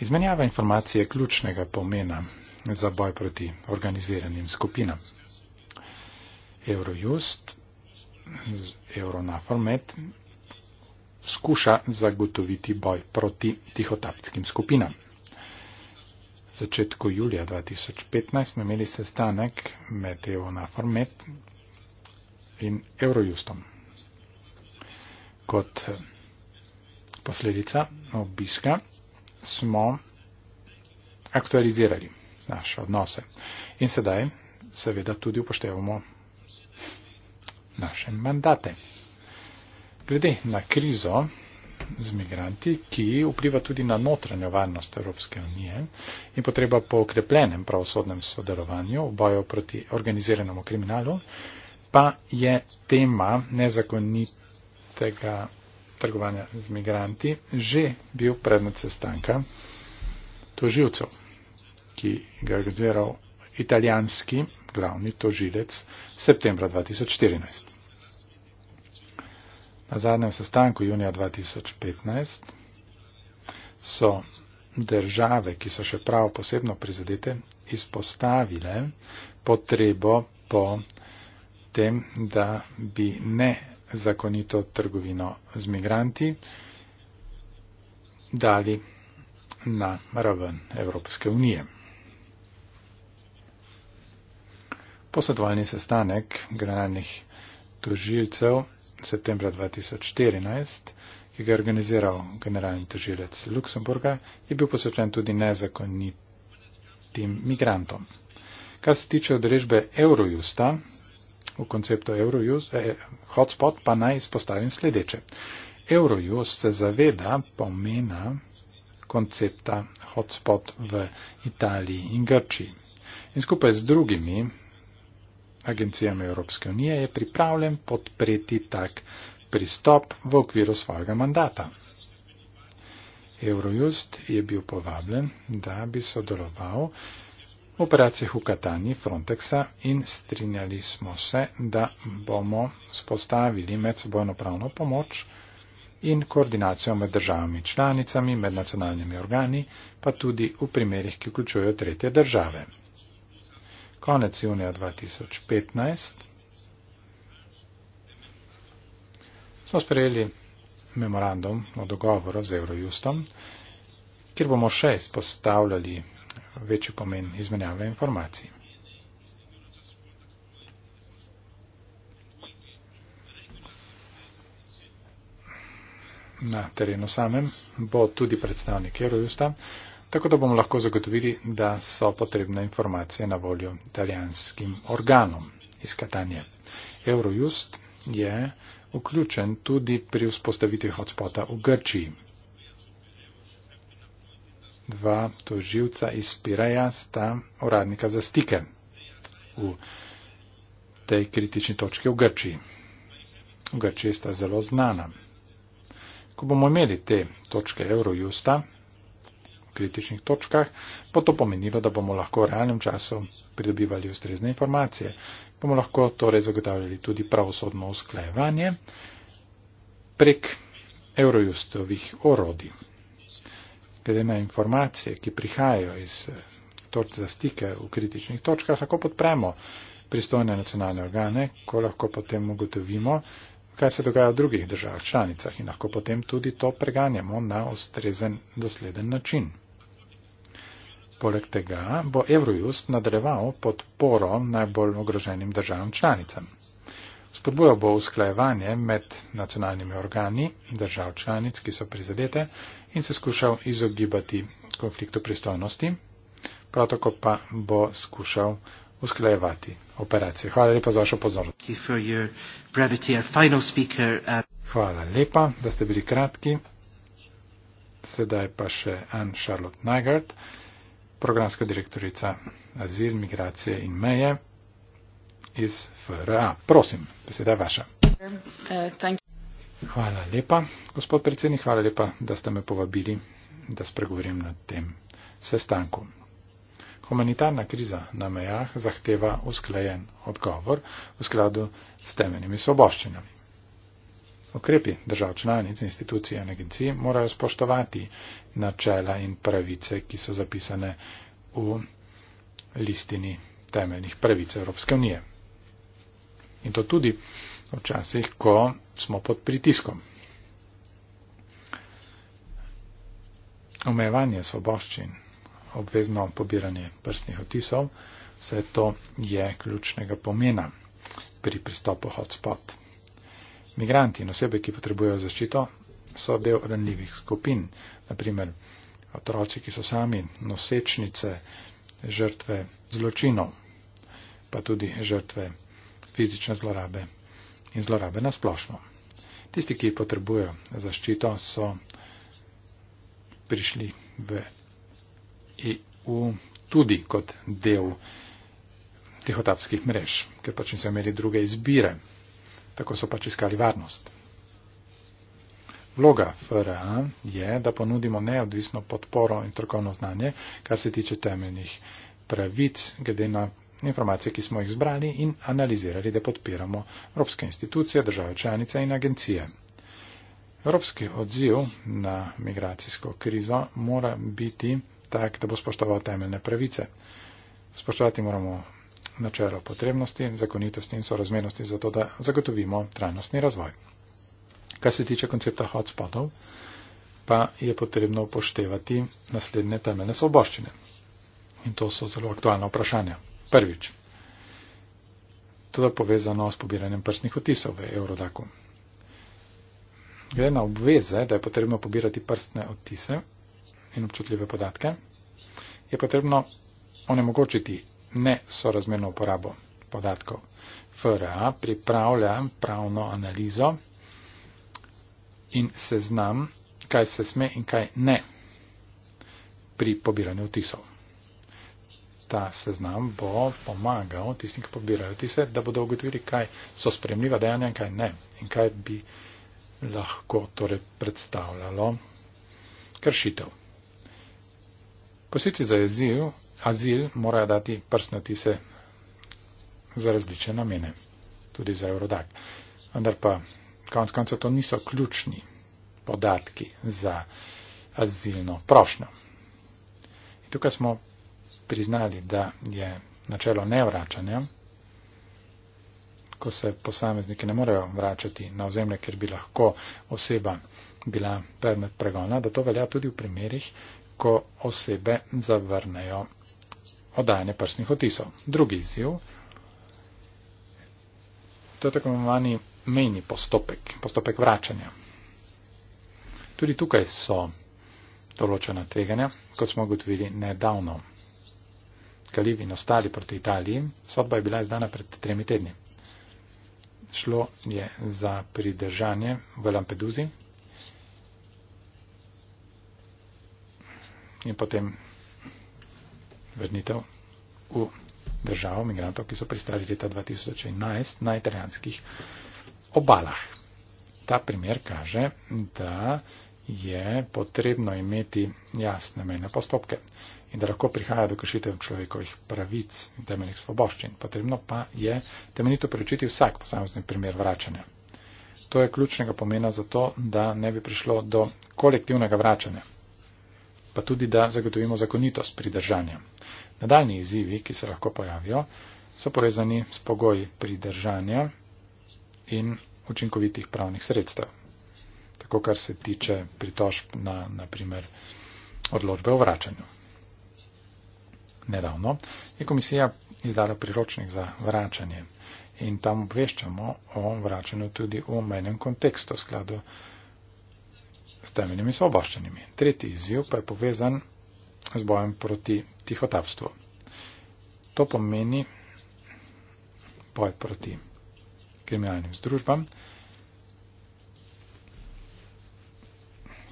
Izmenjava informacije je ključnega pomena za boj proti organiziranim skupinam. Eurojust z Euronaformet skuša zagotoviti boj proti tihotapskim skupinam. V začetku julija 2015 smo imeli sestanek med Euronaformet in Eurojustom. Kot posledica obiska, smo aktualizirali naše odnose. In sedaj seveda tudi upoštevamo naše mandate. Glede na krizo z migranti, ki vpliva tudi na notranjo varnost Evropske unije in potreba po okrepljenem pravosodnem sodelovanju v boju proti organiziranemu kriminalu, pa je tema nezakonitega trgovanja z migranti že bil predmet sestanka toživcev, ki ga je organiziral italijanski glavni tožilec septembra 2014. Na zadnjem sestanku junija 2015 so države, ki so še prav posebno prizadete, izpostavile potrebo po tem, da bi ne zakonito trgovino z migranti dali na raven Evropske unije. Posvetovalni sestanek generalnih tožilcev septembra 2014, ki ga je organiziral generalni tožilec Luksemburga, je bil posvečen tudi nezakonitim migrantom. Kar se tiče odrežbe Eurojusta, V konceptu Eurojust, eh, hotspot pa naj izpostavim sledeče. Eurojust se zaveda pomena koncepta hotspot v Italiji in Grčiji. In skupaj z drugimi agencijami Evropske unije je pripravljen podpreti tak pristop v okviru svojega mandata. Eurojust je bil povabljen, da bi sodeloval v operacijah v Katani Frontexa in strinjali smo se, da bomo spostavili medsebojno pravno pomoč in koordinacijo med državami članicami, med nacionalnimi organi, pa tudi v primerih, ki vključujejo tretje države. Konec junija 2015 smo sprejeli memorandum o dogovoru z Eurojustom, kjer bomo še izpostavljali večji pomen izmenjave informacij. Na terenu samem bo tudi predstavnik Eurojusta, tako da bomo lahko zagotovili, da so potrebne informacije na voljo italijanskim organom iz Katanje. Eurojust je vključen tudi pri vzpostavitvi hotspota v Grčiji dva toživca iz Piraja sta uradnika za stike v tej kritični točki v Grčiji. V Grčiji sta zelo znana. Ko bomo imeli te točke Eurojusta v kritičnih točkah, bo to pomenilo, da bomo lahko v realnem času pridobivali ustrezne informacije. Bomo lahko torej zagotavljali tudi pravosodno usklajevanje prek Eurojustovih orodij glede na informacije, ki prihajajo iz eh, toč za stike v kritičnih točkah, lahko podpremo pristojne nacionalne organe, ko lahko potem ugotovimo, kaj se dogaja v drugih državah članicah in lahko potem tudi to preganjamo na ustrezen, dosleden način. Poleg tega bo Eurojust nadreval podporo najbolj ogroženim državam članicam. Spodbojal bo usklajevanje med nacionalnimi organi držav članic, ki so prizadete in se skušal izogibati konfliktu pristojnosti, prav tako pa bo skušal usklajevati operacije. Hvala lepa za vašo pozornost. Uh, Hvala lepa, da ste bili kratki. Sedaj pa še Anne Charlotte Nagard, programska direktorica azil, migracije in meje iz FRA. Prosim, beseda je vaša. Hvala lepa, gospod predsednik, hvala lepa, da ste me povabili, da spregovorim na tem sestanku. Humanitarna kriza na mejah zahteva usklajen odgovor v skladu s temeljnimi svoboščinami. Okrepi držav članic, institucije in agencij morajo spoštovati načela in pravice, ki so zapisane v listini temeljnih pravic Evropske unije. In to tudi včasih, ko smo pod pritiskom. Omejevanje svoboščin, obvezno pobiranje prstnih otisov, vse to je ključnega pomena pri pristopu hotspot. Migranti in osebe, ki potrebujejo zaščito, so del ranljivih skupin, naprimer otroci, ki so sami nosečnice, žrtve zločinov, pa tudi žrtve fizične zlorabe in zlorabe na splošno. Tisti, ki potrebujejo zaščito, so prišli v EU tudi kot del tihotapskih mrež, ker pač niso imeli druge izbire. Tako so pač iskali varnost. Vloga FRA je, da ponudimo neodvisno podporo in trokovno znanje, kar se tiče temeljnih pravic, glede na informacije, ki smo jih zbrali in analizirali, da podpiramo evropske institucije, države članice in agencije. Evropski odziv na migracijsko krizo mora biti tak, da bo spoštoval temeljne pravice. Spoštovati moramo načelo potrebnosti, zakonitosti in sorazmernosti za to, da zagotovimo trajnostni razvoj. Kar se tiče koncepta hotspotov, pa je potrebno upoštevati naslednje temeljne svoboščine. In to so zelo aktualna vprašanja. Prvič. To je povezano s pobiranjem prstnih otisov v Eurodaku. Gre na obveze, da je potrebno pobirati prstne otise in občutljive podatke, je potrebno onemogočiti nesorazmerno uporabo podatkov. FRA pripravlja pravno analizo in seznam, kaj se sme in kaj ne pri pobiranju otisov ta seznam bo pomagal tistim, ki pobirajo ti se, da bodo ugotovili, kaj so spremljiva dejanja in kaj ne. In kaj bi lahko torej predstavljalo kršitev. Posici za azil, azil morajo dati prstne tise za različne namene, tudi za Eurodak. Vendar pa konc koncev to niso ključni podatki za azilno prošnjo. In tukaj smo priznali, da je načelo nevračanja, ko se posamezniki ne morejo vračati na ozemlje, ker bi lahko oseba bila predmet pregona, da to velja tudi v primerih, ko osebe zavrnejo odajanje prstnih otisov. Drugi izziv, to je tako imenovani mejni postopek, postopek vračanja. Tudi tukaj so določena tveganja, kot smo ugotovili nedavno. Kalibi nastali proti Italiji. Sodba je bila izdana pred tremi tedni. Šlo je za pridržanje v Lampeduzi in potem vrnitev v državo migrantov, ki so pristali leta 2011 na italijanskih obalah. Ta primer kaže, da je potrebno imeti jasne mejne postopke in da lahko prihaja do kršitev človekovih pravic in temeljnih svoboščin. Potrebno pa je temeljito preučiti vsak posamezni primer vračanja. To je ključnega pomena za to, da ne bi prišlo do kolektivnega vračanja, pa tudi da zagotovimo zakonitost pridržanja. Nadaljni izzivi, ki se lahko pojavijo, so povezani s pogoji pridržanja in učinkovitih pravnih sredstev. Tako, kar se tiče pritožb na, na primer, odločbe o vračanju nedavno, je komisija izdala priročnik za vračanje in tam obveščamo o vračanju tudi v omenjenem kontekstu v skladu s temeljnimi svoboščenimi. Tretji izziv pa je povezan z bojem proti tihotapstvu. To pomeni boj proti kriminalnim združbam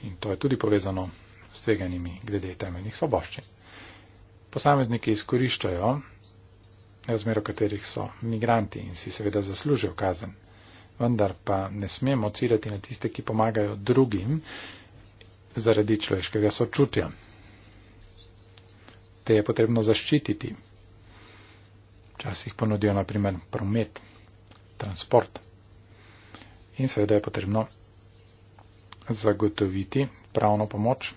in to je tudi povezano s tveganimi glede temeljnih svoboščin posamezniki izkoriščajo razmero, v katerih so migranti in si seveda zaslužijo kazen. Vendar pa ne smemo ciljati na tiste, ki pomagajo drugim zaradi človeškega sočutja. Te je potrebno zaščititi. Včasih ponudijo naprimer promet, transport. In seveda je potrebno zagotoviti pravno pomoč.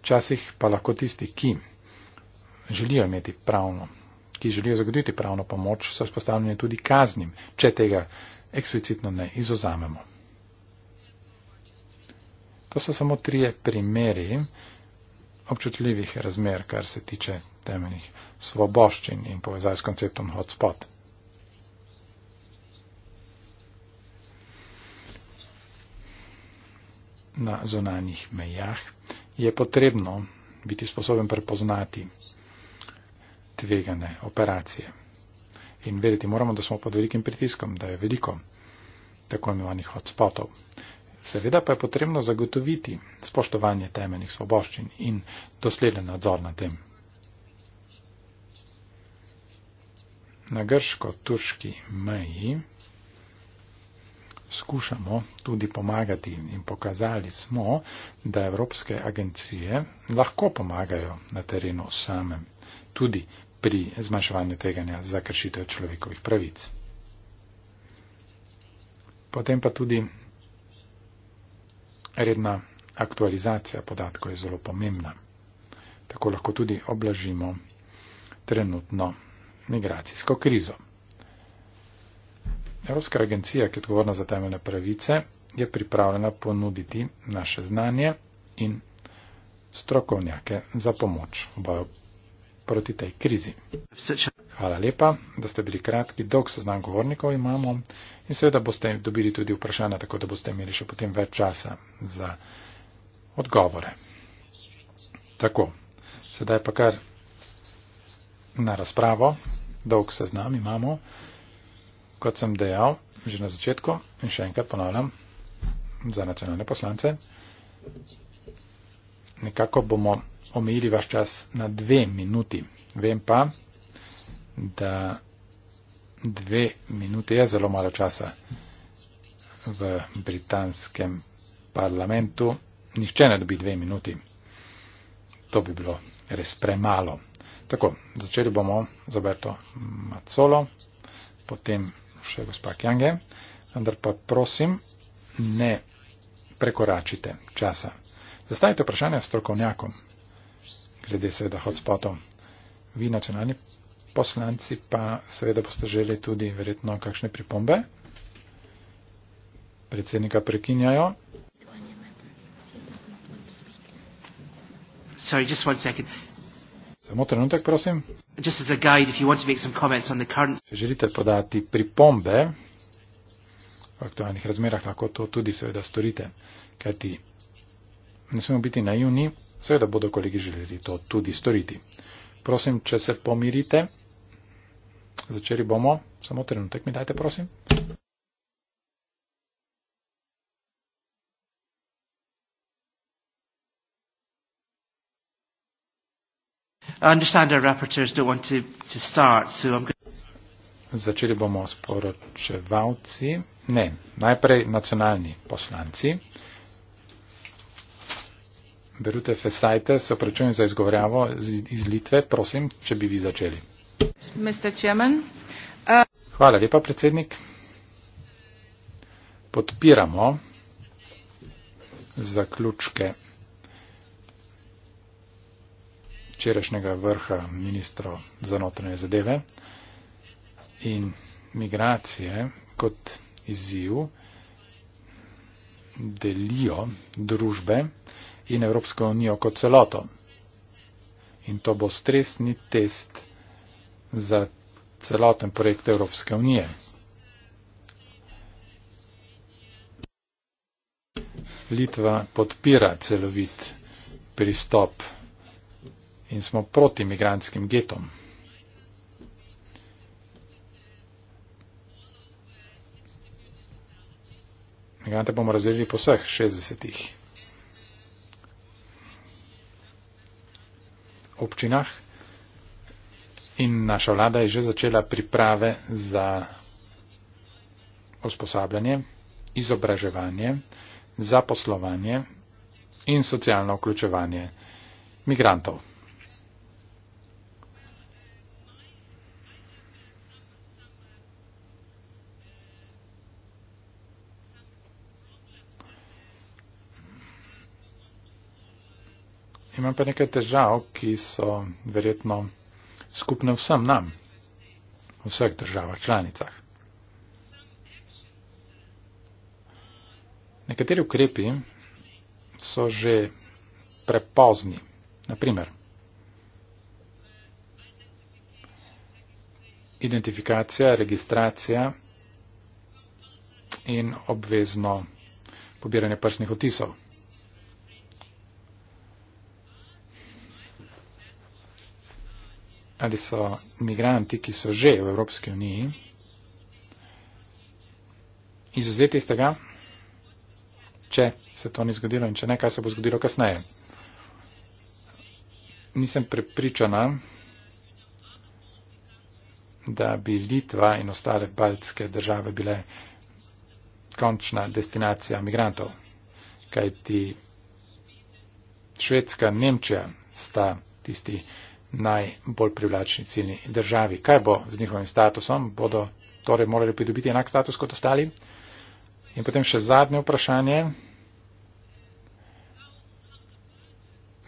Včasih pa lahko tisti, ki želijo imeti pravno, ki želijo zagotoviti pravno pomoč, so izpostavljeni tudi kaznim, če tega eksplicitno ne izozamemo. To so samo trije primeri občutljivih razmer, kar se tiče temeljnih svoboščin in povezaj s konceptom hotspot. Na zonanjih mejah je potrebno biti sposoben prepoznati tvegane operacije. In vedeti moramo, da smo pod velikim pritiskom, da je veliko tako imenovanih hotspotov. Seveda pa je potrebno zagotoviti spoštovanje temeljnih svoboščin in dosleden nadzor nad tem. Na grško-turški meji skušamo tudi pomagati in pokazali smo, da evropske agencije lahko pomagajo na terenu samem, tudi pri zmanjševanju tveganja za kršitev človekovih pravic. Potem pa tudi redna aktualizacija podatkov je zelo pomembna. Tako lahko tudi oblažimo trenutno migracijsko krizo. Evropska agencija, ki je odgovorna za temeljne pravice, je pripravljena ponuditi naše znanje in strokovnjake za pomoč v boju proti tej krizi. Hvala lepa, da ste bili kratki, dolg seznam govornikov imamo in seveda boste dobili tudi vprašanja, tako da boste imeli še potem več časa za odgovore. Tako, sedaj pa kar na razpravo, dolg seznam imamo, kot sem dejal že na začetku in še enkrat ponavljam za nacionalne poslance. Nekako bomo omejili vaš čas na dve minuti. Vem pa, da dve minute je zelo malo časa v britanskem parlamentu. Nihče ne dobi dve minuti. To bi bilo res premalo. Tako, začeli bomo z Oberto Macolo, potem še gospa Kjange, vendar pa prosim, ne prekoračite časa. Zastavite vprašanje strokovnjakom, glede seveda hotspotov. Vi, nacionalni poslanci, pa seveda boste želeli tudi verjetno kakšne pripombe. Predsednika prekinjajo. Sorry, just one second. Samo trenutek, prosim. Če želite podati pripombe v aktualnih razmerah, lahko to tudi seveda storite. Kajti ne smemo biti naivni, seveda bodo kolegi želeli to tudi storiti. Prosim, če se pomirite, začeli bomo, samo trenutek mi dajte, prosim. Začeli bomo s poročevalci, ne, najprej nacionalni poslanci. Berute Fesajte, se oprečujem za izgovorjavo iz Litve, prosim, če bi vi začeli. Eh, Hvala lepa, predsednik. Podpiramo zaključke včerajšnjega vrha ministrov za notranje zadeve in migracije kot izziv delijo družbe in Evropsko unijo kot celoto. In to bo stresni test za celoten projekt Evropske unije. Litva podpira celovit pristop in smo proti imigrantskim getom. Migrante bomo razdelili po vseh 60-ih. občinah in naša vlada je že začela priprave za usposabljanje, izobraževanje, zaposlovanje in socialno vključevanje migrantov. Imam pa nekaj težav, ki so verjetno skupne vsem nam, v vseh državah, članicah. Nekateri ukrepi so že prepozni. Naprimer, identifikacija, registracija in obvezno pobiranje prsnih otisov. ali so migranti, ki so že v Evropski uniji, izuzeti iz tega, če se to ni zgodilo in če ne, kaj se bo zgodilo kasneje. Nisem prepričana, da bi Litva in ostale baltske države bile končna destinacija migrantov, kajti Švedska, Nemčija sta tisti, najbolj privlačni ciljni državi. Kaj bo z njihovim statusom? Bodo torej morali pridobiti enak status kot ostali? In potem še zadnje vprašanje.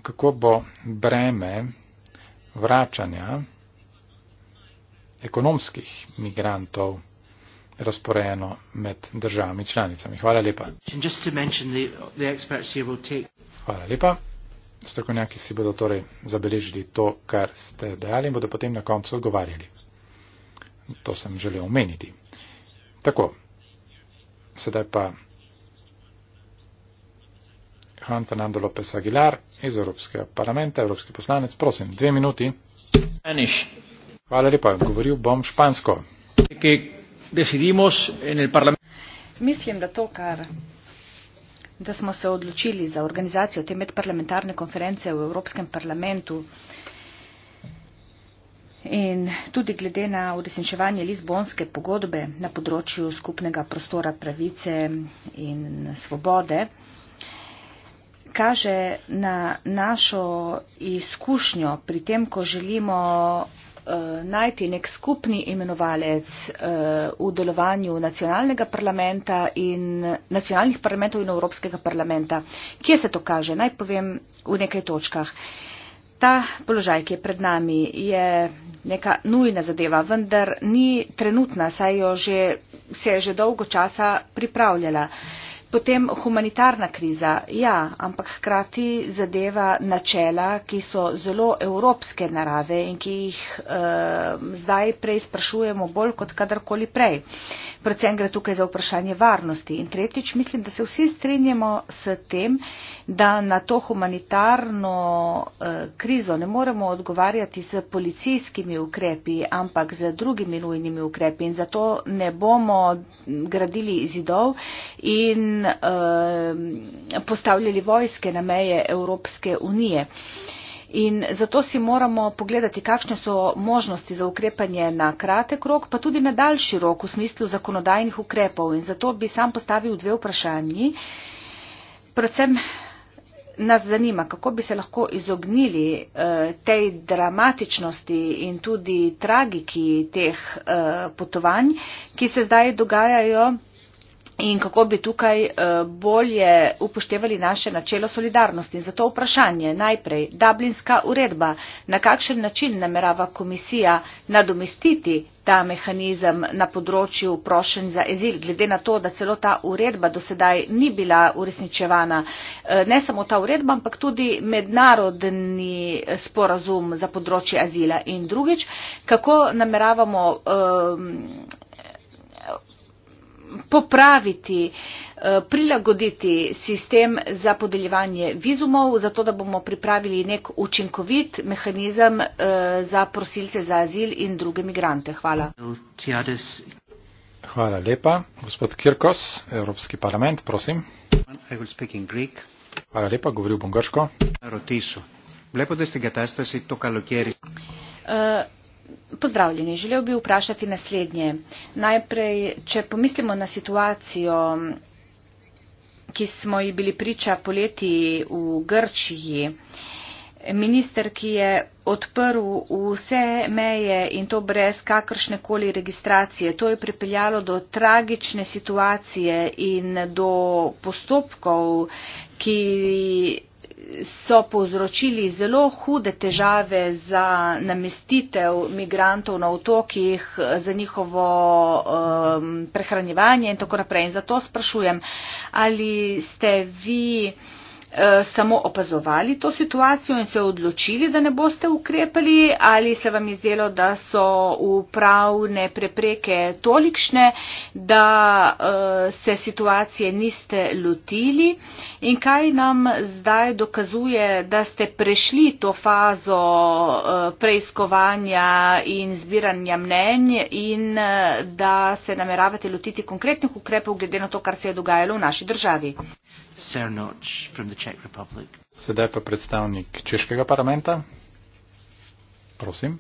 Kako bo breme vračanja ekonomskih migrantov razporejeno med državami članicami? Hvala lepa. Hvala lepa strokovnjaki si bodo torej zabeležili to, kar ste dejali in bodo potem na koncu odgovarjali. To sem želel omeniti. Tako, sedaj pa Juan Fernando López Aguilar iz Evropskega parlamenta, Evropski poslanec, prosim, dve minuti. Spanish. Hvala lepa, govoril bom špansko. Mislim, da to, kar da smo se odločili za organizacijo te medparlamentarne konference v Evropskem parlamentu. In tudi glede na uresničevanje Lizbonske pogodbe na področju skupnega prostora pravice in svobode, kaže na našo izkušnjo pri tem, ko želimo Eh, najti nek skupni imenovalec eh, v delovanju nacionalnega parlamenta in nacionalnih parlamentov in Evropskega parlamenta. Kje se to kaže? Naj povem v nekaj točkah. Ta položaj, ki je pred nami, je neka nujna zadeva, vendar ni trenutna, saj jo že, se je že dolgo časa pripravljala. Uh, Potem humanitarna kriza, ja, ampak hkrati zadeva načela, ki so zelo evropske narave in ki jih eh, zdaj prej sprašujemo bolj kot kadarkoli prej. Predvsem gre tukaj za vprašanje varnosti. In tretjič, mislim, da se vsi strinjamo s tem, da na to humanitarno eh, krizo ne moremo odgovarjati s policijskimi ukrepi, ampak z drugimi nujnimi ukrepi in zato ne bomo gradili zidov. In In Ehm, postavljali vojske na meje Evropske unije. In zato si moramo pogledati, kakšne so možnosti za ukrepanje na kratek rok, pa tudi na daljši rok v smislu zakonodajnih ukrepov. In zato bi sam postavil dve vprašanji. Predvsem nas zanima, kako bi se lahko izognili eh, tej dramatičnosti in tudi tragiki teh eh, potovanj, ki se zdaj dogajajo in kako bi tukaj eh, bolje upoštevali naše načelo solidarnosti. In zato vprašanje najprej. Dublinska uredba. Na kakšen način namerava komisija nadomestiti ta mehanizem na področju prošenj za ezil, glede na to, da celo ta uredba dosedaj ni bila uresničevana. Eh, ne samo ta uredba, ampak tudi mednarodni eh, sporazum za področje azila. In drugič, kako nameravamo ehm, popraviti, eh, prilagoditi sistem za podeljevanje vizumov, zato da bomo pripravili nek učinkovit mehanizem eh, za prosilce za azil in druge migrante. Hvala. Hvala lepa. Gospod Kirkos, Evropski parlament, prosim. Hvala lepa, govoril bom grško. Lepo, da ste ga testa si to kalokeri. Uh, Pozdravljeni. Želel bi vprašati naslednje. Najprej, če pomislimo na situacijo, ki smo ji bili priča poleti v Grčiji, minister, ki je odprl vse meje in to brez kakršne koli registracije, to je pripeljalo do tragične situacije in do postopkov, ki so povzročili zelo hude težave za namestitev migrantov na otokih, za njihovo um, prehranjevanje in tako naprej. In zato sprašujem, ali ste vi. Eh, samo opazovali to situacijo in se odločili, da ne boste ukrepali ali se vam je zdelo, da so upravne prepreke tolikšne, da eh, se situacije niste lotili in kaj nam zdaj dokazuje, da ste prešli to fazo eh, preiskovanja in zbiranja mnenj in da se nameravate lotiti konkretnih ukrepov glede na to, kar se je dogajalo v naši državi. Cernoč from the Czech Republic. Sedaj pa predstavnik Češkega parlamenta. Prosim.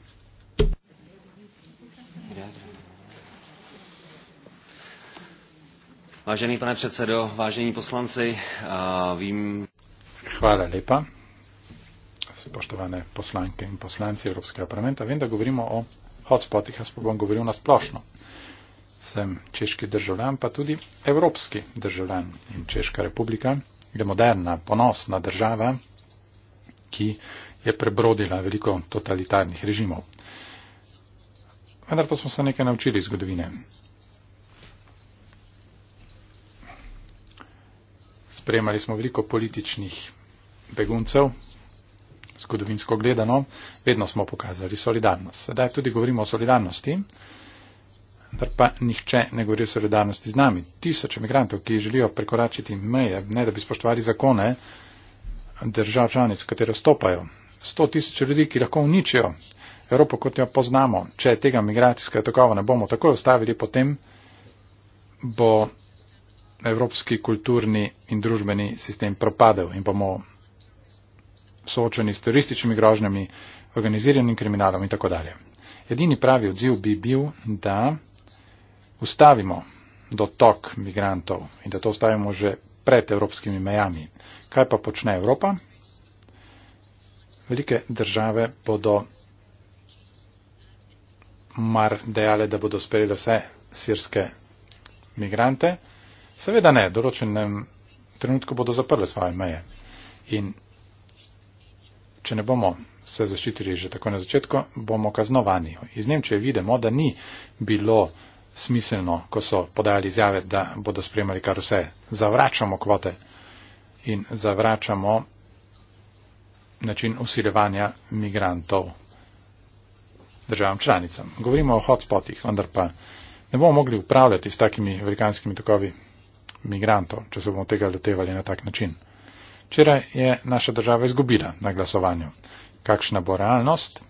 Vážený pane předsedo, vážení poslanci, vím... Hvala lepa. Spoštovane poslanke in poslanci Evropskega parlamenta, vem, da govorimo o hotspotih, jaz pa bom govoril na splošno sem češki državljan, pa tudi evropski državljan. In Češka republika je moderna, ponosna država, ki je prebrodila veliko totalitarnih režimov. Vendar pa smo se nekaj naučili iz zgodovine. Sprejemali smo veliko političnih beguncev, zgodovinsko gledano, vedno smo pokazali solidarnost. Sedaj tudi govorimo o solidarnosti vendar pa nihče ne govori o solidarnosti z nami. Tisoče migrantov, ki želijo prekoračiti meje, ne da bi spoštovali zakone držav članic, v katero stopajo. Sto tisoč ljudi, ki lahko uničijo Evropo, kot jo poznamo. Če tega migracijskega tokova ne bomo takoj ustavili, potem bo evropski kulturni in družbeni sistem propadel in bomo soočeni s terorističnimi grožnjami, organiziranim kriminalom in tako dalje. Edini pravi odziv bi bil, da ustavimo dotok migrantov in da to ustavimo že pred evropskimi mejami. Kaj pa počne Evropa? Velike države bodo mar dejale, da bodo sprejeli vse sirske migrante. Seveda ne, v določenem trenutku bodo zaprli svoje meje. In če ne bomo se zaščitili že tako na začetku, bomo kaznovani. Iz Nemčije vidimo, da ni bilo smiselno, ko so podali izjave, da bodo spremljali kar vse. Zavračamo kvote in zavračamo način usiljevanja migrantov državam članicam. Govorimo o hotspotih, vendar pa ne bomo mogli upravljati s takimi velikanskimi tokovi migrantov, če se bomo tega lotevali na tak način. Včeraj je naša država izgubila na glasovanju. Kakšna bo realnost?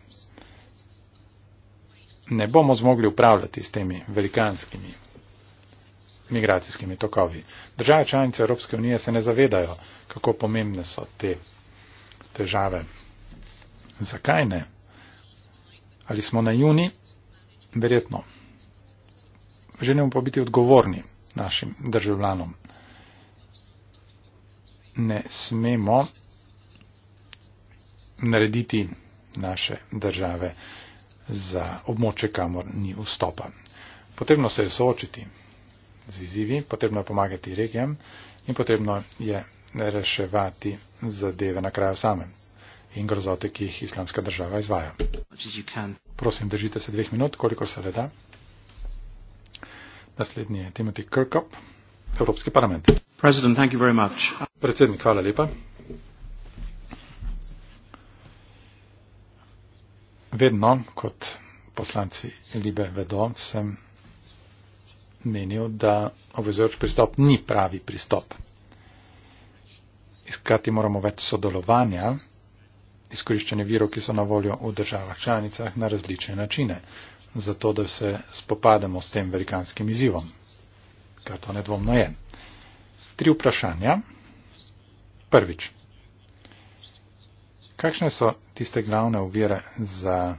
ne bomo zmogli upravljati s temi velikanskimi migracijskimi tokovi. Države članice Evropske unije se ne zavedajo, kako pomembne so te težave. Zakaj ne? Ali smo na juni? Verjetno. Želimo pa biti odgovorni našim državljanom. Ne smemo narediti naše države za območje, kamor ni vstopa. Potrebno se je soočiti z izzivi, potrebno je pomagati regijam in potrebno je reševati zadeve na kraju samem in grozote, ki jih islamska država izvaja. Prosim, držite se dveh minut, koliko se le da. Naslednji je Timothy Kirkup, Evropski parlament. Predsednik, hvala lepa. vedno, kot poslanci Libe vedo, sem menil, da obvezujoč pristop ni pravi pristop. Iskati moramo več sodelovanja, izkoriščanje virov, ki so na voljo v državah članicah na različne načine, zato da se spopademo s tem velikanskim izzivom, kar to nedvomno je. Tri vprašanja. Prvič. Kakšne so tiste glavne uvire za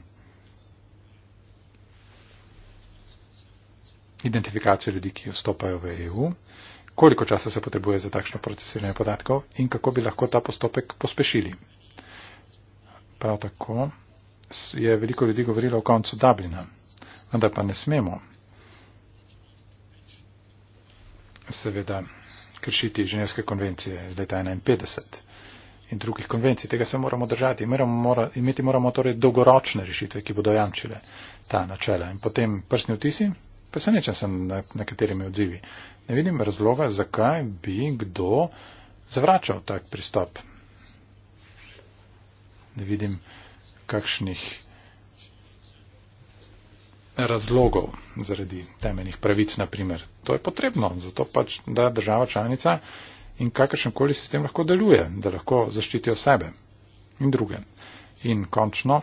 identifikacijo ljudi, ki vstopajo v EU? Koliko časa se potrebuje za takšno procesiranje podatkov in kako bi lahko ta postopek pospešili? Prav tako je veliko ljudi govorilo o koncu Dublina, vendar pa ne smemo seveda kršiti ženevske konvencije iz leta 1951 in drugih konvencij. Tega se moramo držati. Moramo, mora, imeti moramo torej dolgoročne rešitve, ki bodo jamčile ta načela. In potem prstni vtisi, pa se nečem sem na, na katerimi odzivi. Ne vidim razloga, zakaj bi kdo zavračal tak pristop. Ne vidim kakšnih razlogov zaradi temeljnih pravic, naprimer. To je potrebno, zato pač, da država članica in kakršen koli sistem lahko deluje, da lahko zaščitijo sebe in druge. In končno,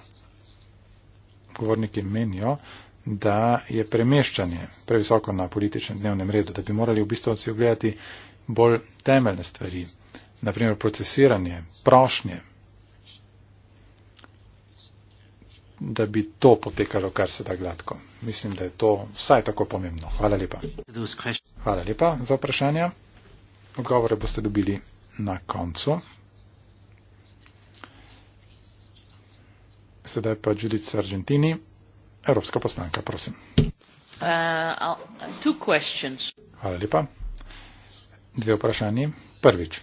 govorniki menijo, da je premeščanje previsoko na političnem dnevnem redu, da bi morali v bistvu si ogledati bolj temeljne stvari, naprimer procesiranje, prošnje, da bi to potekalo kar se da gladko. Mislim, da je to vsaj tako pomembno. Hvala lepa. Hvala lepa za vprašanje. Odgovore boste dobili na koncu. Sedaj pa Judith Sargentini, Evropska poslanka, prosim. Uh, Hvala lepa. Dve vprašanje. Prvič.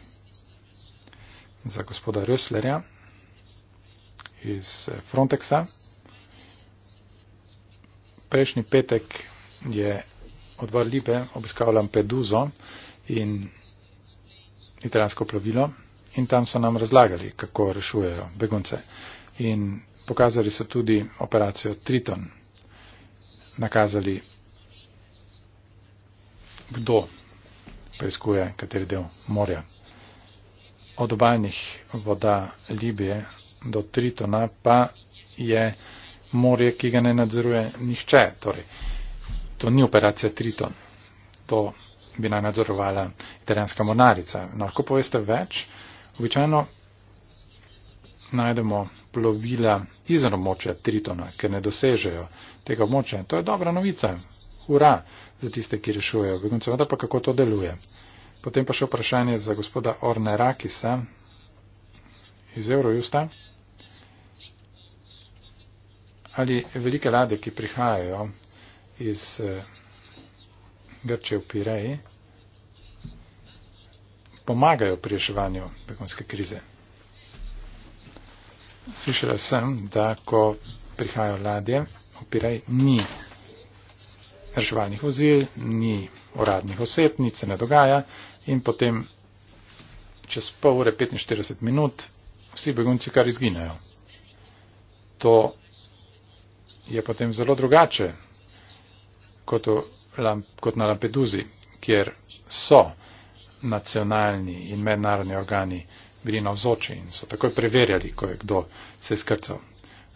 Za gospoda Rösslerja iz Frontexa. Prejšnji petek je odvar Libe obiskal Lampeduzo in italijansko plovilo in tam so nam razlagali, kako rešujejo begunce. In pokazali so tudi operacijo Triton, nakazali, kdo preiskuje kateri del morja. Od obaljnih voda Libije do Tritona pa je morje, ki ga ne nadzoruje nihče. Torej, to ni operacija Triton. To bila nadzorovala italijanska monarica. No, lahko poveste več? Običajno najdemo plovila izen območja Tritona, ker ne dosežejo tega območja. To je dobra novica. Ura za tiste, ki rešujejo begunce. Vendar pa kako to deluje? Potem pa še vprašanje za gospoda Ornerakisa iz Eurojusta. Ali velike lade, ki prihajajo iz eh, Grče v Pireji, pomagajo pri reševanju begunske krize. Slišala sem, da ko prihajajo ladje, opiraj ni reševalnih vozil, ni uradnih oseb, nič se ne dogaja in potem čez pol ure 45 minut vsi begunci kar izginajo. To je potem zelo drugače kot, v, kot na Lampeduzi, kjer so nacionalni in mednarodni organi bili navzoči in so takoj preverjali, ko je kdo se skrcal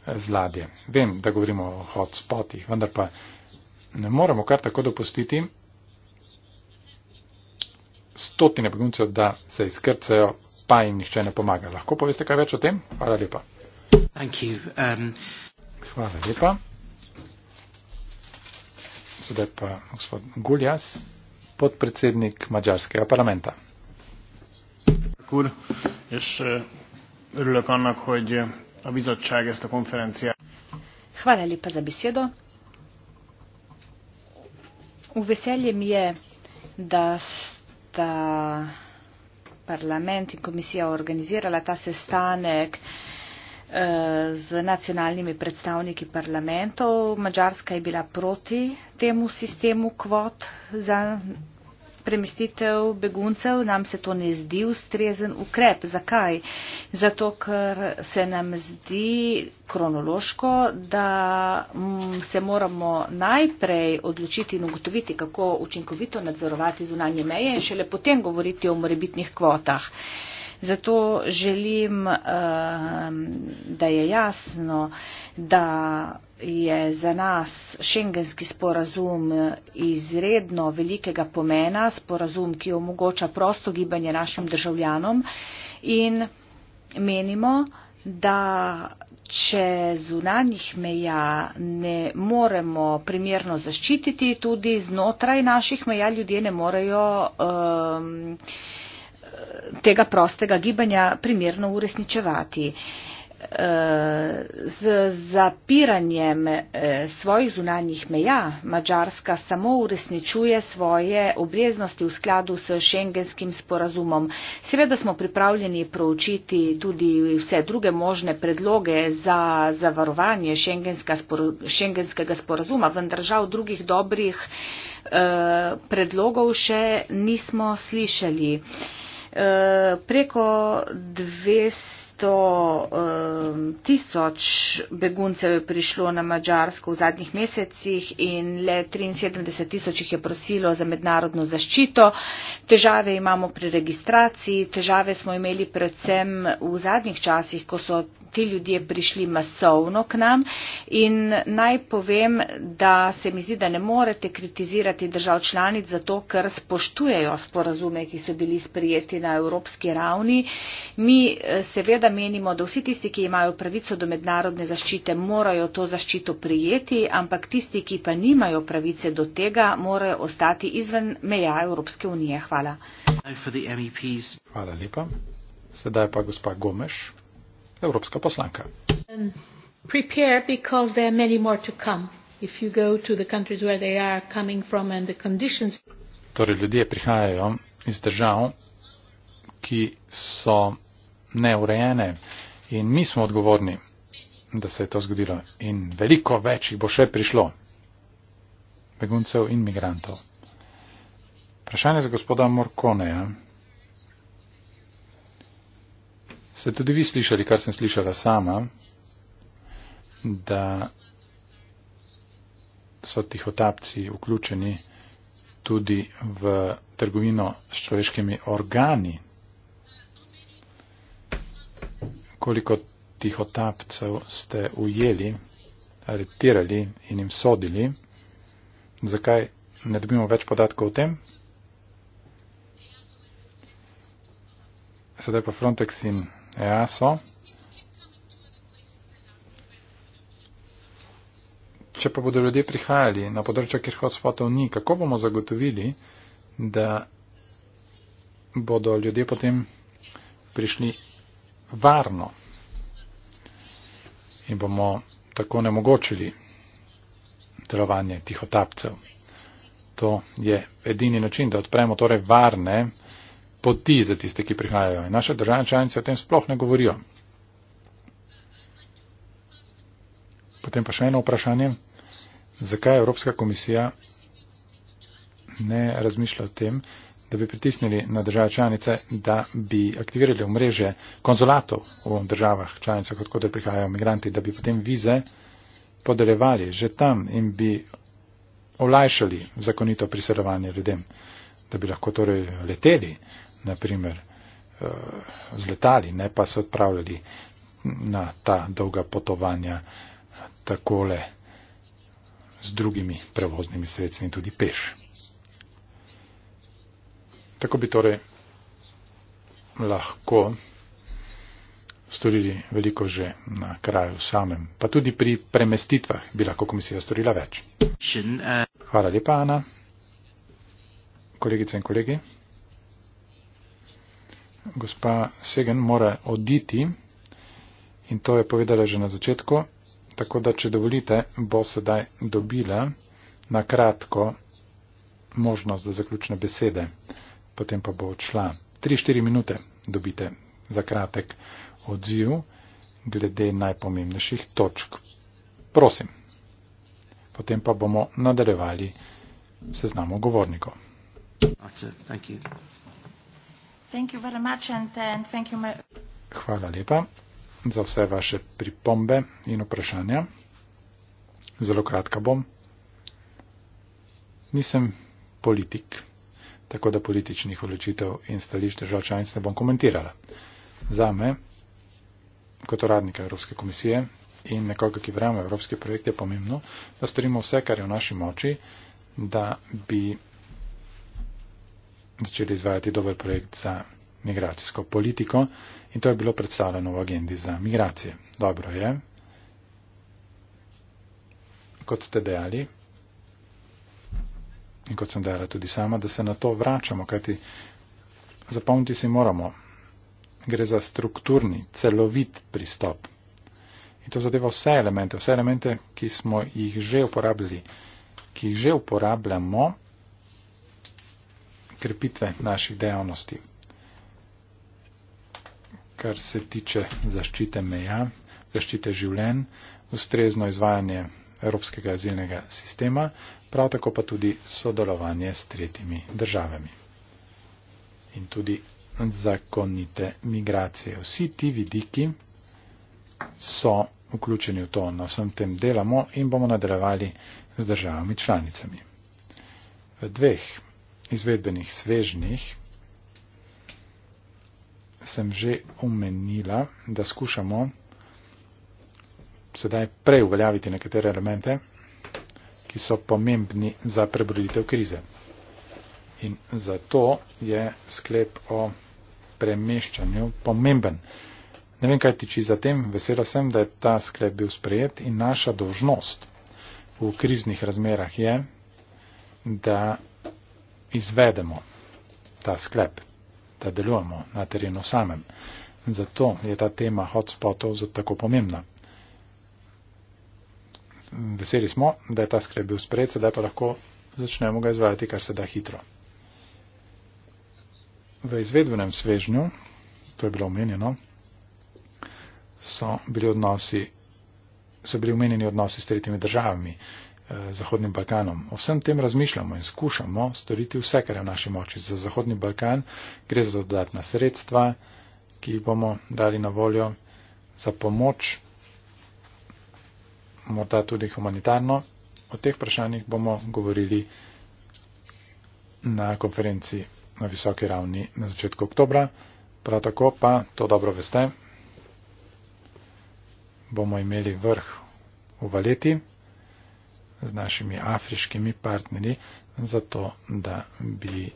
eh, z ladje. Vem, da govorimo o hotspotih, vendar pa ne moremo kar tako dopustiti stotine beguncev, da se izkrcajo, pa jim nihče ne pomaga. Lahko poveste kaj več o tem? Hvala lepa. Um... Hvala lepa. Sedaj pa gospod Guljas podpredsednik mađarskega parlamenta. Hvala lepa za besedo. V veselje mi je, da sta parlament in komisija organizirala ta sestanek z nacionalnimi predstavniki parlamentov. Mačarska je bila proti temu sistemu kvot za premestitev beguncev, nam se to ne zdi ustrezen ukrep. Zakaj? Zato, ker se nam zdi kronološko, da mm, se moramo najprej odločiti in ugotoviti, kako učinkovito nadzorovati zunanje meje in šele potem govoriti o morebitnih kvotah. Uh, Zato želim, ehm, da je jasno, da je za nas šengenski sporazum izredno velikega pomena, sporazum, ki omogoča prosto gibanje našim državljanom in menimo, da če zunanjih meja ne moremo primerno zaščititi, tudi znotraj naših meja ljudje ne morejo. Um, tega prostega gibanja primerno uresničevati. E, z zapiranjem e, svojih zunanjih meja Mačarska samo uresničuje svoje obveznosti v skladu s šengenskim sporazumom. Seveda smo pripravljeni proučiti tudi vse druge možne predloge za zavarovanje šengenskega sporazuma, vendar žal drugih dobrih e, predlogov še nismo slišali. Eh, preko 200 200 ehm, tisoč beguncev je prišlo na Mačarsko v zadnjih mesecih in le 73 tisoč jih je prosilo za mednarodno zaščito. Težave imamo pri registraciji, težave smo imeli predvsem v zadnjih časih, ko so ti ljudje prišli masovno k nam in naj povem, da se mi zdi, da ne morete kritizirati držav članic zato, ker spoštujejo sporazume, ki so bili sprijeti na evropski ravni. Mi eh, seveda menimo, da vsi tisti, ki imajo pravico do mednarodne zaščite, morajo to zaščito prijeti, ampak tisti, ki pa nimajo pravice do tega, morajo ostati izven meja Evropske unije. Hvala. Hvala lepa. Sedaj pa gospa Gomeš, evropska poslanka. Um, torej, ljudje prihajajo iz držav, ki so neurejene in mi smo odgovorni, da se je to zgodilo in veliko več jih bo še prišlo, beguncev in migrantov. Vprašanje za gospoda Morkoneja. Ste tudi vi slišali, kar sem slišala sama, da so tihotapci vključeni tudi v trgovino s človeškimi organi, koliko tihotapcev ste ujeli, aretirali in jim sodili. Zakaj ne dobimo več podatkov o tem? Sedaj pa Frontex in EASO. Če pa bodo ljudje prihajali na področje, kjer hotspotov ni, kako bomo zagotovili, da bodo ljudje potem prišli varno in bomo tako nemogočili delovanje tihotapcev. To je edini način, da odpremo torej varne poti za tiste, ki prihajajo. In naše državne članice o tem sploh ne govorijo. Potem pa še eno vprašanje. Zakaj Evropska komisija ne razmišlja o tem, da bi pritisnili na države članice, da bi aktivirali omrežje konzulatov v državah članicah, odkud prihajajo migranti, da bi potem vize podelevali že tam in bi olajšali zakonito priseljevanje ljudem, da bi lahko torej leteli, naprimer eh, z letali, ne pa se odpravljali na ta dolga potovanja takole z drugimi prevoznimi sredstvi in tudi peš. Tako bi torej lahko storili veliko že na kraju samem, pa tudi pri premestitvah bi lahko komisija storila več. Hvala lepa, Ana. Kolegice in kolegi, gospa Segen mora oditi in to je povedala že na začetku, tako da, če dovolite, bo sedaj dobila na kratko možnost za zaključne besede potem pa bo odšla. 3-4 minute dobite za kratek odziv glede najpomembnejših točk. Prosim. Potem pa bomo nadaljevali seznamo govornikov. Hvala lepa za vse vaše pripombe in vprašanja. Zelo kratka bom. Nisem politik tako da političnih odločitev in stališč držav članic ne bom komentirala. Za me, kot uradnika Evropske komisije in nekoga, ki verjame v evropski projekt, je pomembno, da storimo vse, kar je v naši moči, da bi začeli izvajati dober projekt za migracijsko politiko in to je bilo predstavljeno v agendi za migracije. Dobro je, kot ste dejali, in kot sem dejala tudi sama, da se na to vračamo, kajti zapomniti si moramo, gre za strukturni, celovit pristop. In to zadeva vse elemente, vse elemente, ki smo jih že uporabljali, ki jih že uporabljamo, krepitve naših dejavnosti. Kar se tiče zaščite meja, zaščite življenj, ustrezno izvajanje evropskega azilnega sistema, prav tako pa tudi sodelovanje s tretjimi državami in tudi zakonite migracije. Vsi ti vidiki so vključeni v to, na vsem tem delamo in bomo nadaljevali z državami članicami. V dveh izvedbenih svežnih sem že omenila, da skušamo sedaj prej uveljaviti nekatere elemente ki so pomembni za prebroditev krize. In zato je sklep o premeščanju pomemben. Ne vem, kaj tiči za tem, vesela sem, da je ta sklep bil sprejet in naša dožnost v kriznih razmerah je, da izvedemo ta sklep, da delujemo na terenu samem. Zato je ta tema hotspotov tako pomembna veseli smo, da je ta sklep bil sprejet, sedaj pa lahko začnemo ga izvajati, kar se da hitro. V izvedbenem svežnju, to je bilo omenjeno, so bili odnosi, so bili omenjeni odnosi s tretjimi državami, eh, Zahodnim Balkanom. O vsem tem razmišljamo in skušamo storiti vse, kar je v naši moči. Za Zahodni Balkan gre za dodatna sredstva, ki jih bomo dali na voljo za pomoč morda tudi humanitarno. O teh vprašanjih bomo govorili na konferenci na visoki ravni na začetku oktobra. Prav tako pa, to dobro veste, bomo imeli vrh v Valeti z našimi afriškimi partnerji, zato da bi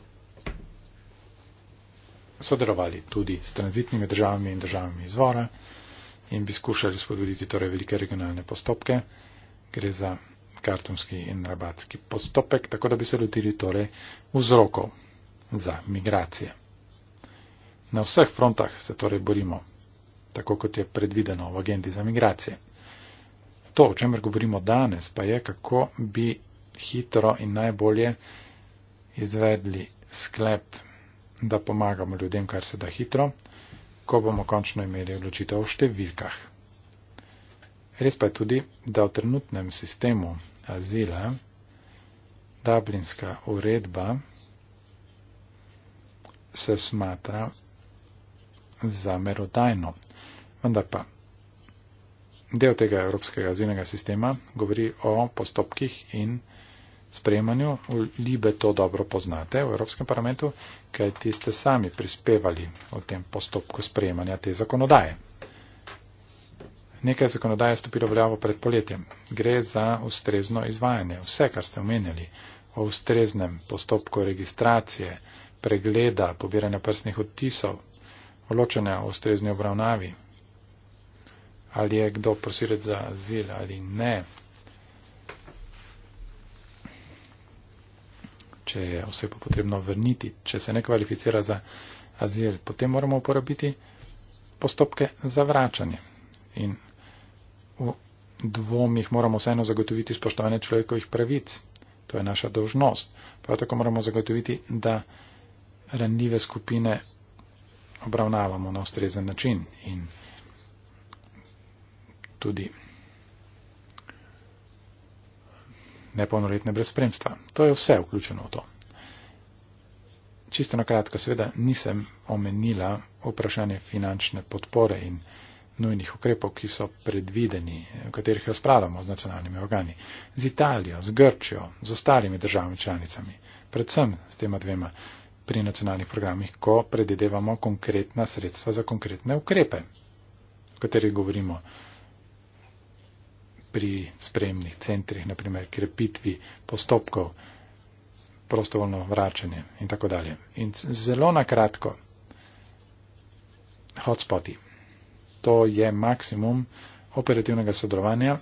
sodelovali tudi s tranzitnimi državami in državami izvora in bi skušali spodbuditi torej velike regionalne postopke. Gre za kartonski in rabatski postopek, tako da bi se lotili torej vzrokov za migracije. Na vseh frontah se torej borimo, tako kot je predvideno v agendi za migracije. To, o čemer govorimo danes, pa je, kako bi hitro in najbolje izvedli sklep, da pomagamo ljudem, kar se da hitro ko bomo končno imeli odločitev o številkah. Res pa je tudi, da v trenutnem sistemu azila Dublinska uredba se smatra za merodajno. Vendar pa del tega evropskega azilnega sistema govori o postopkih in spremanju. V Libe to dobro poznate v Evropskem parlamentu, kaj ti ste sami prispevali v tem postopku spremanja te zakonodaje. Nekaj zakonodaje je stopilo veljavo pred poletjem. Gre za ustrezno izvajanje. Vse, kar ste omenjali o ustreznem postopku registracije, pregleda, pobiranja prstnih odtisov, oločanja o ustrezni obravnavi, ali je kdo prosilec za azil ali ne. če je osebo potrebno vrniti, če se ne kvalificira za azil, potem moramo uporabiti postopke za vračanje. In v dvomih moramo vseeno zagotoviti spoštovanje človekovih pravic. To je naša dožnost. Prav tako moramo zagotoviti, da ranljive skupine obravnavamo na ustrezen način in tudi nepolnoletne brez spremstva. To je vse vključeno v to. Čisto na kratko, seveda nisem omenila vprašanje finančne podpore in nujnih ukrepov, ki so predvideni, v katerih razpravljamo z nacionalnimi organi, z Italijo, z Grčijo, z ostalimi državami članicami, predvsem s tema dvema pri nacionalnih programih, ko predvidevamo konkretna sredstva za konkretne ukrepe, o katerih govorimo pri spremnih centrih, naprimer krepitvi postopkov, prostovoljno vračanje in tako dalje. In zelo na kratko, hotspoti. To je maksimum operativnega sodelovanja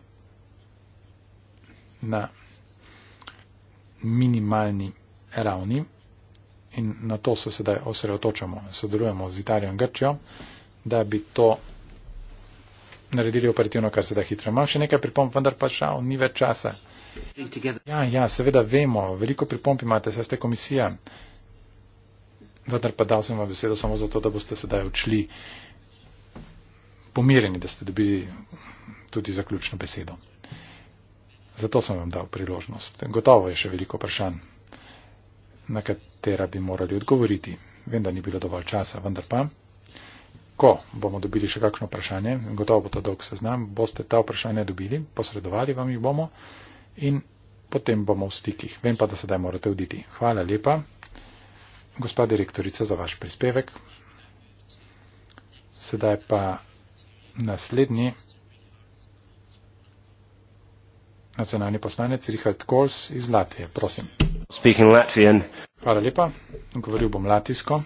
na minimalni ravni in na to se sedaj osredotočamo, sodelujemo z Italijo in Grčijo, da bi to naredili operativno, kar se da hitro. Imam še nekaj pripomb, vendar pa šal, ni več časa. Ja, ja, seveda vemo, veliko pripomb imate, saj ste komisija. Vendar pa dal sem vam besedo samo zato, da boste sedaj odšli pomirjeni, da ste dobili tudi zaključno besedo. Zato sem vam dal priložnost. Gotovo je še veliko vprašanj, na katera bi morali odgovoriti. Vem, da ni bilo dovolj časa, vendar pa ko bomo dobili še kakšno vprašanje, gotovo bo to dolg seznam, boste ta vprašanja dobili, posredovali vam jih bomo in potem bomo v stikih. Vem pa, da sedaj morate oditi. Hvala lepa, gospa direktorica, za vaš prispevek. Sedaj pa naslednji nacionalni poslanec Richard Kors iz Latvije. Prosim. Hvala lepa, govoril bom latijsko.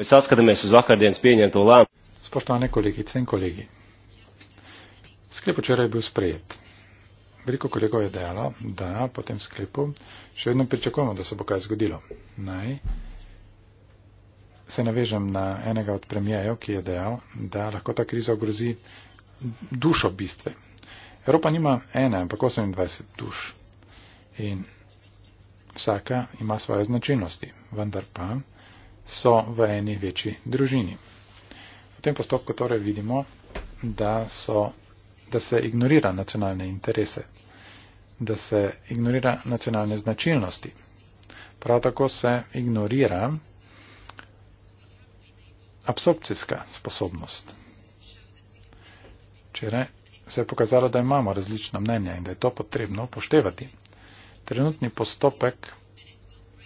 Vesels, kad mēs uz vakardienas pieņem to lēmumu. Spoštovane kolegice in kolegi, sklep včeraj je bil sprejet. Veliko kolegov je dejalo, da po tem sklepu še vedno pričakujemo, da se bo kaj zgodilo. Naj se navežem na enega od premijejev, ki je dejal, da lahko ta kriza ogrozi dušo bistve. Evropa nima ene, ampak 28 duš. In vsaka ima svoje značilnosti, vendar pa so v eni večji družini. V tem postopku torej vidimo, da, so, da se ignorira nacionalne interese, da se ignorira nacionalne značilnosti. Prav tako se ignorira absorpcijska sposobnost. Včeraj se je pokazalo, da imamo različna mnenja in da je to potrebno upoštevati. Trenutni postopek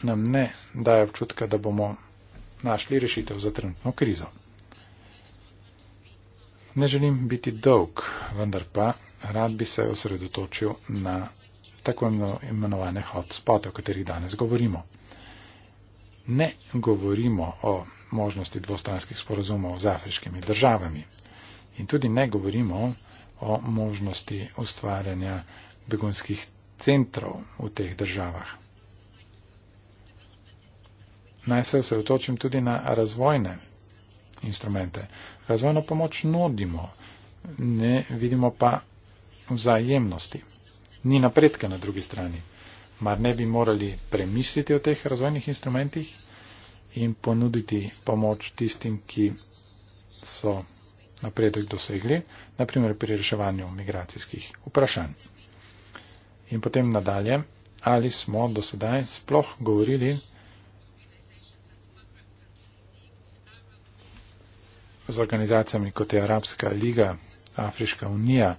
nam ne daje občutka, da bomo našli rešitev za trenutno krizo. Ne želim biti dolg, vendar pa rad bi se osredotočil na tako imenovane hotspote, o katerih danes govorimo. Ne govorimo o možnosti dvostranskih sporozumov z afriškimi državami in tudi ne govorimo o možnosti ustvarjanja begunskih centrov v teh državah naj se osredotočim tudi na razvojne instrumente. Razvojno pomoč nudimo, ne vidimo pa vzajemnosti. Ni napredka na drugi strani. Mar ne bi morali premisliti o teh razvojnih instrumentih in ponuditi pomoč tistim, ki so napredek dosegli, naprimer pri reševanju migracijskih vprašanj. In potem nadalje, ali smo do sedaj sploh govorili z organizacijami, kot je Arabska liga, Afriška unija,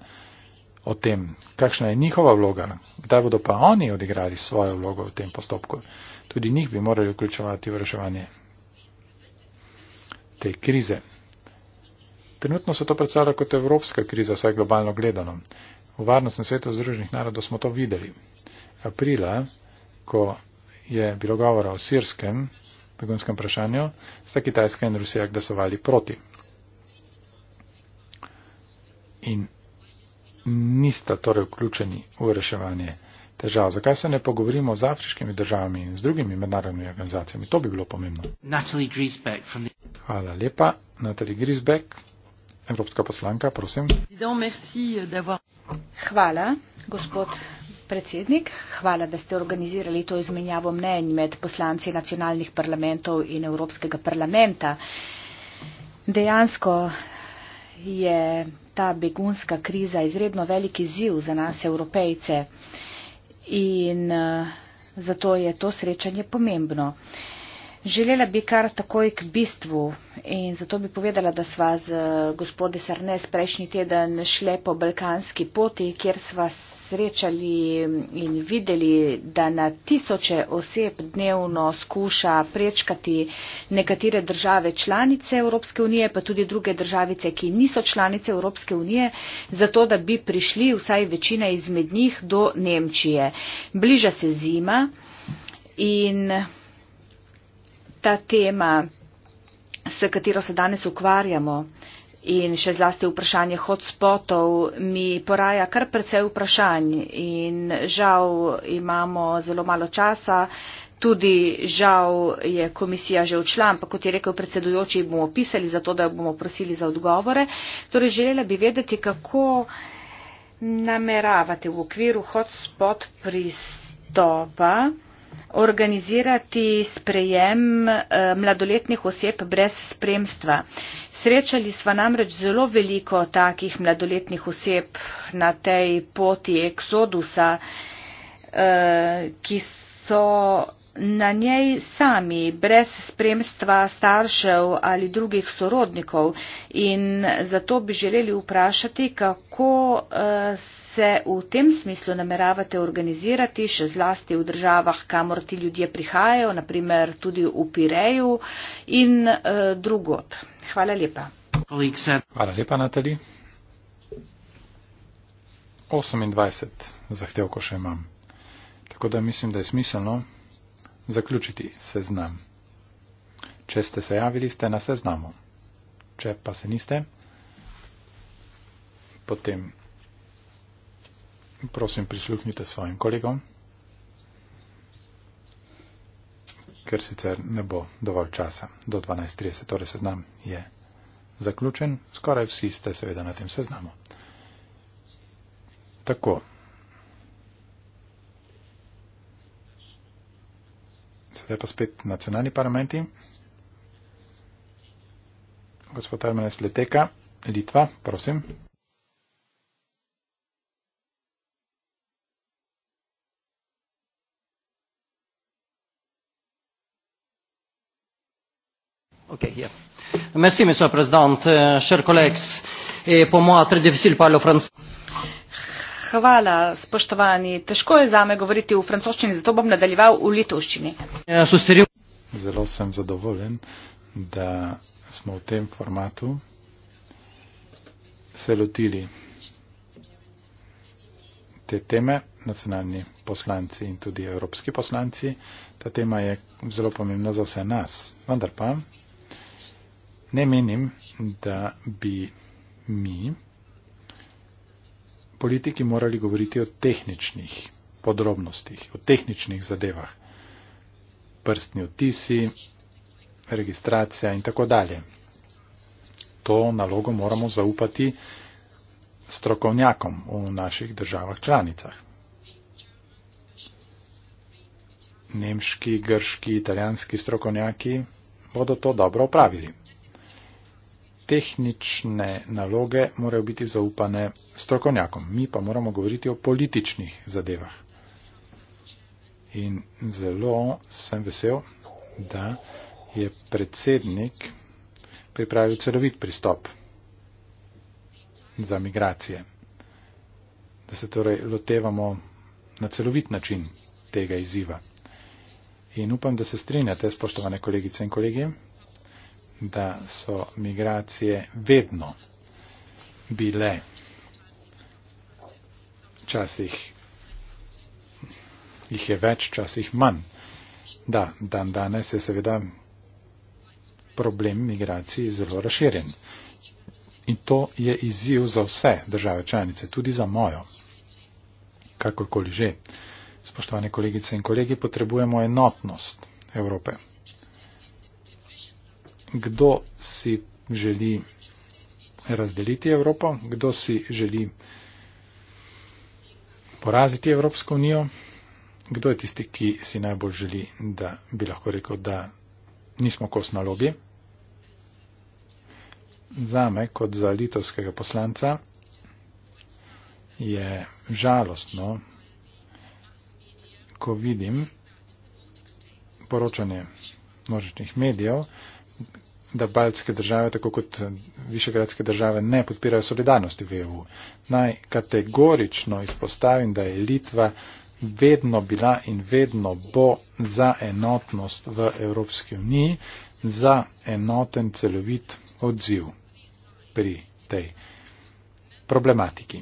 o tem, kakšna je njihova vloga, kdaj bodo pa oni odigrali svojo vlogo v tem postopku. Tudi njih bi morali vključevati v reševanje te krize. Trenutno se to predstavlja kot evropska kriza, vsaj globalno gledano. V varnostnem svetu Združenih narodov smo to videli. Aprila, ko je bilo govora o sirskem, begunskem vprašanju, sta Kitajska in Rusija glasovali proti in nista torej vključeni v reševanje težav. Zakaj se ne pogovorimo z afriškimi državami in z drugimi mednarodnimi organizacijami? To bi bilo pomembno. The... Hvala lepa. Natalie Griesbeck, evropska poslanka, prosim. Euh, hvala, gospod. Predsednik, hvala, da ste organizirali to izmenjavo mnenj med poslanci nacionalnih parlamentov in Evropskega parlamenta. Dejansko je ta begunska kriza izredno veliki ziv za nas, evropejce. In eh, zato je to srečanje pomembno. Uh, Želela bi kar takoj k bistvu in zato bi povedala, da sva z eh, gospode Sarnes prejšnji teden šle po balkanski poti, kjer sva srečali mm, in videli, da na tisoče oseb dnevno skuša prečkati nekatere države članice Evropske unije, pa tudi druge državice, ki niso članice Evropske unije, zato da bi prišli vsaj večina izmed njih do Nemčije. Bliža se zima in ta tema, s katero se danes ukvarjamo in še zlasti vprašanje hotspotov, mi poraja kar precej vprašanj in žal imamo zelo malo časa. Tudi žal je komisija že odšla, ampak kot je rekel predsedujoči, bomo pisali za to, da bomo prosili za odgovore. Torej želela bi vedeti, kako nameravate v okviru hotspot pristopa organizirati sprejem eh, mladoletnih oseb brez spremstva. Srečali smo namreč zelo veliko takih mladoletnih oseb na tej poti eksodusa, eh, ki so na njej sami, brez spremstva staršev ali drugih sorodnikov. In zato bi želeli vprašati, kako se eh, se v tem smislu nameravate organizirati, še zlasti v državah, kamor ti ljudje prihajajo, naprimer tudi v Pireju in uh, eh, drugot. Hvala lepa. Hvala lepa, Natali. 28 zahtevko še imam. Tako da mislim, da je smiselno zaključiti seznam. Če ste se javili, ste na seznamu. Če pa se niste, potem prosim, prisluhnite svojim kolegom, ker sicer ne bo dovolj časa do 12.30. Torej seznam je zaključen. Skoraj vsi ste seveda na tem seznamu. Tako. Sedaj pa spet nacionalni parlamenti. Gospod Armenes Leteka, Litva, prosim. Okay, yeah. Merci, Monsieur le Président. Euh, chers collègues, et pour moi, très difficile de parler français. Hvala, spoštovani. Težko je zame govoriti v francoščini, zato bom nadaljeval v litovščini. Ja, zelo sem zadovoljen, da smo v tem formatu se lotili te teme, nacionalni poslanci in tudi evropski poslanci. Ta tema je zelo pomembna za vse nas. Vendar pa Ne menim, da bi mi politiki morali govoriti o tehničnih podrobnostih, o tehničnih zadevah, prstni odtisi, registracija in tako dalje. To nalogo moramo zaupati strokovnjakom v naših državah članicah. Nemški, grški, italijanski strokovnjaki bodo to dobro upravili tehnične naloge morajo biti zaupane strokovnjakom, mi pa moramo govoriti o političnih zadevah. In zelo sem vesel, da je predsednik pripravil celovit pristop za migracije, da se torej lotevamo na celovit način tega izziva. In upam, da se strinjate, spoštovane kolegice in kolegi, da so migracije vedno bile časih jih je več, časih manj. Da, dan danes je seveda problem migracij zelo razširjen. In to je izziv za vse države članice, tudi za mojo, kakorkoli že. Spoštovane kolegice in kolegi, potrebujemo enotnost Evrope kdo si želi razdeliti Evropo, kdo si želi poraziti Evropsko unijo, kdo je tisti, ki si najbolj želi, da bi lahko rekel, da nismo kos na lobi. Za me, kot za litovskega poslanca, je žalostno, ko vidim poročanje množičnih medijev, da baltske države, tako kot eh, višegradske države, ne podpirajo solidarnosti v EU. Naj kategorično izpostavim, da je Litva vedno bila in vedno bo za enotnost v Evropski uniji, za enoten celovit odziv pri tej problematiki.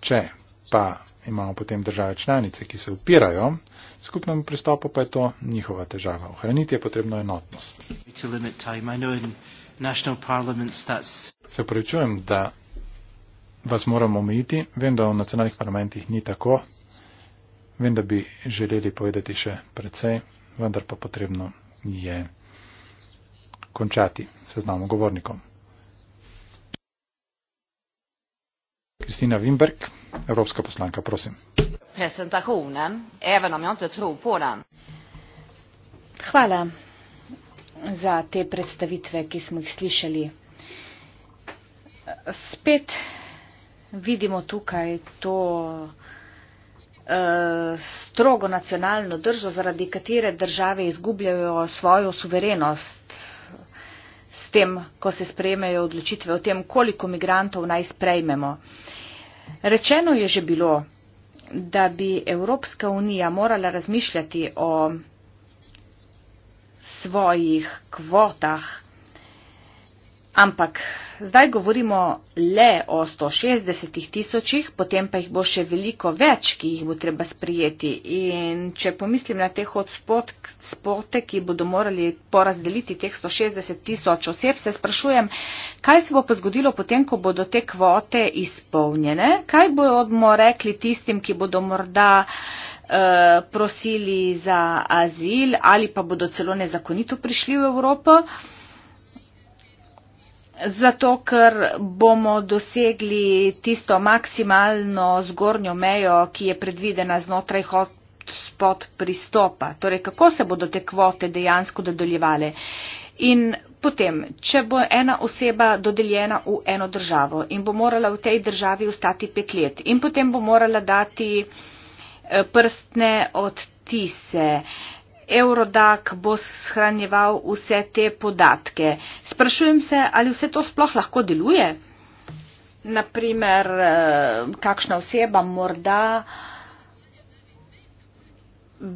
Če pa imamo potem države članice, ki se upirajo, skupnem pristopu pa je to njihova težava. Ohraniti je potrebno enotnost. Se pravičujem, da vas moramo omejiti. Vem, da v nacionalnih parlamentih ni tako. Vem, da bi želeli povedati še precej, vendar pa potrebno je končati seznam govornikom. Kristina Wimberg, Evropska poslanka, prosim presentationen även om jag inte tror på den. Hvala za te predstavitve, ki smo jih slišali. Spet vidimo tukaj to uh, strogo nacionalno držo, zaradi katere države izgubljajo svojo suverenost s tem, ko se sprejmejo odločitve o tem, koliko migrantov naj sprejmemo. Rečeno je že bilo, da bi Evropska unija morala razmišljati o svojih kvotah Ampak zdaj govorimo le o 160 tisočih, potem pa jih bo še veliko več, ki jih bo treba sprijeti. In če pomislim na te hotspote, ki bodo morali porazdeliti teh 160 tisoč oseb, se sprašujem, kaj se bo pa zgodilo potem, ko bodo te kvote izpolnjene? Kaj bomo rekli tistim, ki bodo morda eh, prosili za azil ali pa bodo celo nezakonito prišli v Evropo zato ker bomo dosegli tisto maksimalno zgornjo mejo, ki je predvidena znotraj hotspot pristopa. Torej, kako se bodo te kvote dejansko dodeljevale. In potem, če bo ena oseba dodeljena v eno državo in bo morala v tej državi ostati pet let in potem bo morala dati eh, prstne odtise, Eurodac bo shranjeval vse te podatke. Sprašujem se, ali vse to sploh lahko deluje. Naprimer, eh, kakšna oseba morda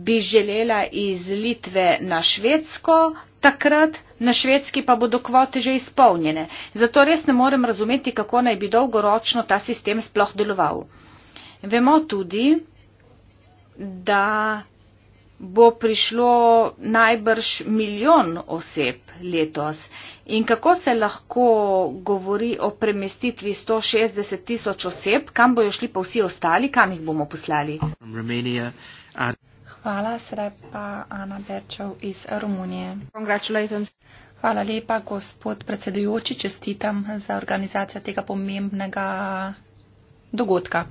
bi želela iz Litve na Švedsko, takrat na Švedski pa bodo kvote že izpolnjene. Zato res ne morem razumeti, kako naj bi dolgoročno ta sistem sploh deloval. Vemo tudi, da bo prišlo najbrž milijon oseb letos. In kako se lahko govori o premestitvi 160 tisoč oseb, kam bojo šli pa vsi ostali, kam jih bomo poslali? Hvala, sedaj pa Ana Berčev iz Romunije. Hvala lepa, gospod predsedujoči, čestitam za organizacijo tega pomembnega dogodka.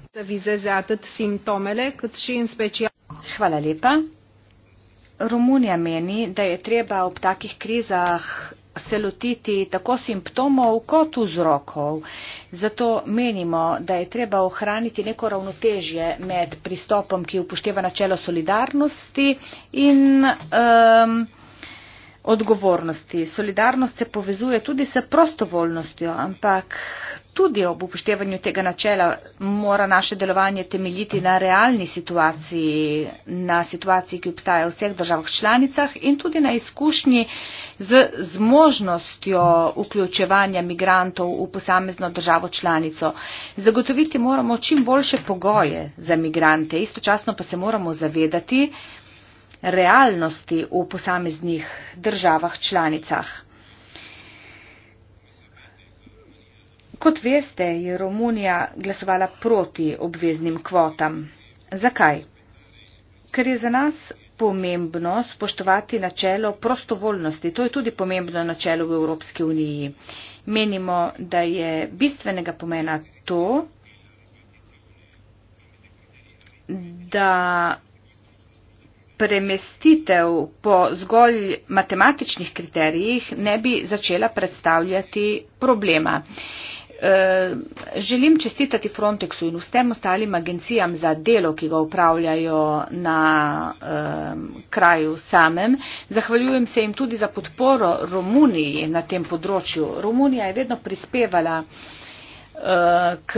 Hvala lepa. Romunija meni, da je treba ob takih krizah se lotiti tako simptomov kot vzrokov. Zato menimo, da je treba ohraniti neko ravnotežje med pristopom, ki upošteva načelo solidarnosti in um, odgovornosti. Solidarnost se povezuje tudi s prostovoljnostjo, ampak tudi ob upoštevanju tega načela mora naše delovanje temeljiti na realni situaciji, na situaciji, ki obstaja v vseh državah članicah in tudi na izkušnji z zmožnostjo vključevanja migrantov v posamezno državo članico. Zagotoviti moramo čim boljše pogoje za migrante, istočasno pa se moramo zavedati, realnosti v posameznih državah članicah. Kot veste, je Romunija glasovala proti obveznim kvotam. Zakaj? Ker je za nas pomembno spoštovati načelo prostovoljnosti. To je tudi pomembno načelo v Evropski uniji. Menimo, da je bistvenega pomena to, da premestitev po zgolj matematičnih kriterijih ne bi začela predstavljati problema. E, želim čestitati Frontexu in vsem ostalim agencijam za delo, ki ga upravljajo na um, kraju samem. Zahvaljujem se jim tudi za podporo Romuniji na tem področju. Romunija je vedno prispevala uh, Eh, k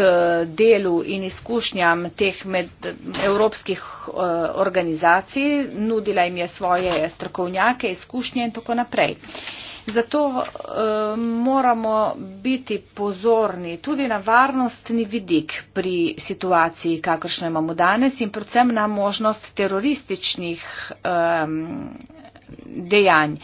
delu in izkušnjam teh medevropskih eh, organizacij, nudila jim je svoje strokovnjake, izkušnje in tako naprej. Zato eh, moramo biti pozorni tudi na varnostni vidik pri situaciji, kakršno imamo danes in predvsem na možnost terorističnih dejanj.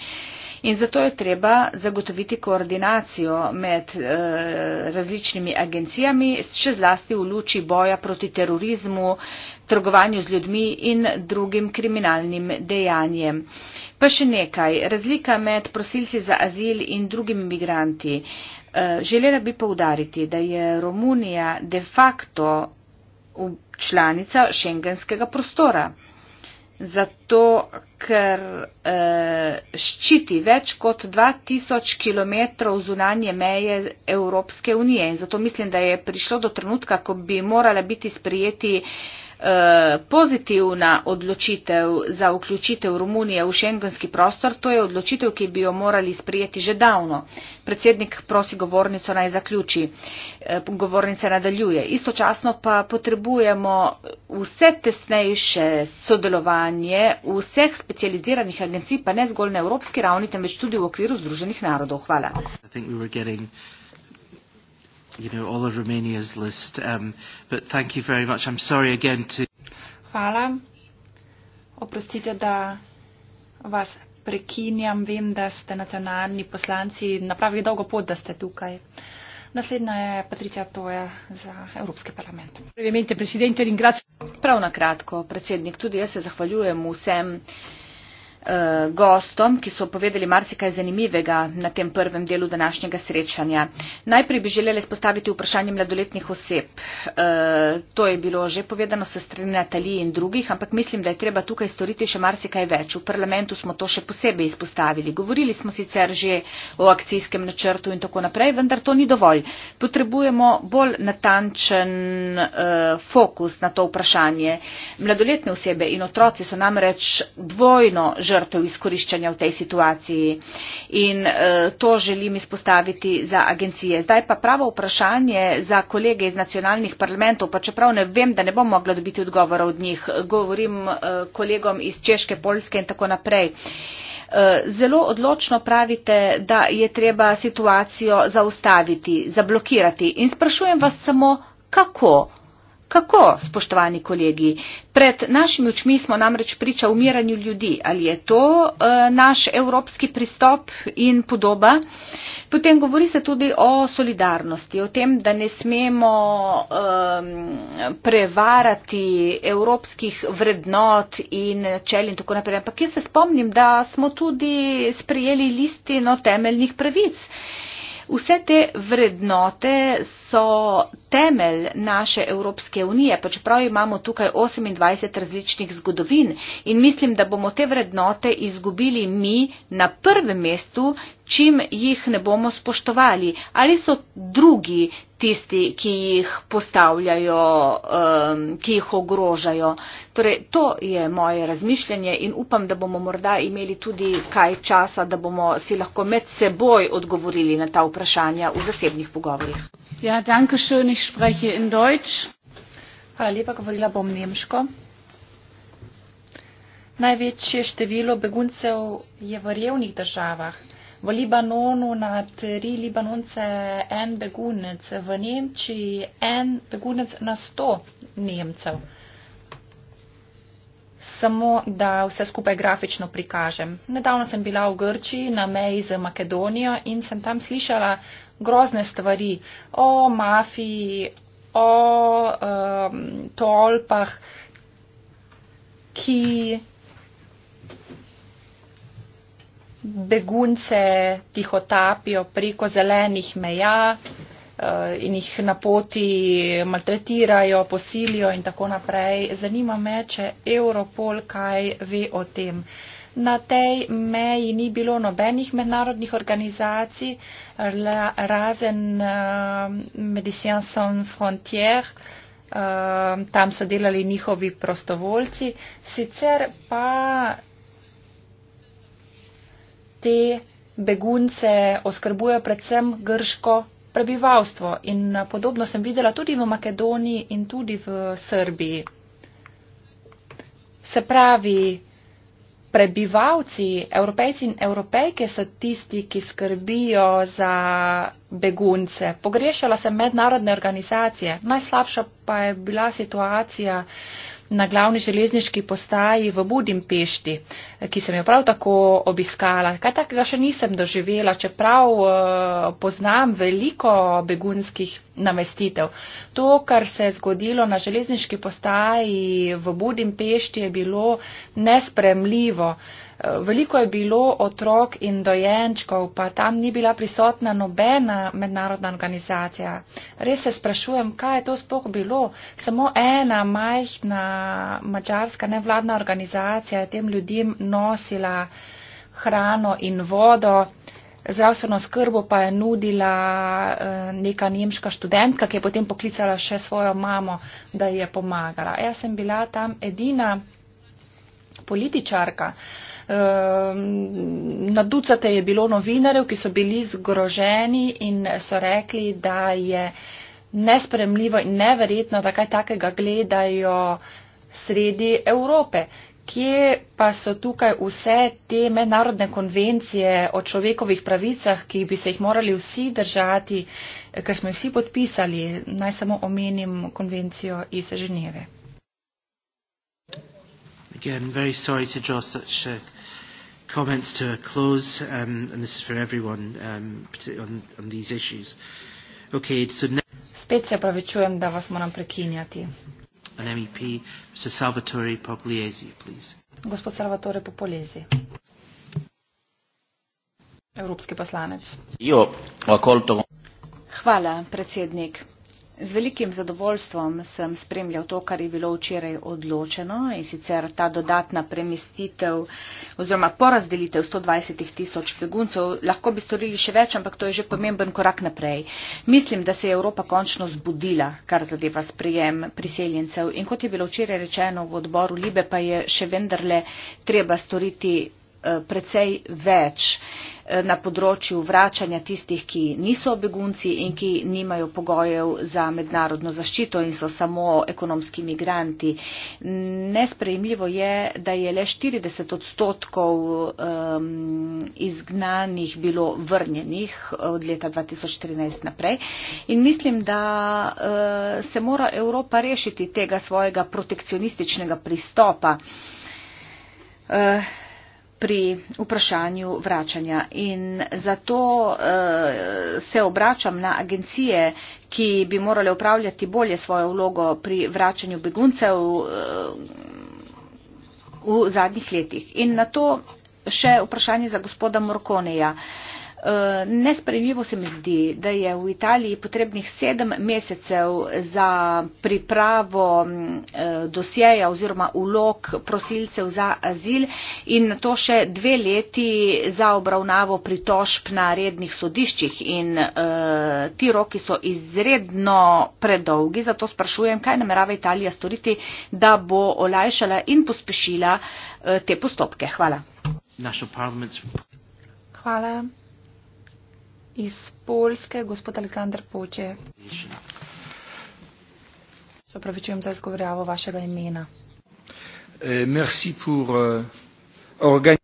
In zato je treba zagotoviti koordinacijo med eh, različnimi agencijami, še zlasti v luči boja proti terorizmu, trgovanju z ljudmi in drugim kriminalnim dejanjem. Pa še nekaj. Razlika med prosilci za azil in drugimi migranti. Eh, želela bi poudariti, da je Romunija de facto članica šengenskega prostora zato ker eh, ščiti več kot 2000 km zunanje meje Evropske unije. In zato mislim, da je prišlo do trenutka, ko bi morala biti sprijeti eh, Eh, pozitivna odločitev za vključitev Romunije v šengenski prostor, to je odločitev, ki bi jo morali sprijeti že davno. Predsednik prosi govornico naj zaključi, eh, govornica nadaljuje. Istočasno pa potrebujemo vse tesnejše sodelovanje vseh specializiranih agencij, pa ne zgolj na evropski ravni, temveč tudi v okviru Združenih narodov. Hvala you know, all of Romania's list. Um, but thank you very much. I'm sorry again to. Hvala. Oprostite, da vas prekinjam. Vem, da ste nacionalni poslanci napravili dolgo pot, da ste tukaj. Naslednja je Patricija Toja za Evropski parlament. Prav na kratko, predsednik, tudi jaz se zahvaljujem vsem. Eh, gostom, ki so povedali marsikaj zanimivega na tem prvem delu današnjega srečanja. Najprej bi želeli spostaviti vprašanje mladoletnih oseb. Eh, to je bilo že povedano se strani Natalije in drugih, ampak mislim, da je treba tukaj storiti še marsikaj več. V parlamentu smo to še posebej izpostavili. Govorili smo sicer že o akcijskem načrtu in tako naprej, vendar to ni dovolj. Potrebujemo bolj natančen eh, fokus na to vprašanje. Mladoletne osebe in otroci so namreč dvojno žrtev izkoriščanja v tej situaciji. In eh, to želim izpostaviti za agencije. Zdaj pa pravo vprašanje za kolege iz nacionalnih parlamentov, pa čeprav ne vem, da ne bom mogla dobiti odgovora od njih. Govorim eh, kolegom iz Češke, Poljske in tako naprej. Eh, zelo odločno pravite, da je treba situacijo zaustaviti, zablokirati. In sprašujem vas samo, kako? Kako, spoštovani kolegi? Pred našimi očmi smo namreč priča umiranju ljudi. Ali je to uh, naš evropski pristop in podoba? Potem govori se tudi o solidarnosti, o tem, da ne smemo um, prevarati evropskih vrednot in čel in tako naprej. Ampak jaz se spomnim, da smo tudi sprijeli listino temeljnih pravic. Vse te vrednote so temelj naše Evropske unije, pa čeprav imamo tukaj 28 različnih zgodovin in mislim, da bomo te vrednote izgubili mi na prvem mestu, čim jih ne bomo spoštovali, ali so drugi tisti, ki jih postavljajo, um, ki jih ogrožajo. Torej, to je moje razmišljanje in upam, da bomo morda imeli tudi kaj časa, da bomo si lahko med seboj odgovorili na ta vprašanja v zasebnih pogovorjih. Ja, danke schön, ich spreche in Deutsch. Hvala lepa, govorila bom nemško. Največje število beguncev je v revnih državah v Libanonu na tri Libanonce en begunec, v Nemčiji en begunec na sto Nemcev. Samo, da vse skupaj grafično prikažem. Nedavno sem bila v Grčiji na meji z Makedonijo in sem tam slišala grozne stvari o mafiji, o um, tolpah, ki begunce tihotapijo preko zelenih meja eh, in jih na poti maltretirajo, posilijo in tako naprej. Zanima me, če Europol kaj ve o tem. Na tej meji ni bilo nobenih mednarodnih organizacij, razen eh, Medicien Sans Frontières, eh, tam so delali njihovi prostovoljci. Sicer pa te begunce oskrbujejo predvsem grško prebivalstvo. In eh, podobno sem videla tudi v Makedoniji in tudi v Srbiji. Se pravi, prebivalci, evropejci in evropejke so tisti, ki skrbijo za begunce. Pogrešala sem mednarodne organizacije. Najslabša pa je bila situacija uh, na glavni železniški postaji v Budimpešti, ki sem jo prav tako obiskala. Kaj takega še nisem doživela, čeprav eh, poznam veliko begunskih namestitev. To, kar se je zgodilo na železniški postaji v Budimpešti, je bilo nespremljivo. Veliko je bilo otrok in dojenčkov, pa tam ni bila prisotna nobena mednarodna organizacija. Res se sprašujem, kaj je to spoh bilo. Samo ena majhna mačarska nevladna organizacija je tem ljudem nosila hrano in vodo. Zdravstveno skrbo pa je nudila eh, neka nemška študentka, ki je potem poklicala še svojo mamo, da ji je pomagala. Jaz sem bila tam edina političarka. Uh, Ehm, na ducate je bilo novinarjev, ki so bili zgroženi in so rekli, da je nespremljivo in neverjetno, da kaj takega gledajo sredi Evrope. Kje pa so tukaj vse te mednarodne konvencije o človekovih pravicah, ki bi se jih morali vsi držati, ker smo jih vsi podpisali? Naj samo omenim konvencijo iz Ženeve. Again, very sorry to draw such a comments to close, um, and this is for everyone um, on, on these issues. Okay, so Spet se opravičujem, da vas moram prekinjati. An MEP, Mr. Salvatore Pugliese, please. Gospod Salvatore Popolezi. Evropski poslanec. Jo, Hvala, predsednik. Z velikim zadovoljstvom sem spremljal to, kar je bilo včeraj odločeno in sicer ta dodatna premestitev oziroma porazdelitev 120 tisoč beguncev. Lahko bi storili še več, ampak to je že pomemben korak naprej. Mislim, da se je Evropa končno zbudila, kar zadeva sprejem priseljencev in kot je bilo včeraj rečeno v odboru Libe, pa je še vendarle treba storiti eh, precej več na področju vračanja tistih, ki niso begunci in ki nimajo pogojev za mednarodno zaščito in so samo ekonomski migranti. Nesprejemljivo je, da je le 40 odstotkov um, izgnanih bilo vrnjenih od leta 2014 naprej. In mislim, da uh, se mora Evropa rešiti tega svojega protekcionističnega pristopa. Uh, pri vprašanju vračanja. In zato uh, se obračam na agencije, ki bi morale upravljati bolje svojo vlogo pri vračanju beguncev uh, v zadnjih letih. In na to še vprašanje za gospoda Morkoneja. Uh, Nesprejemljivo se mi zdi, da je v Italiji potrebnih sedem mesecev za pripravo e, dosjeja oziroma ulog prosilcev za azil in na to še dve leti za obravnavo pritožb na rednih sodiščih. In e, ti roki so izredno predolgi, zato sprašujem, kaj namerava Italija storiti, da bo olajšala in pospešila e, te postopke. Hvala. Hvala iz Polske, gospod Aleksandr Poče. Se opravičujem za izgovorjavo vašega imena. Eh, eh,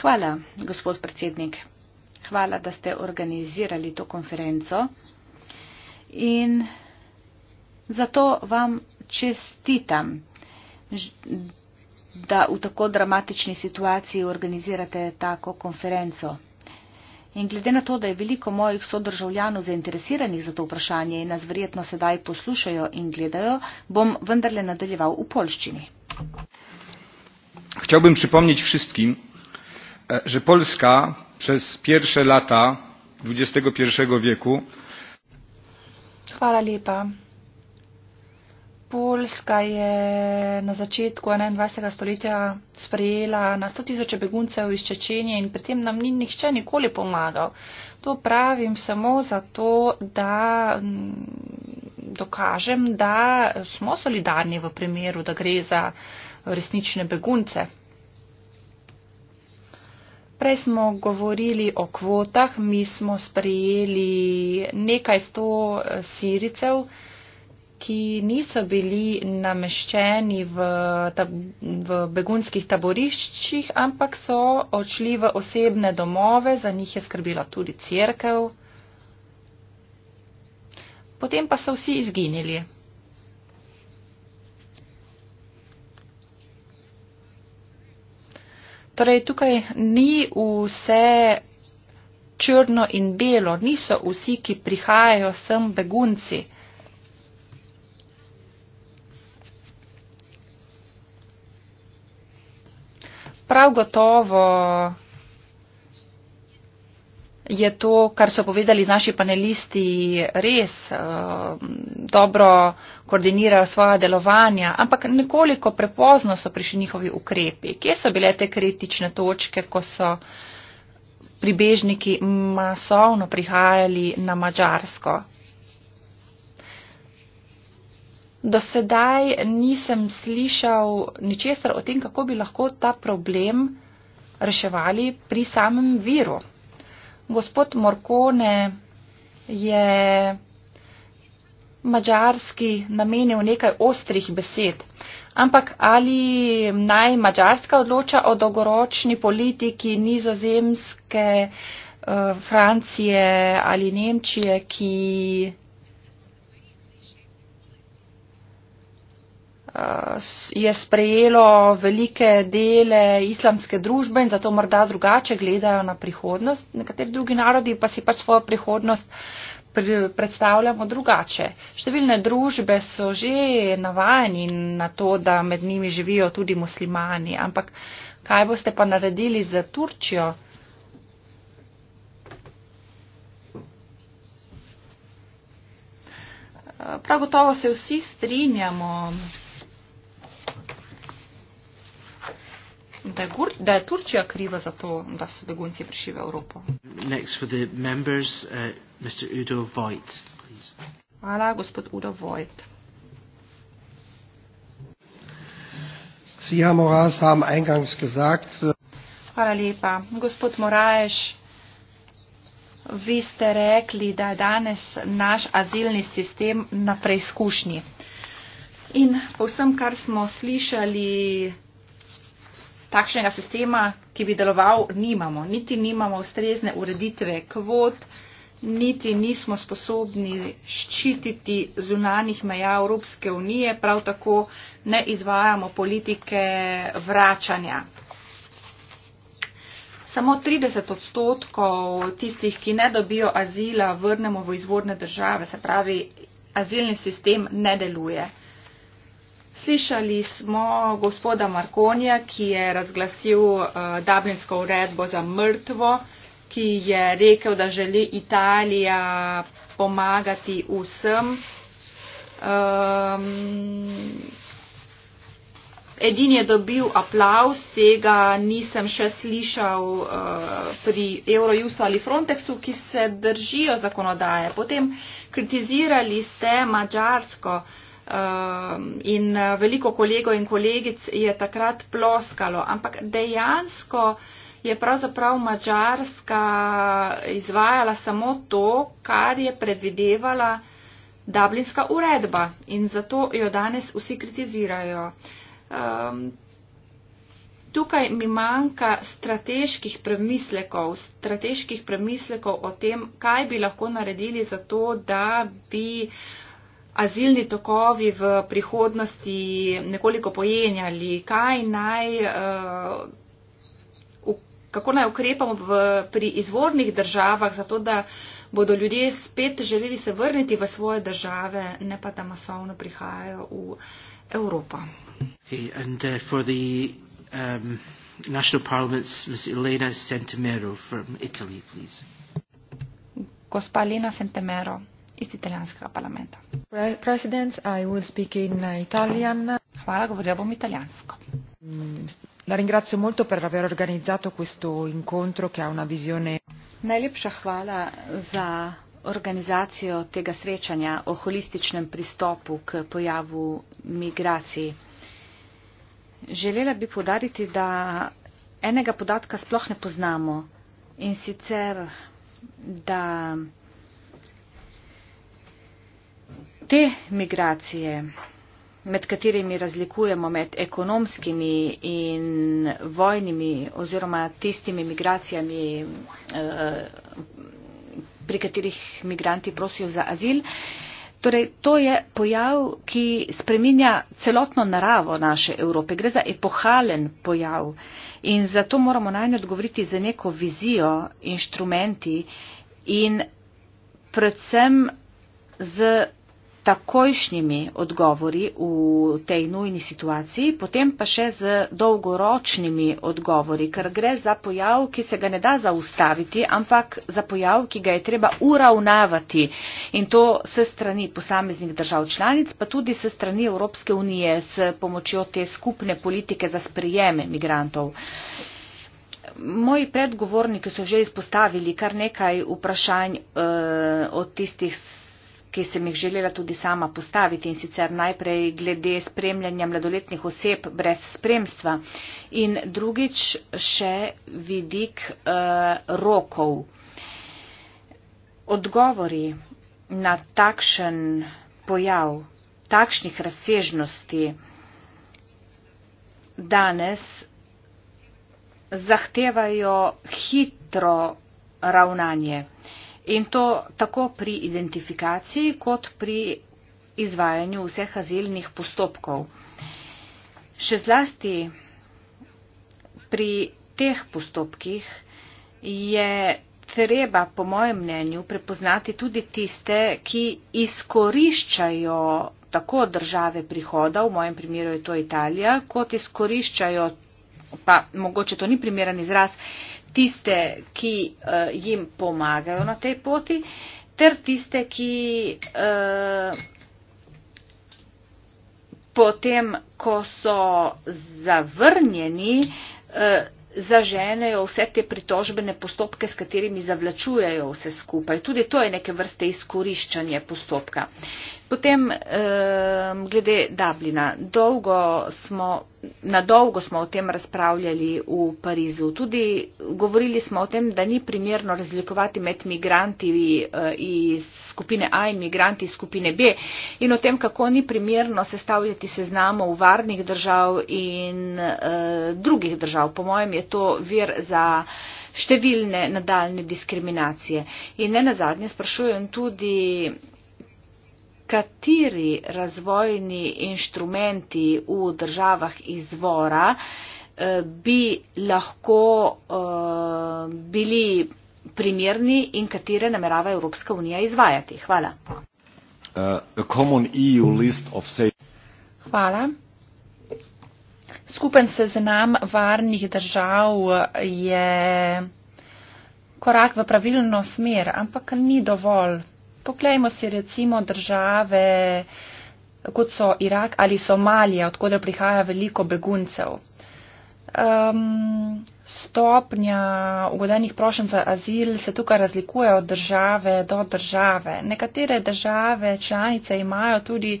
Hvala, gospod predsednik. Hvala, da ste organizirali to konferenco. In zato vam čestitam, da v tako dramatični situaciji organizirate tako konferenco. In glede na to, da je veliko mojih sodržavljanov zainteresiranih za to vprašanje in nas verjetno sedaj poslušajo in gledajo, bom vendarle nadaljeval v polščini. Chciałbym przypomnieć wszystkim, e, że Polska przez pierwsze lata XXI wieku. Hvala lepa. Poljska je na začetku 21. stoletja sprejela na 100 tisoče beguncev iz Čečenje in pri tem nam ni nihče nikoli pomagal. To pravim samo zato, da dokažem, da smo solidarni v primeru, da gre za resnične begunce. Prej smo govorili o kvotah, mi smo sprejeli nekaj sto eh, siricev ki niso bili nameščeni v, tab v begunskih taboriščih, ampak so odšli v osebne domove, za njih je skrbila tudi crkev. Potem pa so vsi izginili. Torej, tukaj ni vse črno in belo, niso vsi, ki prihajajo sem begunci. prav gotovo je to, kar so povedali naši panelisti, res eh, dobro koordinirajo svoja delovanja, ampak nekoliko prepozno so prišli njihovi ukrepi. Kje so bile te kritične točke, ko so pribežniki masovno prihajali na Mačarsko? Do sedaj nisem slišal ničesar o tem, kako bi lahko ta problem reševali pri samem viru. Gospod Morkone je mačarski namenil nekaj ostrih besed. Ampak ali naj Mačarska odloča o dolgoročni politiki nizozemske, eh, Francije ali Nemčije, ki Eh, je sprejelo velike dele islamske družbe in zato morda drugače gledajo na prihodnost. Nekateri drugi narodi pa si pač svojo prihodnost predstavljamo drugače. Številne družbe so že navajeni na to, da med njimi živijo tudi muslimani, ampak kaj boste pa naredili za Turčijo? Eh, prav gotovo se vsi strinjamo, da je, Gur da je Turčija kriva za to, da so begunci prišli v Evropo. Members, uh, Voigt, Hvala, gospod Udo Vojt. Äh, Hvala lepa. Gospod Moraješ, vi ste rekli, da je danes naš azilni sistem na preizkušnji. In po vsem, kar smo slišali, takšnega sistema, ki bi deloval, nimamo. Niti nimamo ustrezne ureditve kvot, niti nismo sposobni ščititi zunanih meja Evropske unije, prav tako ne izvajamo politike vračanja. Samo 30 odstotkov tistih, ki ne dobijo azila, vrnemo v izvorne države, se pravi, azilni sistem ne deluje. Slišali smo gospoda Markonija, ki je razglasil eh, Dublinsko uredbo za mrtvo, ki je rekel, da želi Italija pomagati vsem. Um, edini je dobil aplaus, tega nisem še slišal uh, pri Eurojustu ali Frontexu, ki se držijo zakonodaje. Potem kritizirali ste Mačarsko. Uh, Um, in uh, veliko kolegov in kolegic je takrat ploskalo, ampak dejansko je pravzaprav Mačarska izvajala samo to, kar je predvidevala Dublinska uredba in zato jo danes vsi kritizirajo. Um, tukaj mi manjka strateških premislekov, strateških premislekov o tem, kaj bi lahko naredili za to, da bi uh, azilni tokovi v prihodnosti nekoliko pojenjali, kaj naj, eh, kako naj ukrepamo v, pri izvornih državah, zato da bodo ljudje spet želeli se vrniti v svoje države, ne pa da masovno prihajajo v Evropo. Okay, uh, um, Gospa Lena Sentemero iz italijanskega parlamenta. Uh, Italian. Hvala, govorila bom italijansko. Mm, la ringrazio molto per aver organizzato questo incontro che ha una visione. Najlepša hvala za organizacijo tega srečanja o holističnem pristopu k pojavu migracij. Želela bi podariti, da enega podatka sploh ne poznamo in sicer, da Te migracije, med katerimi razlikujemo med ekonomskimi in vojnimi oziroma tistimi migracijami, eh, pri katerih migranti prosijo za azil, torej to je pojav, ki spreminja celotno naravo naše Evrope. Gre za epohalen pojav in zato moramo naj odgovoriti za neko vizijo, inštrumenti in predvsem z takojšnjimi odgovori v tej nujni situaciji, potem pa še z dolgoročnimi odgovori, ker gre za pojav, ki se ga ne da zaustaviti, ampak za pojav, ki ga je treba uravnavati in to se strani posameznih držav članic, pa tudi se strani Evropske unije s pomočjo te skupne politike za sprijeme migrantov. Moji predgovorniki so že izpostavili kar nekaj vprašanj uh, od tistih ki sem jih želela tudi sama postaviti in sicer najprej glede spremljanja mladoletnih oseb brez spremstva in drugič še vidik eh, rokov. Odgovori na takšen pojav, takšnih razsežnosti danes zahtevajo hitro ravnanje. Eh, In to tako pri identifikaciji, kot pri izvajanju vseh azilnih postopkov. Še zlasti pri teh postopkih je treba, po mojem mnenju, prepoznati tudi tiste, ki izkoriščajo tako države prihoda, v mojem primeru je to Italija, kot izkoriščajo, pa mogoče to ni primeren izraz, tiste, ki uh, jim pomagajo na tej poti, ter tiste, ki uh, potem, ko so zavrnjeni, uh, zaženejo vse te pritožbene postopke, s katerimi zavlačujejo vse skupaj. Tudi to je neke vrste izkoriščanje postopka. Potem ehm, glede Dublina. Dolgo smo, na dolgo smo o tem razpravljali v Parizu. Tudi govorili smo o tem, da ni primerno razlikovati med migranti eh, iz skupine A in migranti iz skupine B in o tem, kako ni primerno sestavljati seznamov varnih držav in eh, drugih držav. Po mojem je to vir za številne nadaljne diskriminacije. In ne nazadnje sprašujem tudi kateri razvojni inštrumenti v državah izvora eh, bi lahko eh, bili primerni in katere namerava Evropska unija izvajati. Hvala. Eh, e Hvala. Skupen seznam varnih držav je korak v pravilno smer, ampak ni dovolj. Poglejmo si recimo države, kot so Irak ali Somalija, odkud prihaja veliko beguncev. Um, stopnja ugodenih prošen za azil se tukaj razlikuje od države do države. Nekatere države članice imajo tudi uh,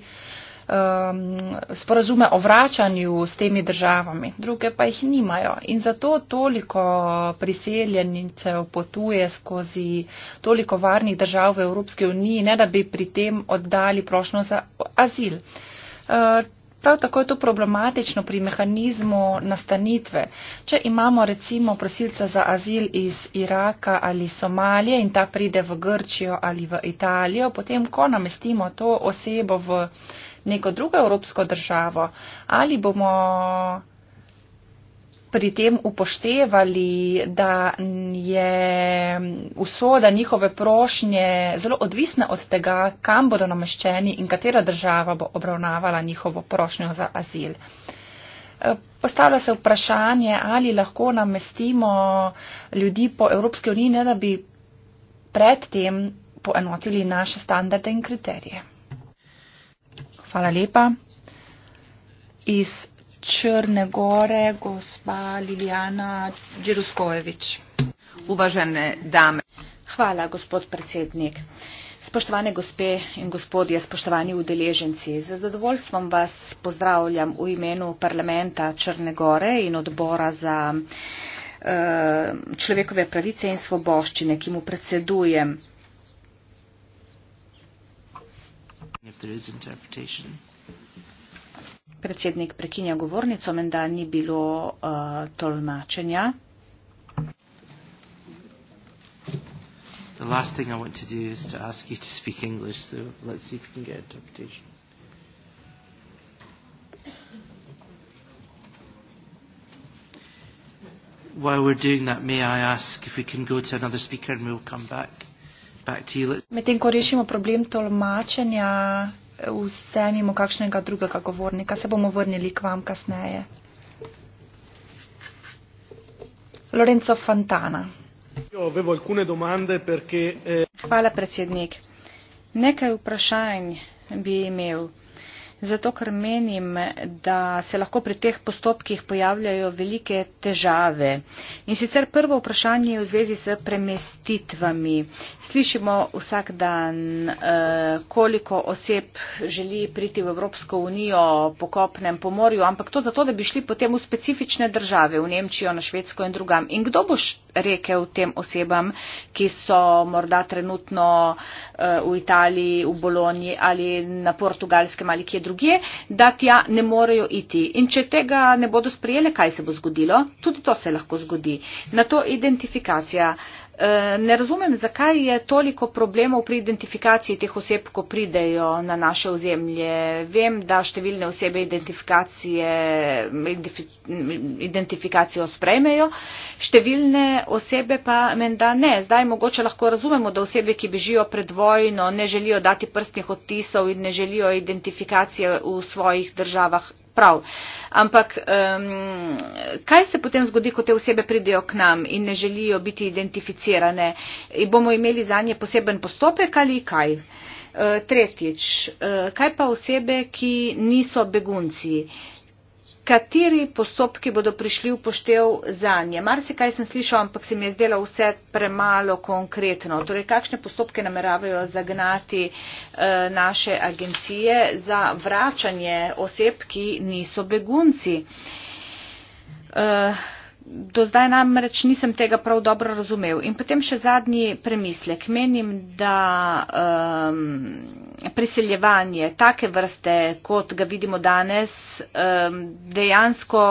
um, sporazume o vračanju s temi državami, druge pa jih nimajo. In zato toliko priseljenicev potuje skozi toliko varnih držav v Evropski uniji, ne da bi pri tem oddali prošno za azil. Uh, prav tako je to problematično pri mehanizmu nastanitve. Če imamo recimo prosilca za azil iz Iraka ali Somalije in ta pride v Grčijo ali v Italijo, potem ko namestimo to osebo v neko drugo evropsko državo, ali bomo pri tem upoštevali, da je usoda njihove prošnje zelo odvisna od tega, kam bodo nameščeni in katera država bo obravnavala njihovo prošnjo za azil. E, postavlja se vprašanje, ali lahko namestimo ljudi po Evropski uniji, ne da bi predtem poenotili naše standarde in kriterije. Hvala lepa. Iz Črne gore, gospa Lilijana Đeruskojevič. Uvažene dame. Hvala, gospod predsednik. Spoštovane gospe in gospodje, spoštovani udeleženci, z zadovoljstvom vas pozdravljam v imenu parlamenta Črne gore in odbora za uh, človekove pravice in svoboščine, ki mu predsedujem. Predsednik prekinja govornico, menda ni bilo uh, tolmačenja. While we're doing that, may I ask if we can go to another speaker and we'll come back? back to you. Medtem ko rešimo problem tolmačenja, vzemimo kakšnega drugega govornika, se bomo vrnili k vam kasneje. Lorenzo Fontana. Eh, Hvala, predsednik. Nekaj vprašanj bi imel. Zato, ker menim, da se lahko pri teh postopkih pojavljajo velike težave. In sicer prvo vprašanje je v zvezi s premestitvami. Slišimo vsak dan, eh, koliko oseb želi priti v Evropsko unijo po kopnem, po morju, ampak to zato, da bi šli potem v specifične države, v Nemčijo, na Švedsko in drugam. In kdo bo rekel tem osebam, ki so morda trenutno eh, v Italiji, v Bolonji ali na Portugalskem ali kjer? drugje, da tja ne morejo iti. In če tega ne bodo sprejeli, kaj se bo zgodilo? Tudi to se lahko zgodi. Na to identifikacija. Eh, ne razumem, zakaj je toliko problemov pri identifikaciji teh oseb, ko pridejo na naše ozemlje. Vem, da številne osebe identifikacijo sprejmejo, številne osebe pa menda ne. Zdaj mogoče lahko razumemo, da osebe, ki bežijo pred vojno, ne želijo dati prstnih odtisov in ne želijo identifikacije v svojih državah prav. Ampak um, kaj se potem zgodi, ko te osebe pridejo k nam in ne želijo biti identificirane? In bomo imeli za nje poseben postopek ali kaj? Uh, tretjič, uh, kaj pa osebe, ki niso begunci? Uh, kateri postopki bodo prišli v poštev za nje. Marsikaj sem slišal, ampak se mi je zdelo vse premalo konkretno. Torej, kakšne postopke nameravajo zagnati eh, naše agencije za vračanje oseb, ki niso begunci? Eh, do zdaj namreč nisem tega prav dobro razumel. In potem še zadnji premislek. Menim, da um, priseljevanje take vrste, kot ga vidimo danes, um, dejansko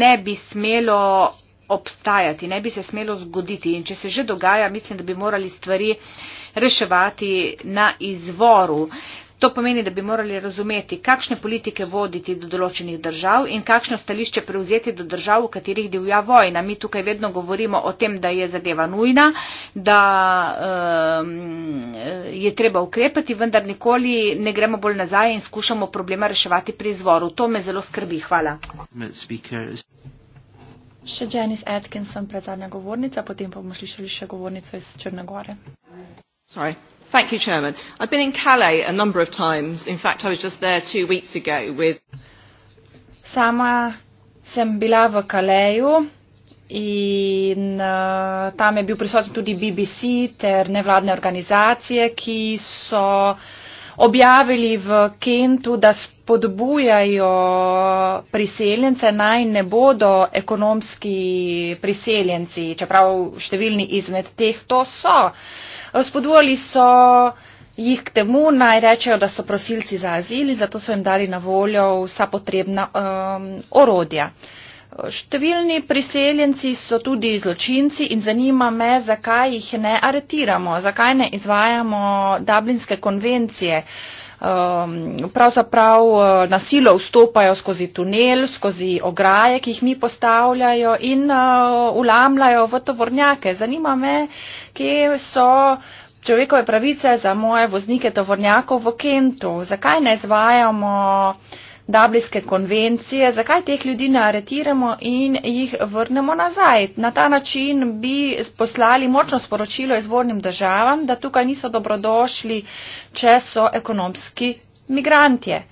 ne bi smelo obstajati, ne bi se smelo zgoditi. In če se že dogaja, mislim, da bi morali stvari reševati na izvoru. To pomeni, da bi morali razumeti, kakšne politike voditi do določenih držav in kakšno stališče prevzeti do držav, v katerih divja vojna. Mi tukaj vedno govorimo o tem, da je zadeva nujna, da um, je treba ukrepati, vendar nikoli ne gremo bolj nazaj in skušamo problema reševati pri izvoru. To me zelo skrbi. Hvala. Še Janice Atkinson, predzadnja govornica, potem pa bomo slišali še govornico iz Črne gore. Sorry. Thank you, Chairman. I've been in Calais a number of times. In fact, I was just there two weeks ago with. Sama sem bila v Kaleju in uh, tam je bil prisoten tudi BBC ter nevladne organizacije, ki so objavili v Kentu, da spodbujajo priseljence, naj ne bodo ekonomski priseljenci, čeprav številni izmed teh to so. Uh, Spodbujali so jih k temu, naj rečejo, da so prosilci za azil in zato so jim dali na voljo vsa potrebna um, orodja. Številni priseljenci so tudi zločinci in zanima me, zakaj jih ne aretiramo, zakaj ne izvajamo Dublinske konvencije. Uh, Ehm, pravzaprav eh, nasilo vstopajo skozi tunel, skozi ograje, ki jih mi postavljajo in eh, ulamljajo v tovornjake. Zanima me, kje so človekove pravice za moje voznike tovornjakov v Kentu. Zakaj ne izvajamo Dabljske konvencije, zakaj teh ljudi ne aretiramo in jih vrnemo nazaj. Na ta način bi poslali močno sporočilo izvornim državam, da tukaj niso dobrodošli, če so ekonomski migrantje.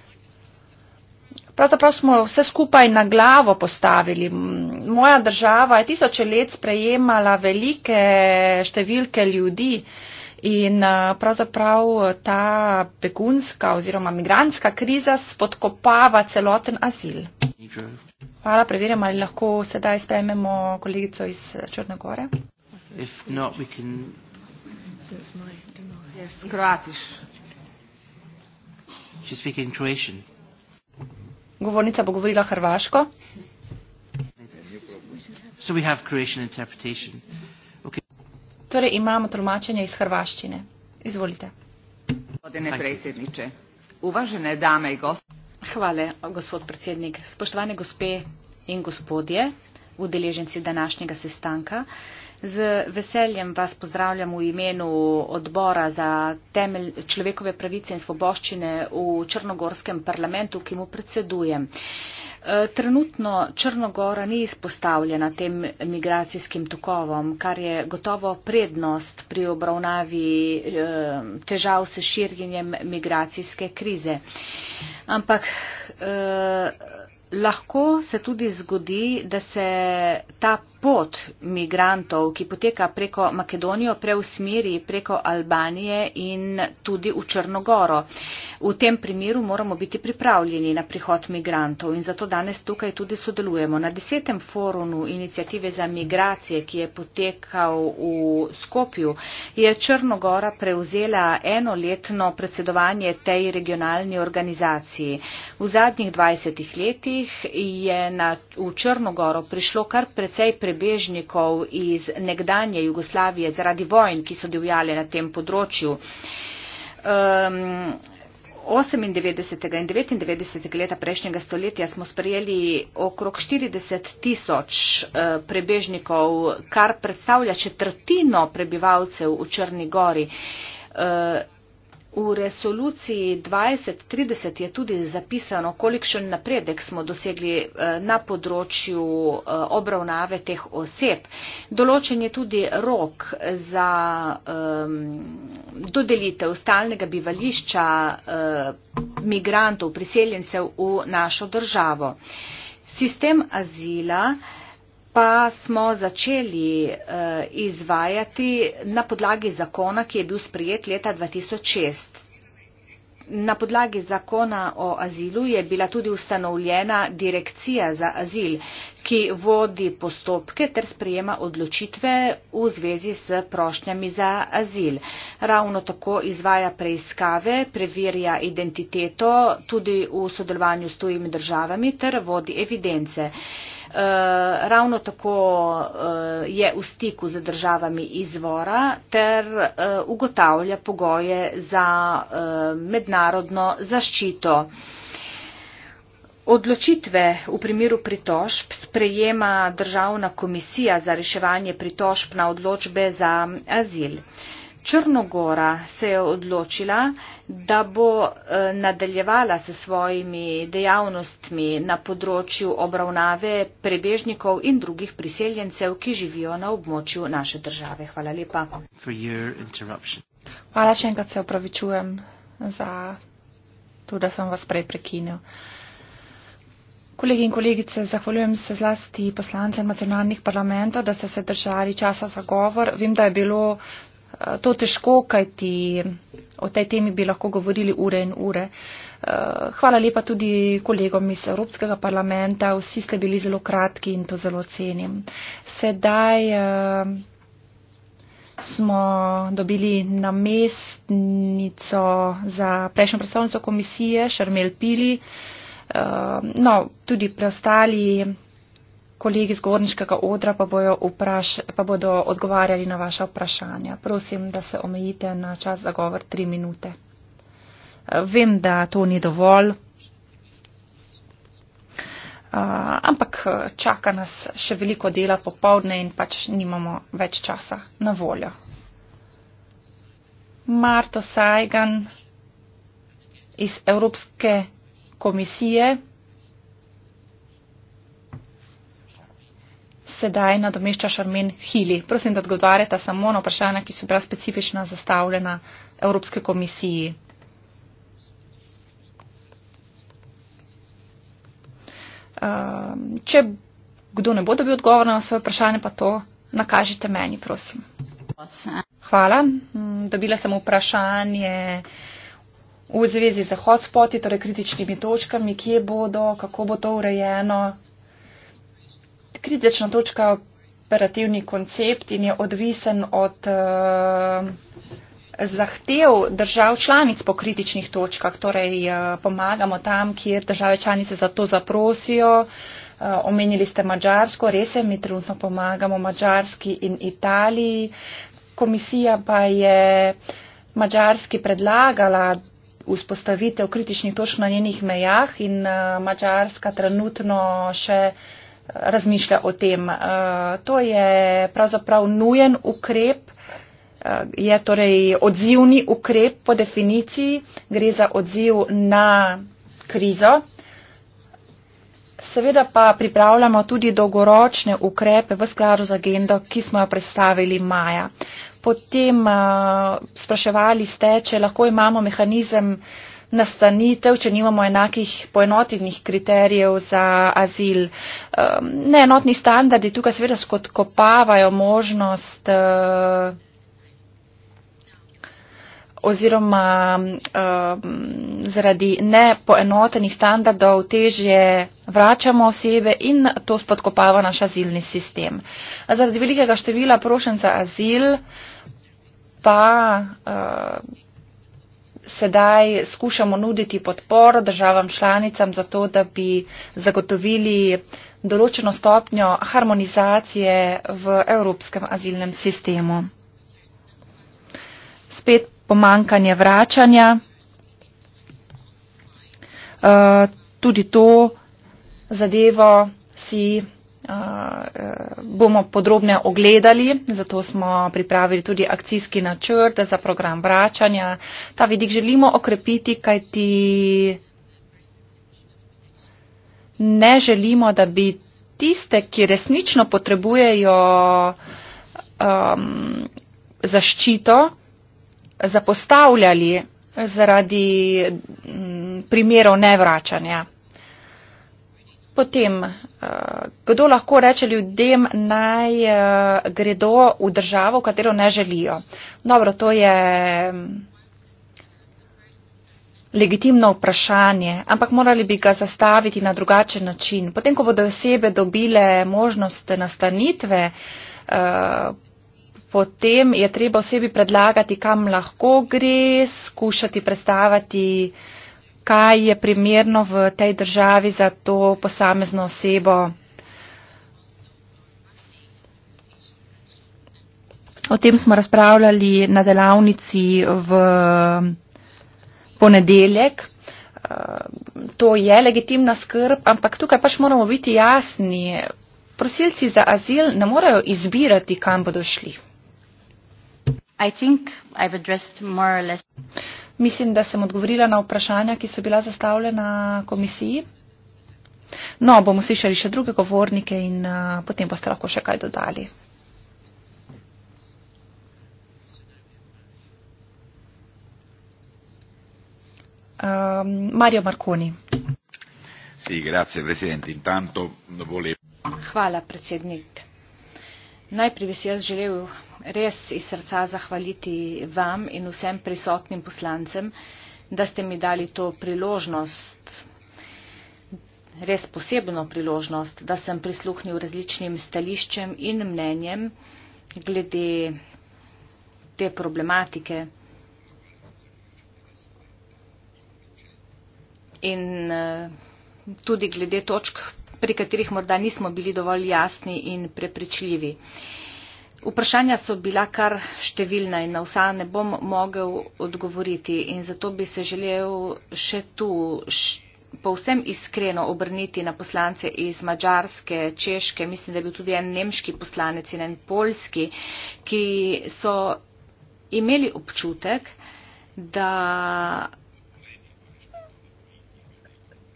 Pravzaprav smo vse skupaj na glavo postavili. Moja država je tisoče let sprejemala velike številke ljudi. In eh, pravzaprav eh, ta begunska oziroma migrantska kriza spodkopava celoten azil. Hvala, preverjamo, ali lahko sedaj sprememo kolegico iz eh, Črne Gore. Govornica bo govorila hrvaško. So we have Croatian interpretation. Torej imamo tolmačenje iz Hrvaščine. Izvolite. Gospodine predsjedniče, uvažene dame i gospodine. Hvala, gospod predsjednik. Spoštovane gospe in gospodje, udeleženci današnjega sestanka, z veseljem vas pozdravljam v imenu odbora za temelj človekove pravice in svoboščine v Črnogorskem parlamentu, ki mu predsedujem. Uh, Eh, trenutno Črnogora ni izpostavljena tem migracijskim tokovom, kar je gotovo prednost pri obravnavi eh, težav se širjenjem migracijske krize. Ampak eh, lahko se tudi zgodi, da se ta pot migrantov, ki poteka preko Makedonijo, preusmeri preko Albanije in tudi v Črnogoro. V tem primeru moramo biti pripravljeni na prihod migrantov in zato danes tukaj tudi sodelujemo. Na desetem forumu inicijative za migracije, ki je potekal v Skopju, je Črnogora prevzela enoletno predsedovanje tej regionalni organizaciji. V zadnjih 20 letih je na, v Črnogoro prišlo kar precej prebežnikov iz nekdanje Jugoslavije zaradi vojn, ki so divjale na tem področju. Um, 98. in 99. leta prejšnjega stoletja smo sprejeli okrog 40 tisoč eh, prebežnikov, kar predstavlja četrtino prebivalcev v Črni gori. Eh, V resoluciji 2030 je tudi zapisano, kolikšen napredek smo dosegli eh, na področju eh, obravnave teh oseb. Določen je tudi rok za um, dodelitev stalnega bivališča uh, migrantov, priseljencev v našo državo. Sistem azila uh, pa smo začeli uh, izvajati na podlagi zakona, ki je bil sprejet leta 2006. Na podlagi zakona o azilu je bila tudi ustanovljena direkcija za azil, ki vodi postopke ter sprejema odločitve v zvezi s prošnjami za azil. Ravno tako izvaja preiskave, preverja identiteto tudi v sodelovanju s tujimi državami ter vodi evidence. Uh, Eh, ravno tako eh, je v stiku z državami izvora ter eh, ugotavlja pogoje za mednarodno zaščito. Odločitve v primeru pritožb sprejema Državna komisija za reševanje pritožb na odločbe za azil. Črnogora se je odločila, da bo eh, nadaljevala s svojimi dejavnostmi na področju obravnave prebežnikov in drugih priseljencev, ki živijo na območju naše države. Hvala lepa. Hvala še enkrat se opravičujem za to, da sem vas prej prekinil. Kolegi in kolegice, zahvaljujem se zlasti poslancem nacionalnih parlamentov, da ste se držali časa za govor. Vem, da je bilo to težko, kajti o tej temi bi lahko govorili ure in ure. Eh, hvala lepa tudi kolegom iz Evropskega parlamenta, vsi ste bili zelo kratki in to zelo cenim. Sedaj eh, smo dobili namestnico za prejšnjo predstavnico komisije, Šarmel Pili, eh, no, tudi preostali kolegi z Gorniškega odra pa, vpraš, pa bodo odgovarjali na vaša vprašanja. Prosim, da se omejite na čas za govor tri minute. Vem, da to ni dovolj, ampak čaka nas še veliko dela popovdne in pač nimamo več časa na voljo. Marto Saigan iz Evropske komisije. sedaj nadomešča Šarmen Hili. Prosim, da odgovarjate samo na vprašanja, ki so bila specifična zastavljena Evropske komisiji. Ehm, če kdo ne bo dobil odgovor na svoje vprašanje, pa to nakažite meni, prosim. Hvala. Mm, dobila sem vprašanje v zvezi z hotspoti, torej kritičnimi točkami, kje bodo, kako bo to urejeno, kritična točka operativni koncept in je odvisen od uh, zahtev držav članic po kritičnih točkah. Torej uh, pomagamo tam, kjer države članice za to zaprosijo. Uh, omenili ste Mačarsko, res je, mi trenutno pomagamo Mačarski in Italiji. Komisija pa je Mačarski predlagala vzpostavitev kritičnih točk na njenih mejah in uh, Mačarska trenutno še razmišlja o tem. Eh, to je pravzaprav nujen ukrep, eh, je torej odzivni ukrep po definiciji, gre za odziv na krizo. Seveda pa pripravljamo tudi dolgoročne ukrepe v skladu z agendo, ki smo jo predstavili maja. Potem eh, spraševali ste, če lahko imamo mehanizem, nastanitev, če nimamo enakih poenotivnih kriterijev za azil. Neenotni standardi tukaj seveda skotkopavajo možnost eh, oziroma zaradi nepoenotenih standardov težje vračamo osebe in to spodkopava naš azilni sistem. Zaradi velikega števila prošen za azil pa uh, sedaj skušamo nuditi podporo državam članicam za to, da bi zagotovili določeno stopnjo harmonizacije v evropskem azilnem sistemu. Spet pomankanje vračanja. Eh, tudi to zadevo si Eh, bomo podrobne ogledali, zato smo pripravili tudi akcijski načrt za program vračanja. Ta vidik želimo okrepiti, kajti ne želimo, da bi tiste, ki resnično potrebujejo um, zaščito, zapostavljali zaradi primerov nevračanja. Potem, eh, kdo lahko reče ljudem, naj eh, gredo v državo, v katero ne želijo? Dobro, to je mm, legitimno vprašanje, ampak morali bi ga zastaviti na drugačen način. Potem, ko bodo osebe dobile možnost nastanitve, eh, potem je treba osebi predlagati, kam lahko gre, skušati predstaviti kaj je primerno v tej državi za to posamezno osebo. O tem smo razpravljali na delavnici v ponedeljek. Eh, to je legitimna skrb, ampak tukaj pač moramo biti jasni. Prosilci za azil ne morejo izbirati, kam bodo šli. I think I've addressed more or less. Mislim, da sem odgovorila na vprašanja, ki so bila zastavljena komisiji. No, bomo slišali še druge govornike in uh, potem boste lahko še kaj dodali. Um, Mario Marconi. Sì, grazie Presidente. Intanto volevo. Hvala, predsednik. Najprej bi si jaz želel res iz srca zahvaliti vam in vsem prisotnim poslancem, da ste mi dali to priložnost, res posebno priložnost, da sem prisluhnil različnim stališčem in mnenjem glede te problematike. In eh, tudi glede točk, pri katerih morda nismo bili dovolj jasni in prepričljivi. Uh, Vprašanja so bila kar številna in na vsa ne bom mogel odgovoriti in zato bi se želel še tu povsem iskreno obrniti na poslance iz Mačarske, Češke, mislim, da je bil tudi en nemški poslanec in en polski, ki so imeli občutek, da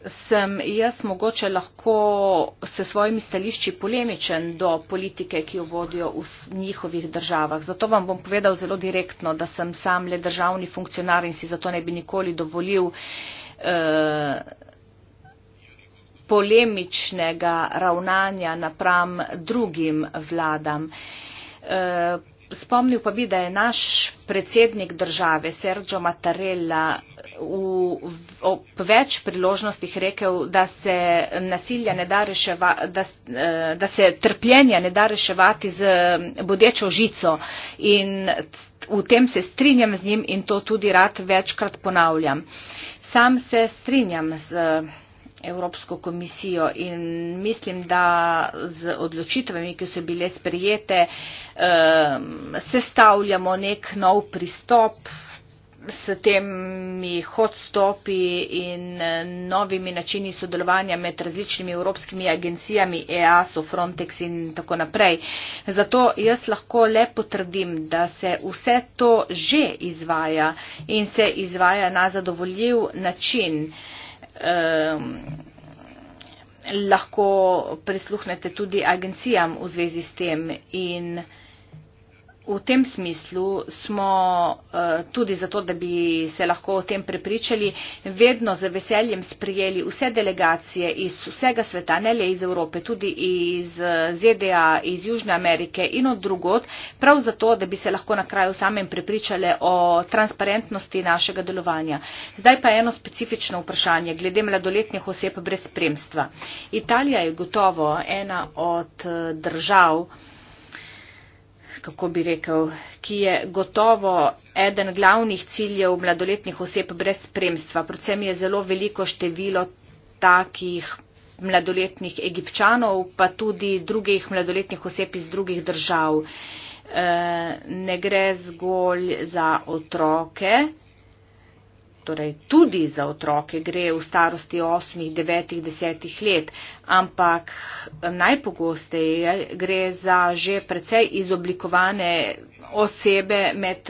sem jaz mogoče lahko se svojimi stališči polemičen do politike, ki jo vodijo v njihovih državah. Zato vam bom povedal zelo direktno, da sem sam le državni funkcionar in si zato ne bi nikoli dovolil eh, polemičnega ravnanja napram drugim vladam. Eh, spomnil pa bi, da je naš predsednik države Sergio Mattarella v ob več priložnostih rekel, da se, nasilja ne da, reševa, da, eh, da se trpljenja ne da reševati z bodečo žico. In v tem se strinjam z njim in to tudi rad večkrat ponavljam. Sam se strinjam z. Evropsko komisijo in mislim, da z odločitvami, ki so bile sprejete, se stavljamo nek nov pristop s temi hotstopi in eh, novimi načini sodelovanja med različnimi evropskimi agencijami, EASO, Frontex in tako naprej. Zato jaz lahko le potrdim, da se vse to že izvaja in se izvaja na zadovoljiv način. Uh, eh, lahko prisluhnete tudi agencijam v zvezi s tem in eh, V tem smislu smo eh, tudi zato, da bi se lahko o tem prepričali, vedno z veseljem sprijeli vse delegacije iz vsega sveta, ne le iz Evrope, tudi iz eh, ZDA, iz Južne Amerike in od drugot, prav zato, da bi se lahko na kraju samem prepričali o transparentnosti našega delovanja. Zdaj pa eno specifično vprašanje glede mladoletnih oseb brez spremstva. Italija je gotovo ena od eh, držav, kako bi rekel, ki je gotovo eden glavnih ciljev mladoletnih oseb brez spremstva. Predvsem je zelo veliko število takih mladoletnih egipčanov, pa tudi drugih mladoletnih oseb iz drugih držav. Eh, ne gre zgolj za otroke, torej tudi za otroke gre v starosti 8, 9, 10 let, ampak najpogosteje gre za že precej izoblikovane osebe med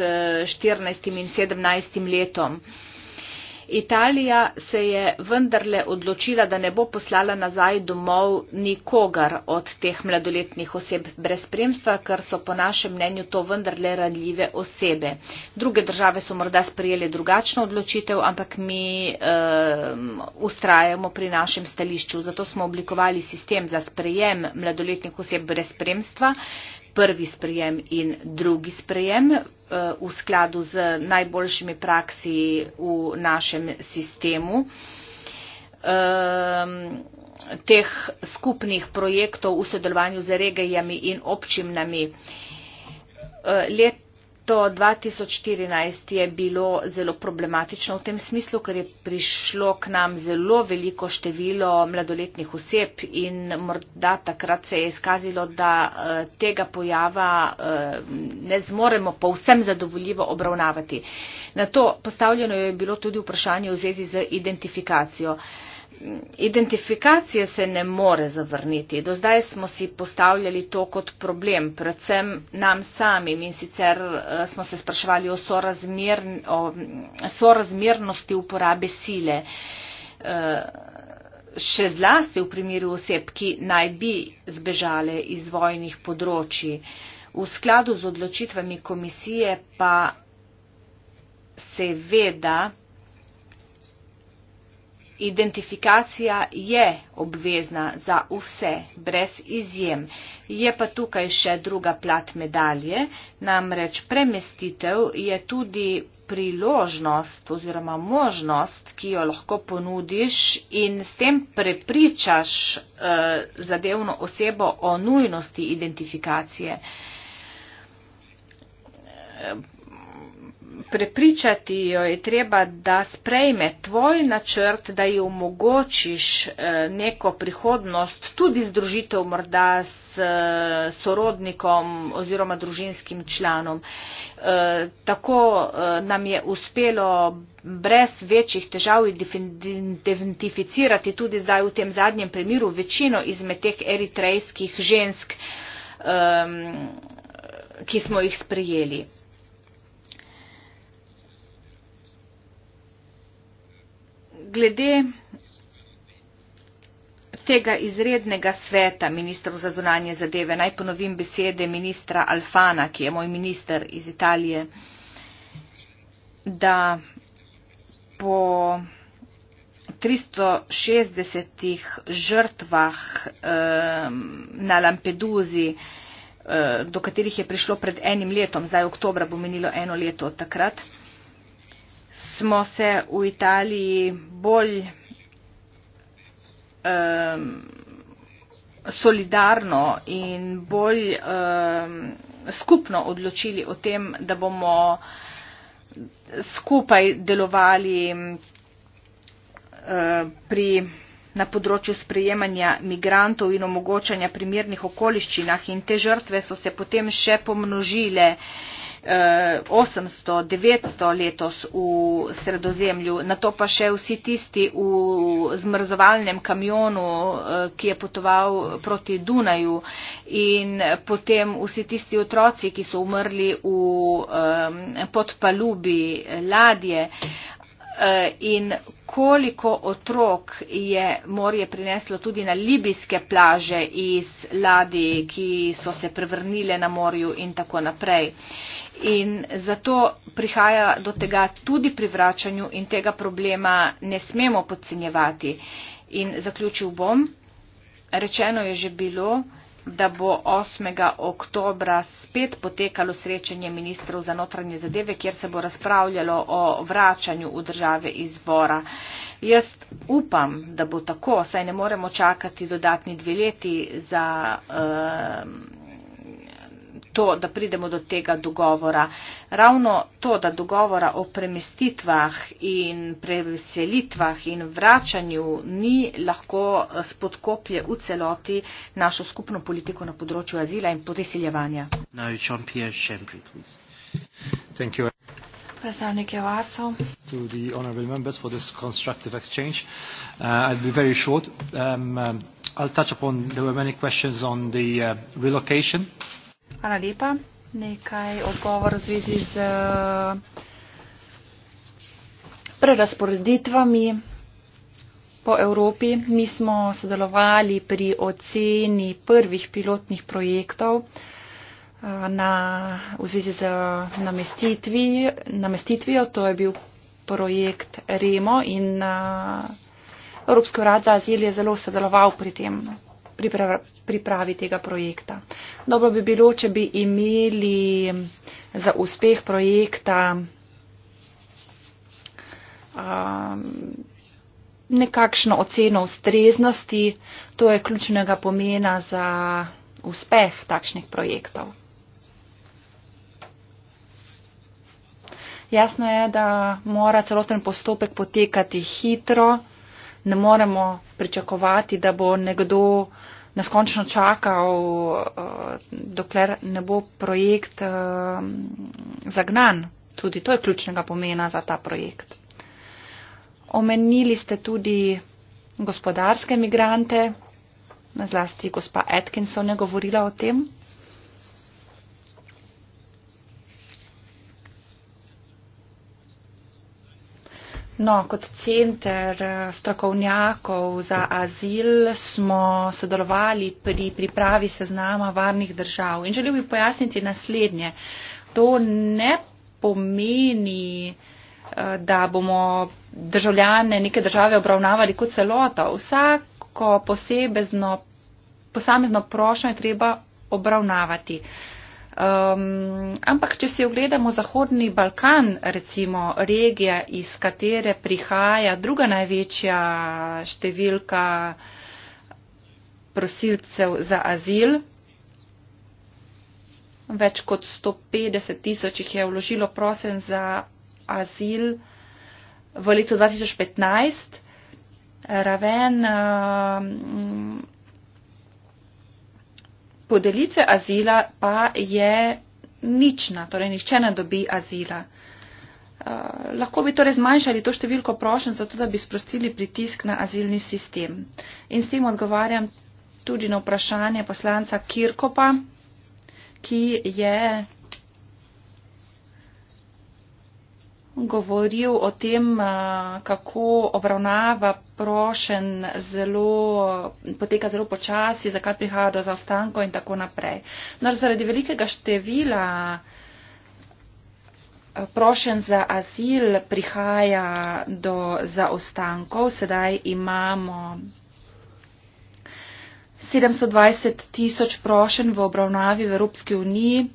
14 eh, in 17 letom. Italija se je vendarle odločila, da ne bo poslala nazaj domov nikogar od teh mladoletnih oseb brez spremstva, ker so po našem mnenju to vendarle radljive osebe. Druge države so morda sprejeli drugačno odločitev, ampak mi um, ustrajamo pri našem stališču. Zato smo oblikovali sistem za sprejem mladoletnih oseb brez spremstva, prvi sprejem in drugi sprejem eh, v skladu z najboljšimi praksi v našem sistemu. Ehm, teh skupnih projektov v sodelovanju z regijami in občinami. Eh, let leto 2014 je bilo zelo problematično v tem smislu, ker je prišlo k nam zelo veliko število mladoletnih oseb in morda takrat se je izkazilo, da eh, tega pojava eh, ne zmoremo povsem zadovoljivo obravnavati. Na to postavljeno je bilo tudi vprašanje v zvezi z identifikacijo identifikacije se ne more zavrniti. Do zdaj smo si postavljali to kot problem, predvsem nam samim in sicer eh, smo se spraševali o, sorazmer, o sorazmernosti uporabe sile. Eh, še zlasti v primeru oseb, ki naj bi zbežale iz vojnih področji. V skladu z odločitvami komisije pa seveda identifikacija je obvezna za vse, brez izjem. Je pa tukaj še druga plat medalje, namreč premestitev je tudi priložnost oziroma možnost, ki jo lahko ponudiš in s tem prepričaš eh, zadevno osebo o nujnosti identifikacije prepričati jo je treba, da sprejme tvoj načrt, da ji omogočiš eh, neko prihodnost, tudi združitev morda s eh, sorodnikom oziroma družinskim članom. Eh, tako nam je uspelo brez večjih težav identificirati tudi zdaj v tem zadnjem primeru večino izmed teh eritrejskih žensk, ehm, ki smo jih sprejeli. glede tega izrednega sveta ministrov za zunanje zadeve. Naj ponovim besede ministra Alfana, ki je moj minister iz Italije, da po 360 žrtvah eh, na Lampeduzi, eh, do katerih je prišlo pred enim letom, zdaj oktobra bo menilo eno leto od takrat, smo se v Italiji bolj um, solidarno in bolj um, skupno odločili o tem, da bomo skupaj delovali uh, pri, na področju sprejemanja migrantov in omogočanja primernih okoliščinah in te žrtve so se potem še pomnožile. Uh, 800, eh, 900 letos v sredozemlju, na to pa še vsi tisti v zmrzovalnem kamionu, eh, ki je potoval proti Dunaju in potem vsi tisti otroci, ki so umrli v eh, podpalubi ladje. In koliko otrok je morje prineslo tudi na libijske plaže iz ladi, ki so se prevrnile na morju in tako naprej in zato prihaja do tega tudi pri vračanju in tega problema ne smemo podcenjevati. In zaključil bom, rečeno je že bilo, da bo 8. oktobra spet potekalo srečanje ministrov za notranje zadeve, kjer se bo razpravljalo o vračanju v države izvora. Jaz upam, da bo tako, saj ne moremo čakati dodatni dve leti za. Uh, to, da pridemo do tega dogovora. Ravno to, da dogovora o premestitvah in preveselitvah in vračanju ni lahko eh, spodkoplje v celoti našo skupno politiko na področju azila in podesiljevanja. Predstavnike vasov. I'll touch upon, there were many questions on the uh, relocation. Hvala lepa. Nekaj odgovor v zvezi z eh, prerasporeditvami po Evropi. Mi smo sodelovali pri oceni prvih pilotnih projektov eh, na, v zvezi z namestitvi, namestitvijo. To je bil projekt Remo in eh, Evropski urad za azil je zelo sodeloval pri tem pripravi tega projekta. Dobro bi bilo, če bi imeli za uspeh projekta um, nekakšno oceno ustreznosti. To je ključnega pomena za uspeh takšnih projektov. Jasno je, da mora celoten postopek potekati hitro ne moremo pričakovati, da bo nekdo neskončno čakal, eh, dokler ne bo projekt eh, zagnan. Tudi to je ključnega pomena za ta projekt. Omenili ste tudi gospodarske migrante, zlasti gospa Atkinson je govorila o tem, No, kot centr eh, strokovnjakov za azil smo sodelovali pri pripravi seznama varnih držav. In želim bi pojasniti naslednje. To ne pomeni, eh, da bomo državljane neke države obravnavali kot celota. Vsako posebezno, posamezno prošnjo je treba obravnavati. Uh, Um, ampak, če si ogledamo Zahodni Balkan, recimo regija, iz katere prihaja druga največja številka prosilcev za azil, več kot 150 tisoč jih je vložilo prosen za azil v letu 2015, raven. Um, podelitve azila pa je nična, torej nihče ne dobi azila. Uh, lahko bi torej zmanjšali to številko prošen, zato da bi sprostili pritisk na azilni sistem. In s tem odgovarjam tudi na vprašanje poslanca Kirkopa, ki je govoril o tem, eh, kako obravnava prošen zelo, poteka zelo počasi, zakaj prihaja do zaostankov in tako naprej. No, zaradi velikega števila eh, prošen za azil prihaja do zaostankov. Sedaj imamo 720 tisoč prošen v obravnavi v Evropski uniji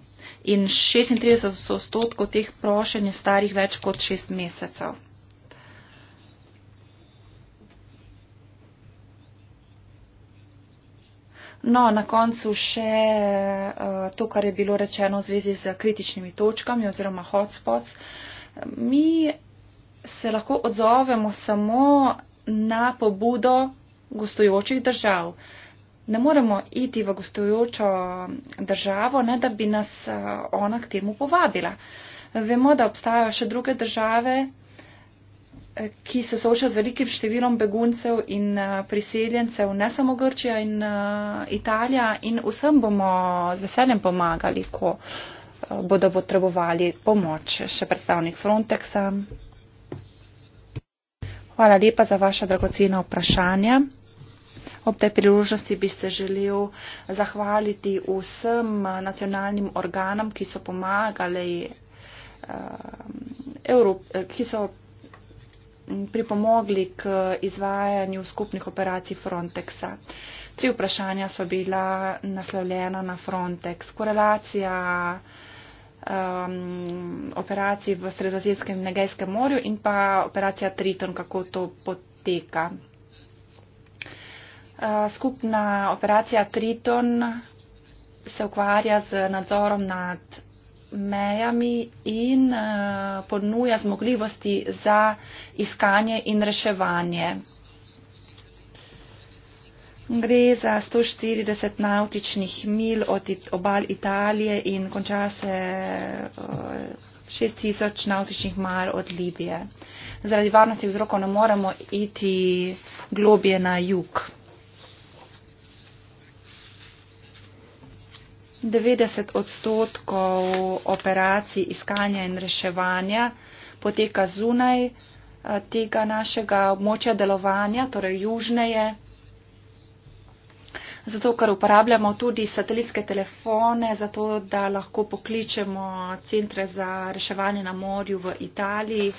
in 36 odstotkov teh prošenj je starih več kot 6 mesecev. No, na koncu še uh, to, kar je bilo rečeno v zvezi z kritičnimi točkami oziroma hotspots. Mi se lahko odzovemo samo na pobudo gostujočih držav. Uh, ne moremo iti v gostujočo državo, ne da bi nas eh, ona k temu povabila. Vemo, da obstajajo še druge države, eh, ki se soočajo z velikim številom beguncev in eh, priseljencev, ne samo Grčija in Italija in vsem bomo z veseljem pomagali, ko bodo potrebovali pomoč še predstavnik Frontexa. Hvala lepa za vaše dragocene vprašanje. Ob tej priložnosti bi se želel zahvaliti vsem nacionalnim organom, ki so pomagali, eh, eh, ki so pripomogli k izvajanju skupnih operacij Frontexa. Tri vprašanja so bila naslovljena na Frontex. Korelacija um, operacij v Sredozemskem in Negejskem morju in pa operacija Triton, kako to poteka. Eh, skupna operacija Triton se ukvarja z nadzorom nad mejami in eh, ponuja zmogljivosti za iskanje in reševanje. Gre za 140 nautičnih mil od obal Italije in konča se 6000 eh, nautičnih mal od Libije. Zaradi varnosti vzrokov ne moremo iti globje na jug. 90 odstotkov operacij iskanja in reševanja poteka zunaj eh, tega našega območja delovanja, torej južneje. Zato, ker uporabljamo tudi satelitske telefone, zato, da lahko pokličemo centre za reševanje na morju v Italiji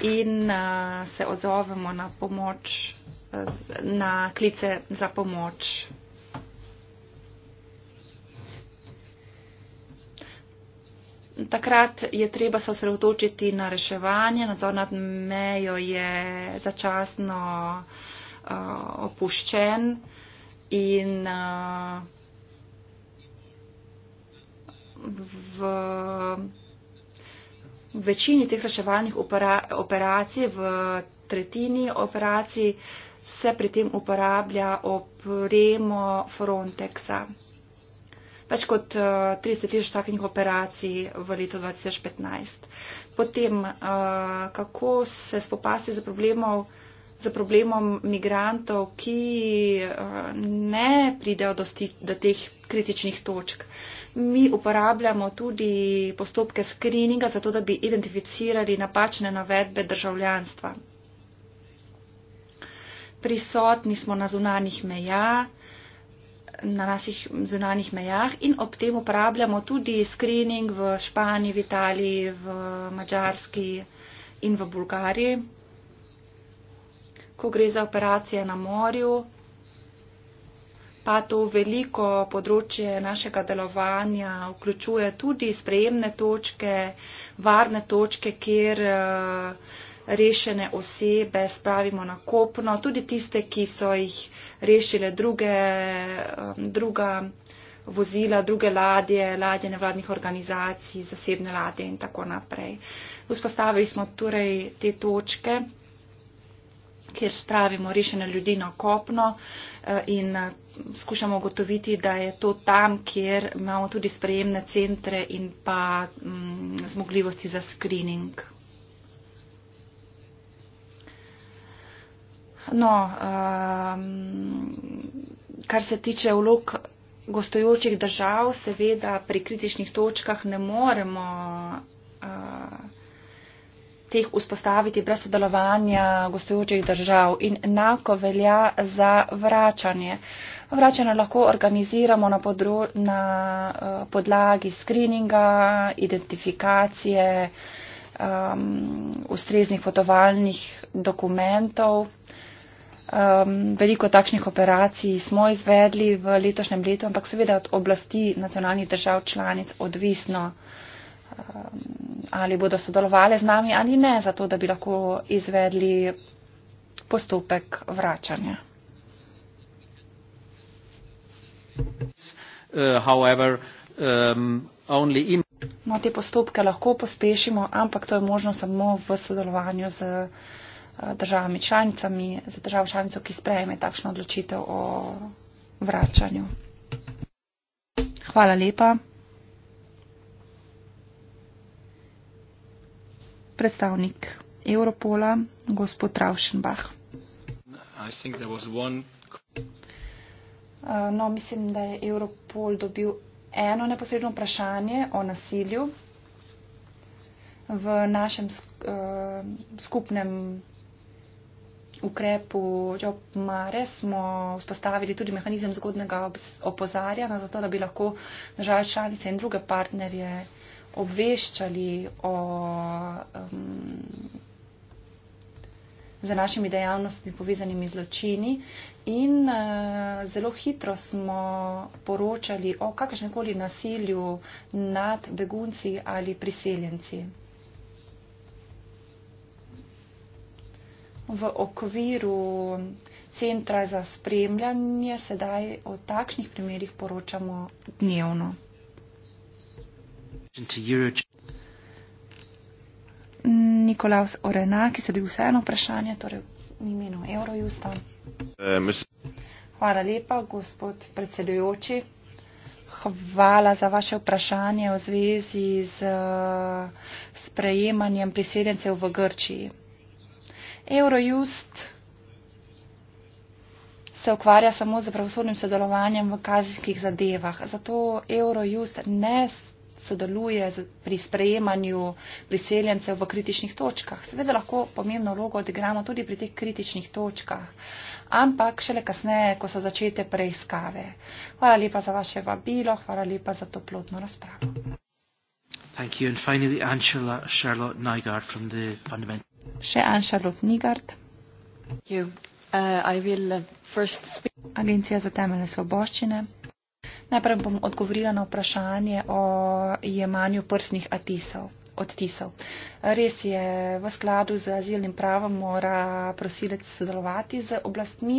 in uh, se odzovemo na pomoč, na klice za pomoč. takrat je treba se osredotočiti na reševanje, nadzor nad mejo je začasno uh, opuščen in uh, eh, v V večini teh reševalnih operacij, v tretjini operacij, se pri tem uporablja opremo Frontexa več kot 30 eh, tisoč takih operacij v letu 2015. Potem, eh, kako se spopasti za problemov? za problemom migrantov, ki eh, ne pridejo do, sti, do teh kritičnih točk. Mi uporabljamo tudi postopke skrininga, zato da bi identificirali napačne navedbe državljanstva. Prisotni smo na zunanjih mejah na naših zunanih mejah in ob tem uporabljamo tudi screening v Španiji, v Italiji, v Mačarski in v Bulgariji. Ko gre za operacije na morju, pa to veliko področje našega delovanja vključuje tudi sprejemne točke, varne točke, kjer uh, rešene osebe spravimo na kopno, tudi tiste, ki so jih rešile druge, um, druga vozila, druge ladje, ladje nevladnih organizacij, zasebne ladje in tako naprej. Vzpostavili smo torej te točke, kjer spravimo rešene ljudi na kopno eh, in eh, skušamo ugotoviti, da je to tam, kjer imamo tudi sprejemne centre in pa mm, zmogljivosti za screening. No, um, kar se tiče vlog gostujočih držav, seveda pri kritičnih točkah ne moremo uh, teh vzpostaviti brez sodelovanja gostujočih držav in enako velja za vračanje. Vračanje lahko organiziramo na, podro, na uh, podlagi skrininga, identifikacije, um, ustreznih potovalnih dokumentov, Um, veliko takšnih operacij smo izvedli v letošnjem letu, ampak seveda od oblasti nacionalnih držav članic odvisno, um, ali bodo sodelovali z nami ali ne, zato da bi lahko izvedli postopek vračanja. Uh, however, um, no, te postopke lahko pospešimo, ampak to je možno samo v sodelovanju z. Uh, državami članicami, za državo članico, ki sprejme takšno odločitev o vračanju. Hvala lepa. Predstavnik Europola, gospod Rauschenbach. Uh, no, mislim, da je Europol dobil eno neposredno vprašanje o nasilju v našem uh, skupnem ukrepu Jopmare smo vzpostavili tudi mehanizem zgodnega opozarjanja, zato da bi lahko države članice in druge partnerje obveščali o, um, za našimi dejavnostmi povezanimi zločini. In uh, zelo hitro smo poročali o kakršnekoli nasilju nad begunci ali priseljenci. v okviru centra za spremljanje sedaj o takšnih primerjih poročamo dnevno. Nikolaus Orenak, ki se bi vseeno vprašanje, torej v imenu Eurojusta. Hvala lepa, gospod predsedujoči. Hvala za vaše vprašanje v zvezi z eh, sprejemanjem priseljencev v Grčiji. Eurojust se ukvarja samo z pravosodnim sodelovanjem v kazijskih zadevah. Zato Eurojust ne sodeluje pri sprejemanju priseljencev v kritičnih točkah. Seveda lahko pomembno vlogo odigramo tudi pri teh kritičnih točkah, ampak šele kasneje, ko so začete preiskave. Hvala lepa za vaše vabilo, hvala lepa za to plotno razpravo. Thank you. And finally, Angela Charlotte Nygaard from the Fundamental. Še Anša Rotnigard. Uh, uh, Agencija za temeljne svoboščine. Najprej bom odgovorila na vprašanje o jemanju prsnih atisov. Odtisov. Res je, v skladu z azilnim pravom mora prosilec sodelovati z oblastmi.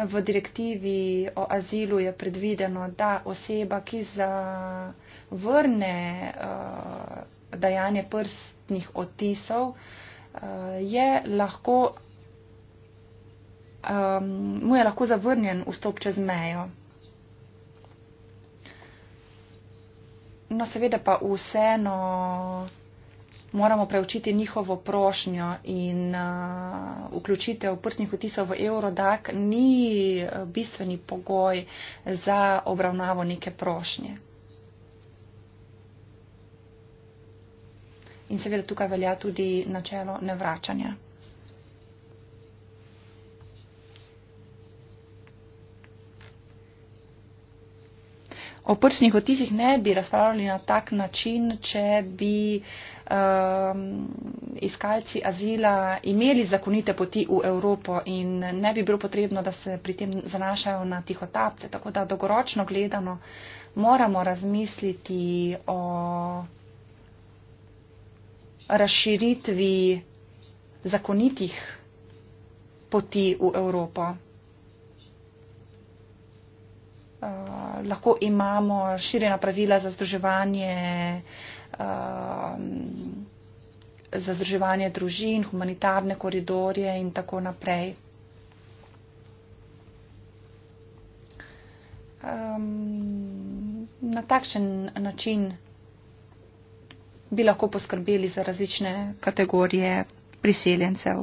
V direktivi o azilu je predvideno, da oseba, ki za vrne uh, dajanje prstnih otisov, uh, eh, je lahko, um, mu je lahko zavrnjen vstop čez mejo. No, seveda pa vseeno moramo preučiti njihovo prošnjo in uh, vključitev prstnih otisov v Eurodak ni bistveni pogoj za obravnavo neke prošnje. in seveda tukaj velja tudi načelo nevračanja. O prstnih otisih ne bi razpravljali na tak način, če bi um, iskalci azila imeli zakonite poti v Evropo in ne bi bilo potrebno, da se pri tem zanašajo na tihotapce. Tako da dolgoročno gledano moramo razmisliti o razširitvi zakonitih poti v Evropo. Uh, lahko imamo širjena pravila za združevanje, uh, za združevanje družin, humanitarne koridorje in tako naprej. Um, na takšen način bi lahko poskrbeli za različne kategorije priseljencev.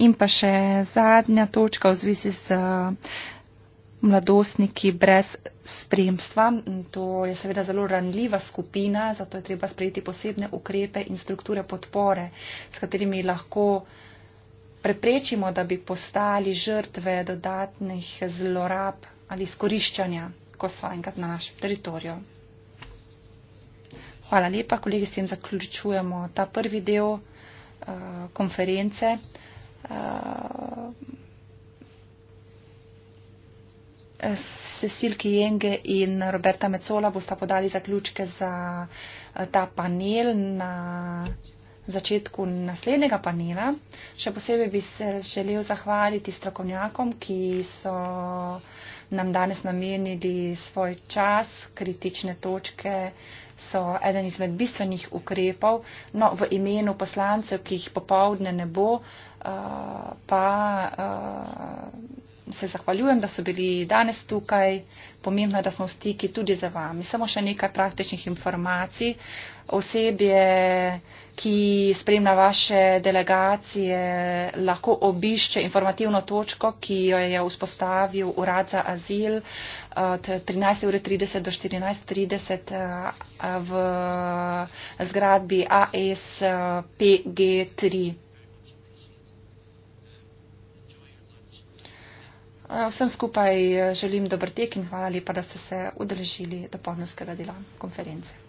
In pa še zadnja točka v zvezi z eh, mladostniki brez spremstva. To je seveda zelo ranljiva skupina, zato je treba sprejeti posebne ukrepe in strukture podpore, s katerimi lahko preprečimo, da bi postali žrtve dodatnih zlorab ali izkoriščanja, ko so enkrat na našem teritoriju. Hvala lepa, kolegi, s tem zaključujemo ta prvi del uh, konference. Uh, eh, Cecilki Jenge in Roberta Mecola bosta podali zaključke za uh, ta panel na začetku naslednjega panela. Še posebej bi se želel zahvaliti strokovnjakom, ki so nam danes namenili svoj čas, kritične točke, uh, so eden izmed bistvenih ukrepov. No, v imenu poslancev, ki jih popovdne ne bo, eh, pa eh, se zahvaljujem, da so bili danes tukaj. Pomembno je, da smo v stiki tudi za vami. Samo še nekaj praktičnih informacij. Osebje, ki spremlja vaše delegacije, lahko obišče informativno točko, ki jo je vzpostavil Urad za azil od 13.30 do 14.30 eh, v zgradbi ASPG3. Vsem skupaj eh, želim dober tek in hvala lepa, da ste se udeležili dopolnjskega dela konference.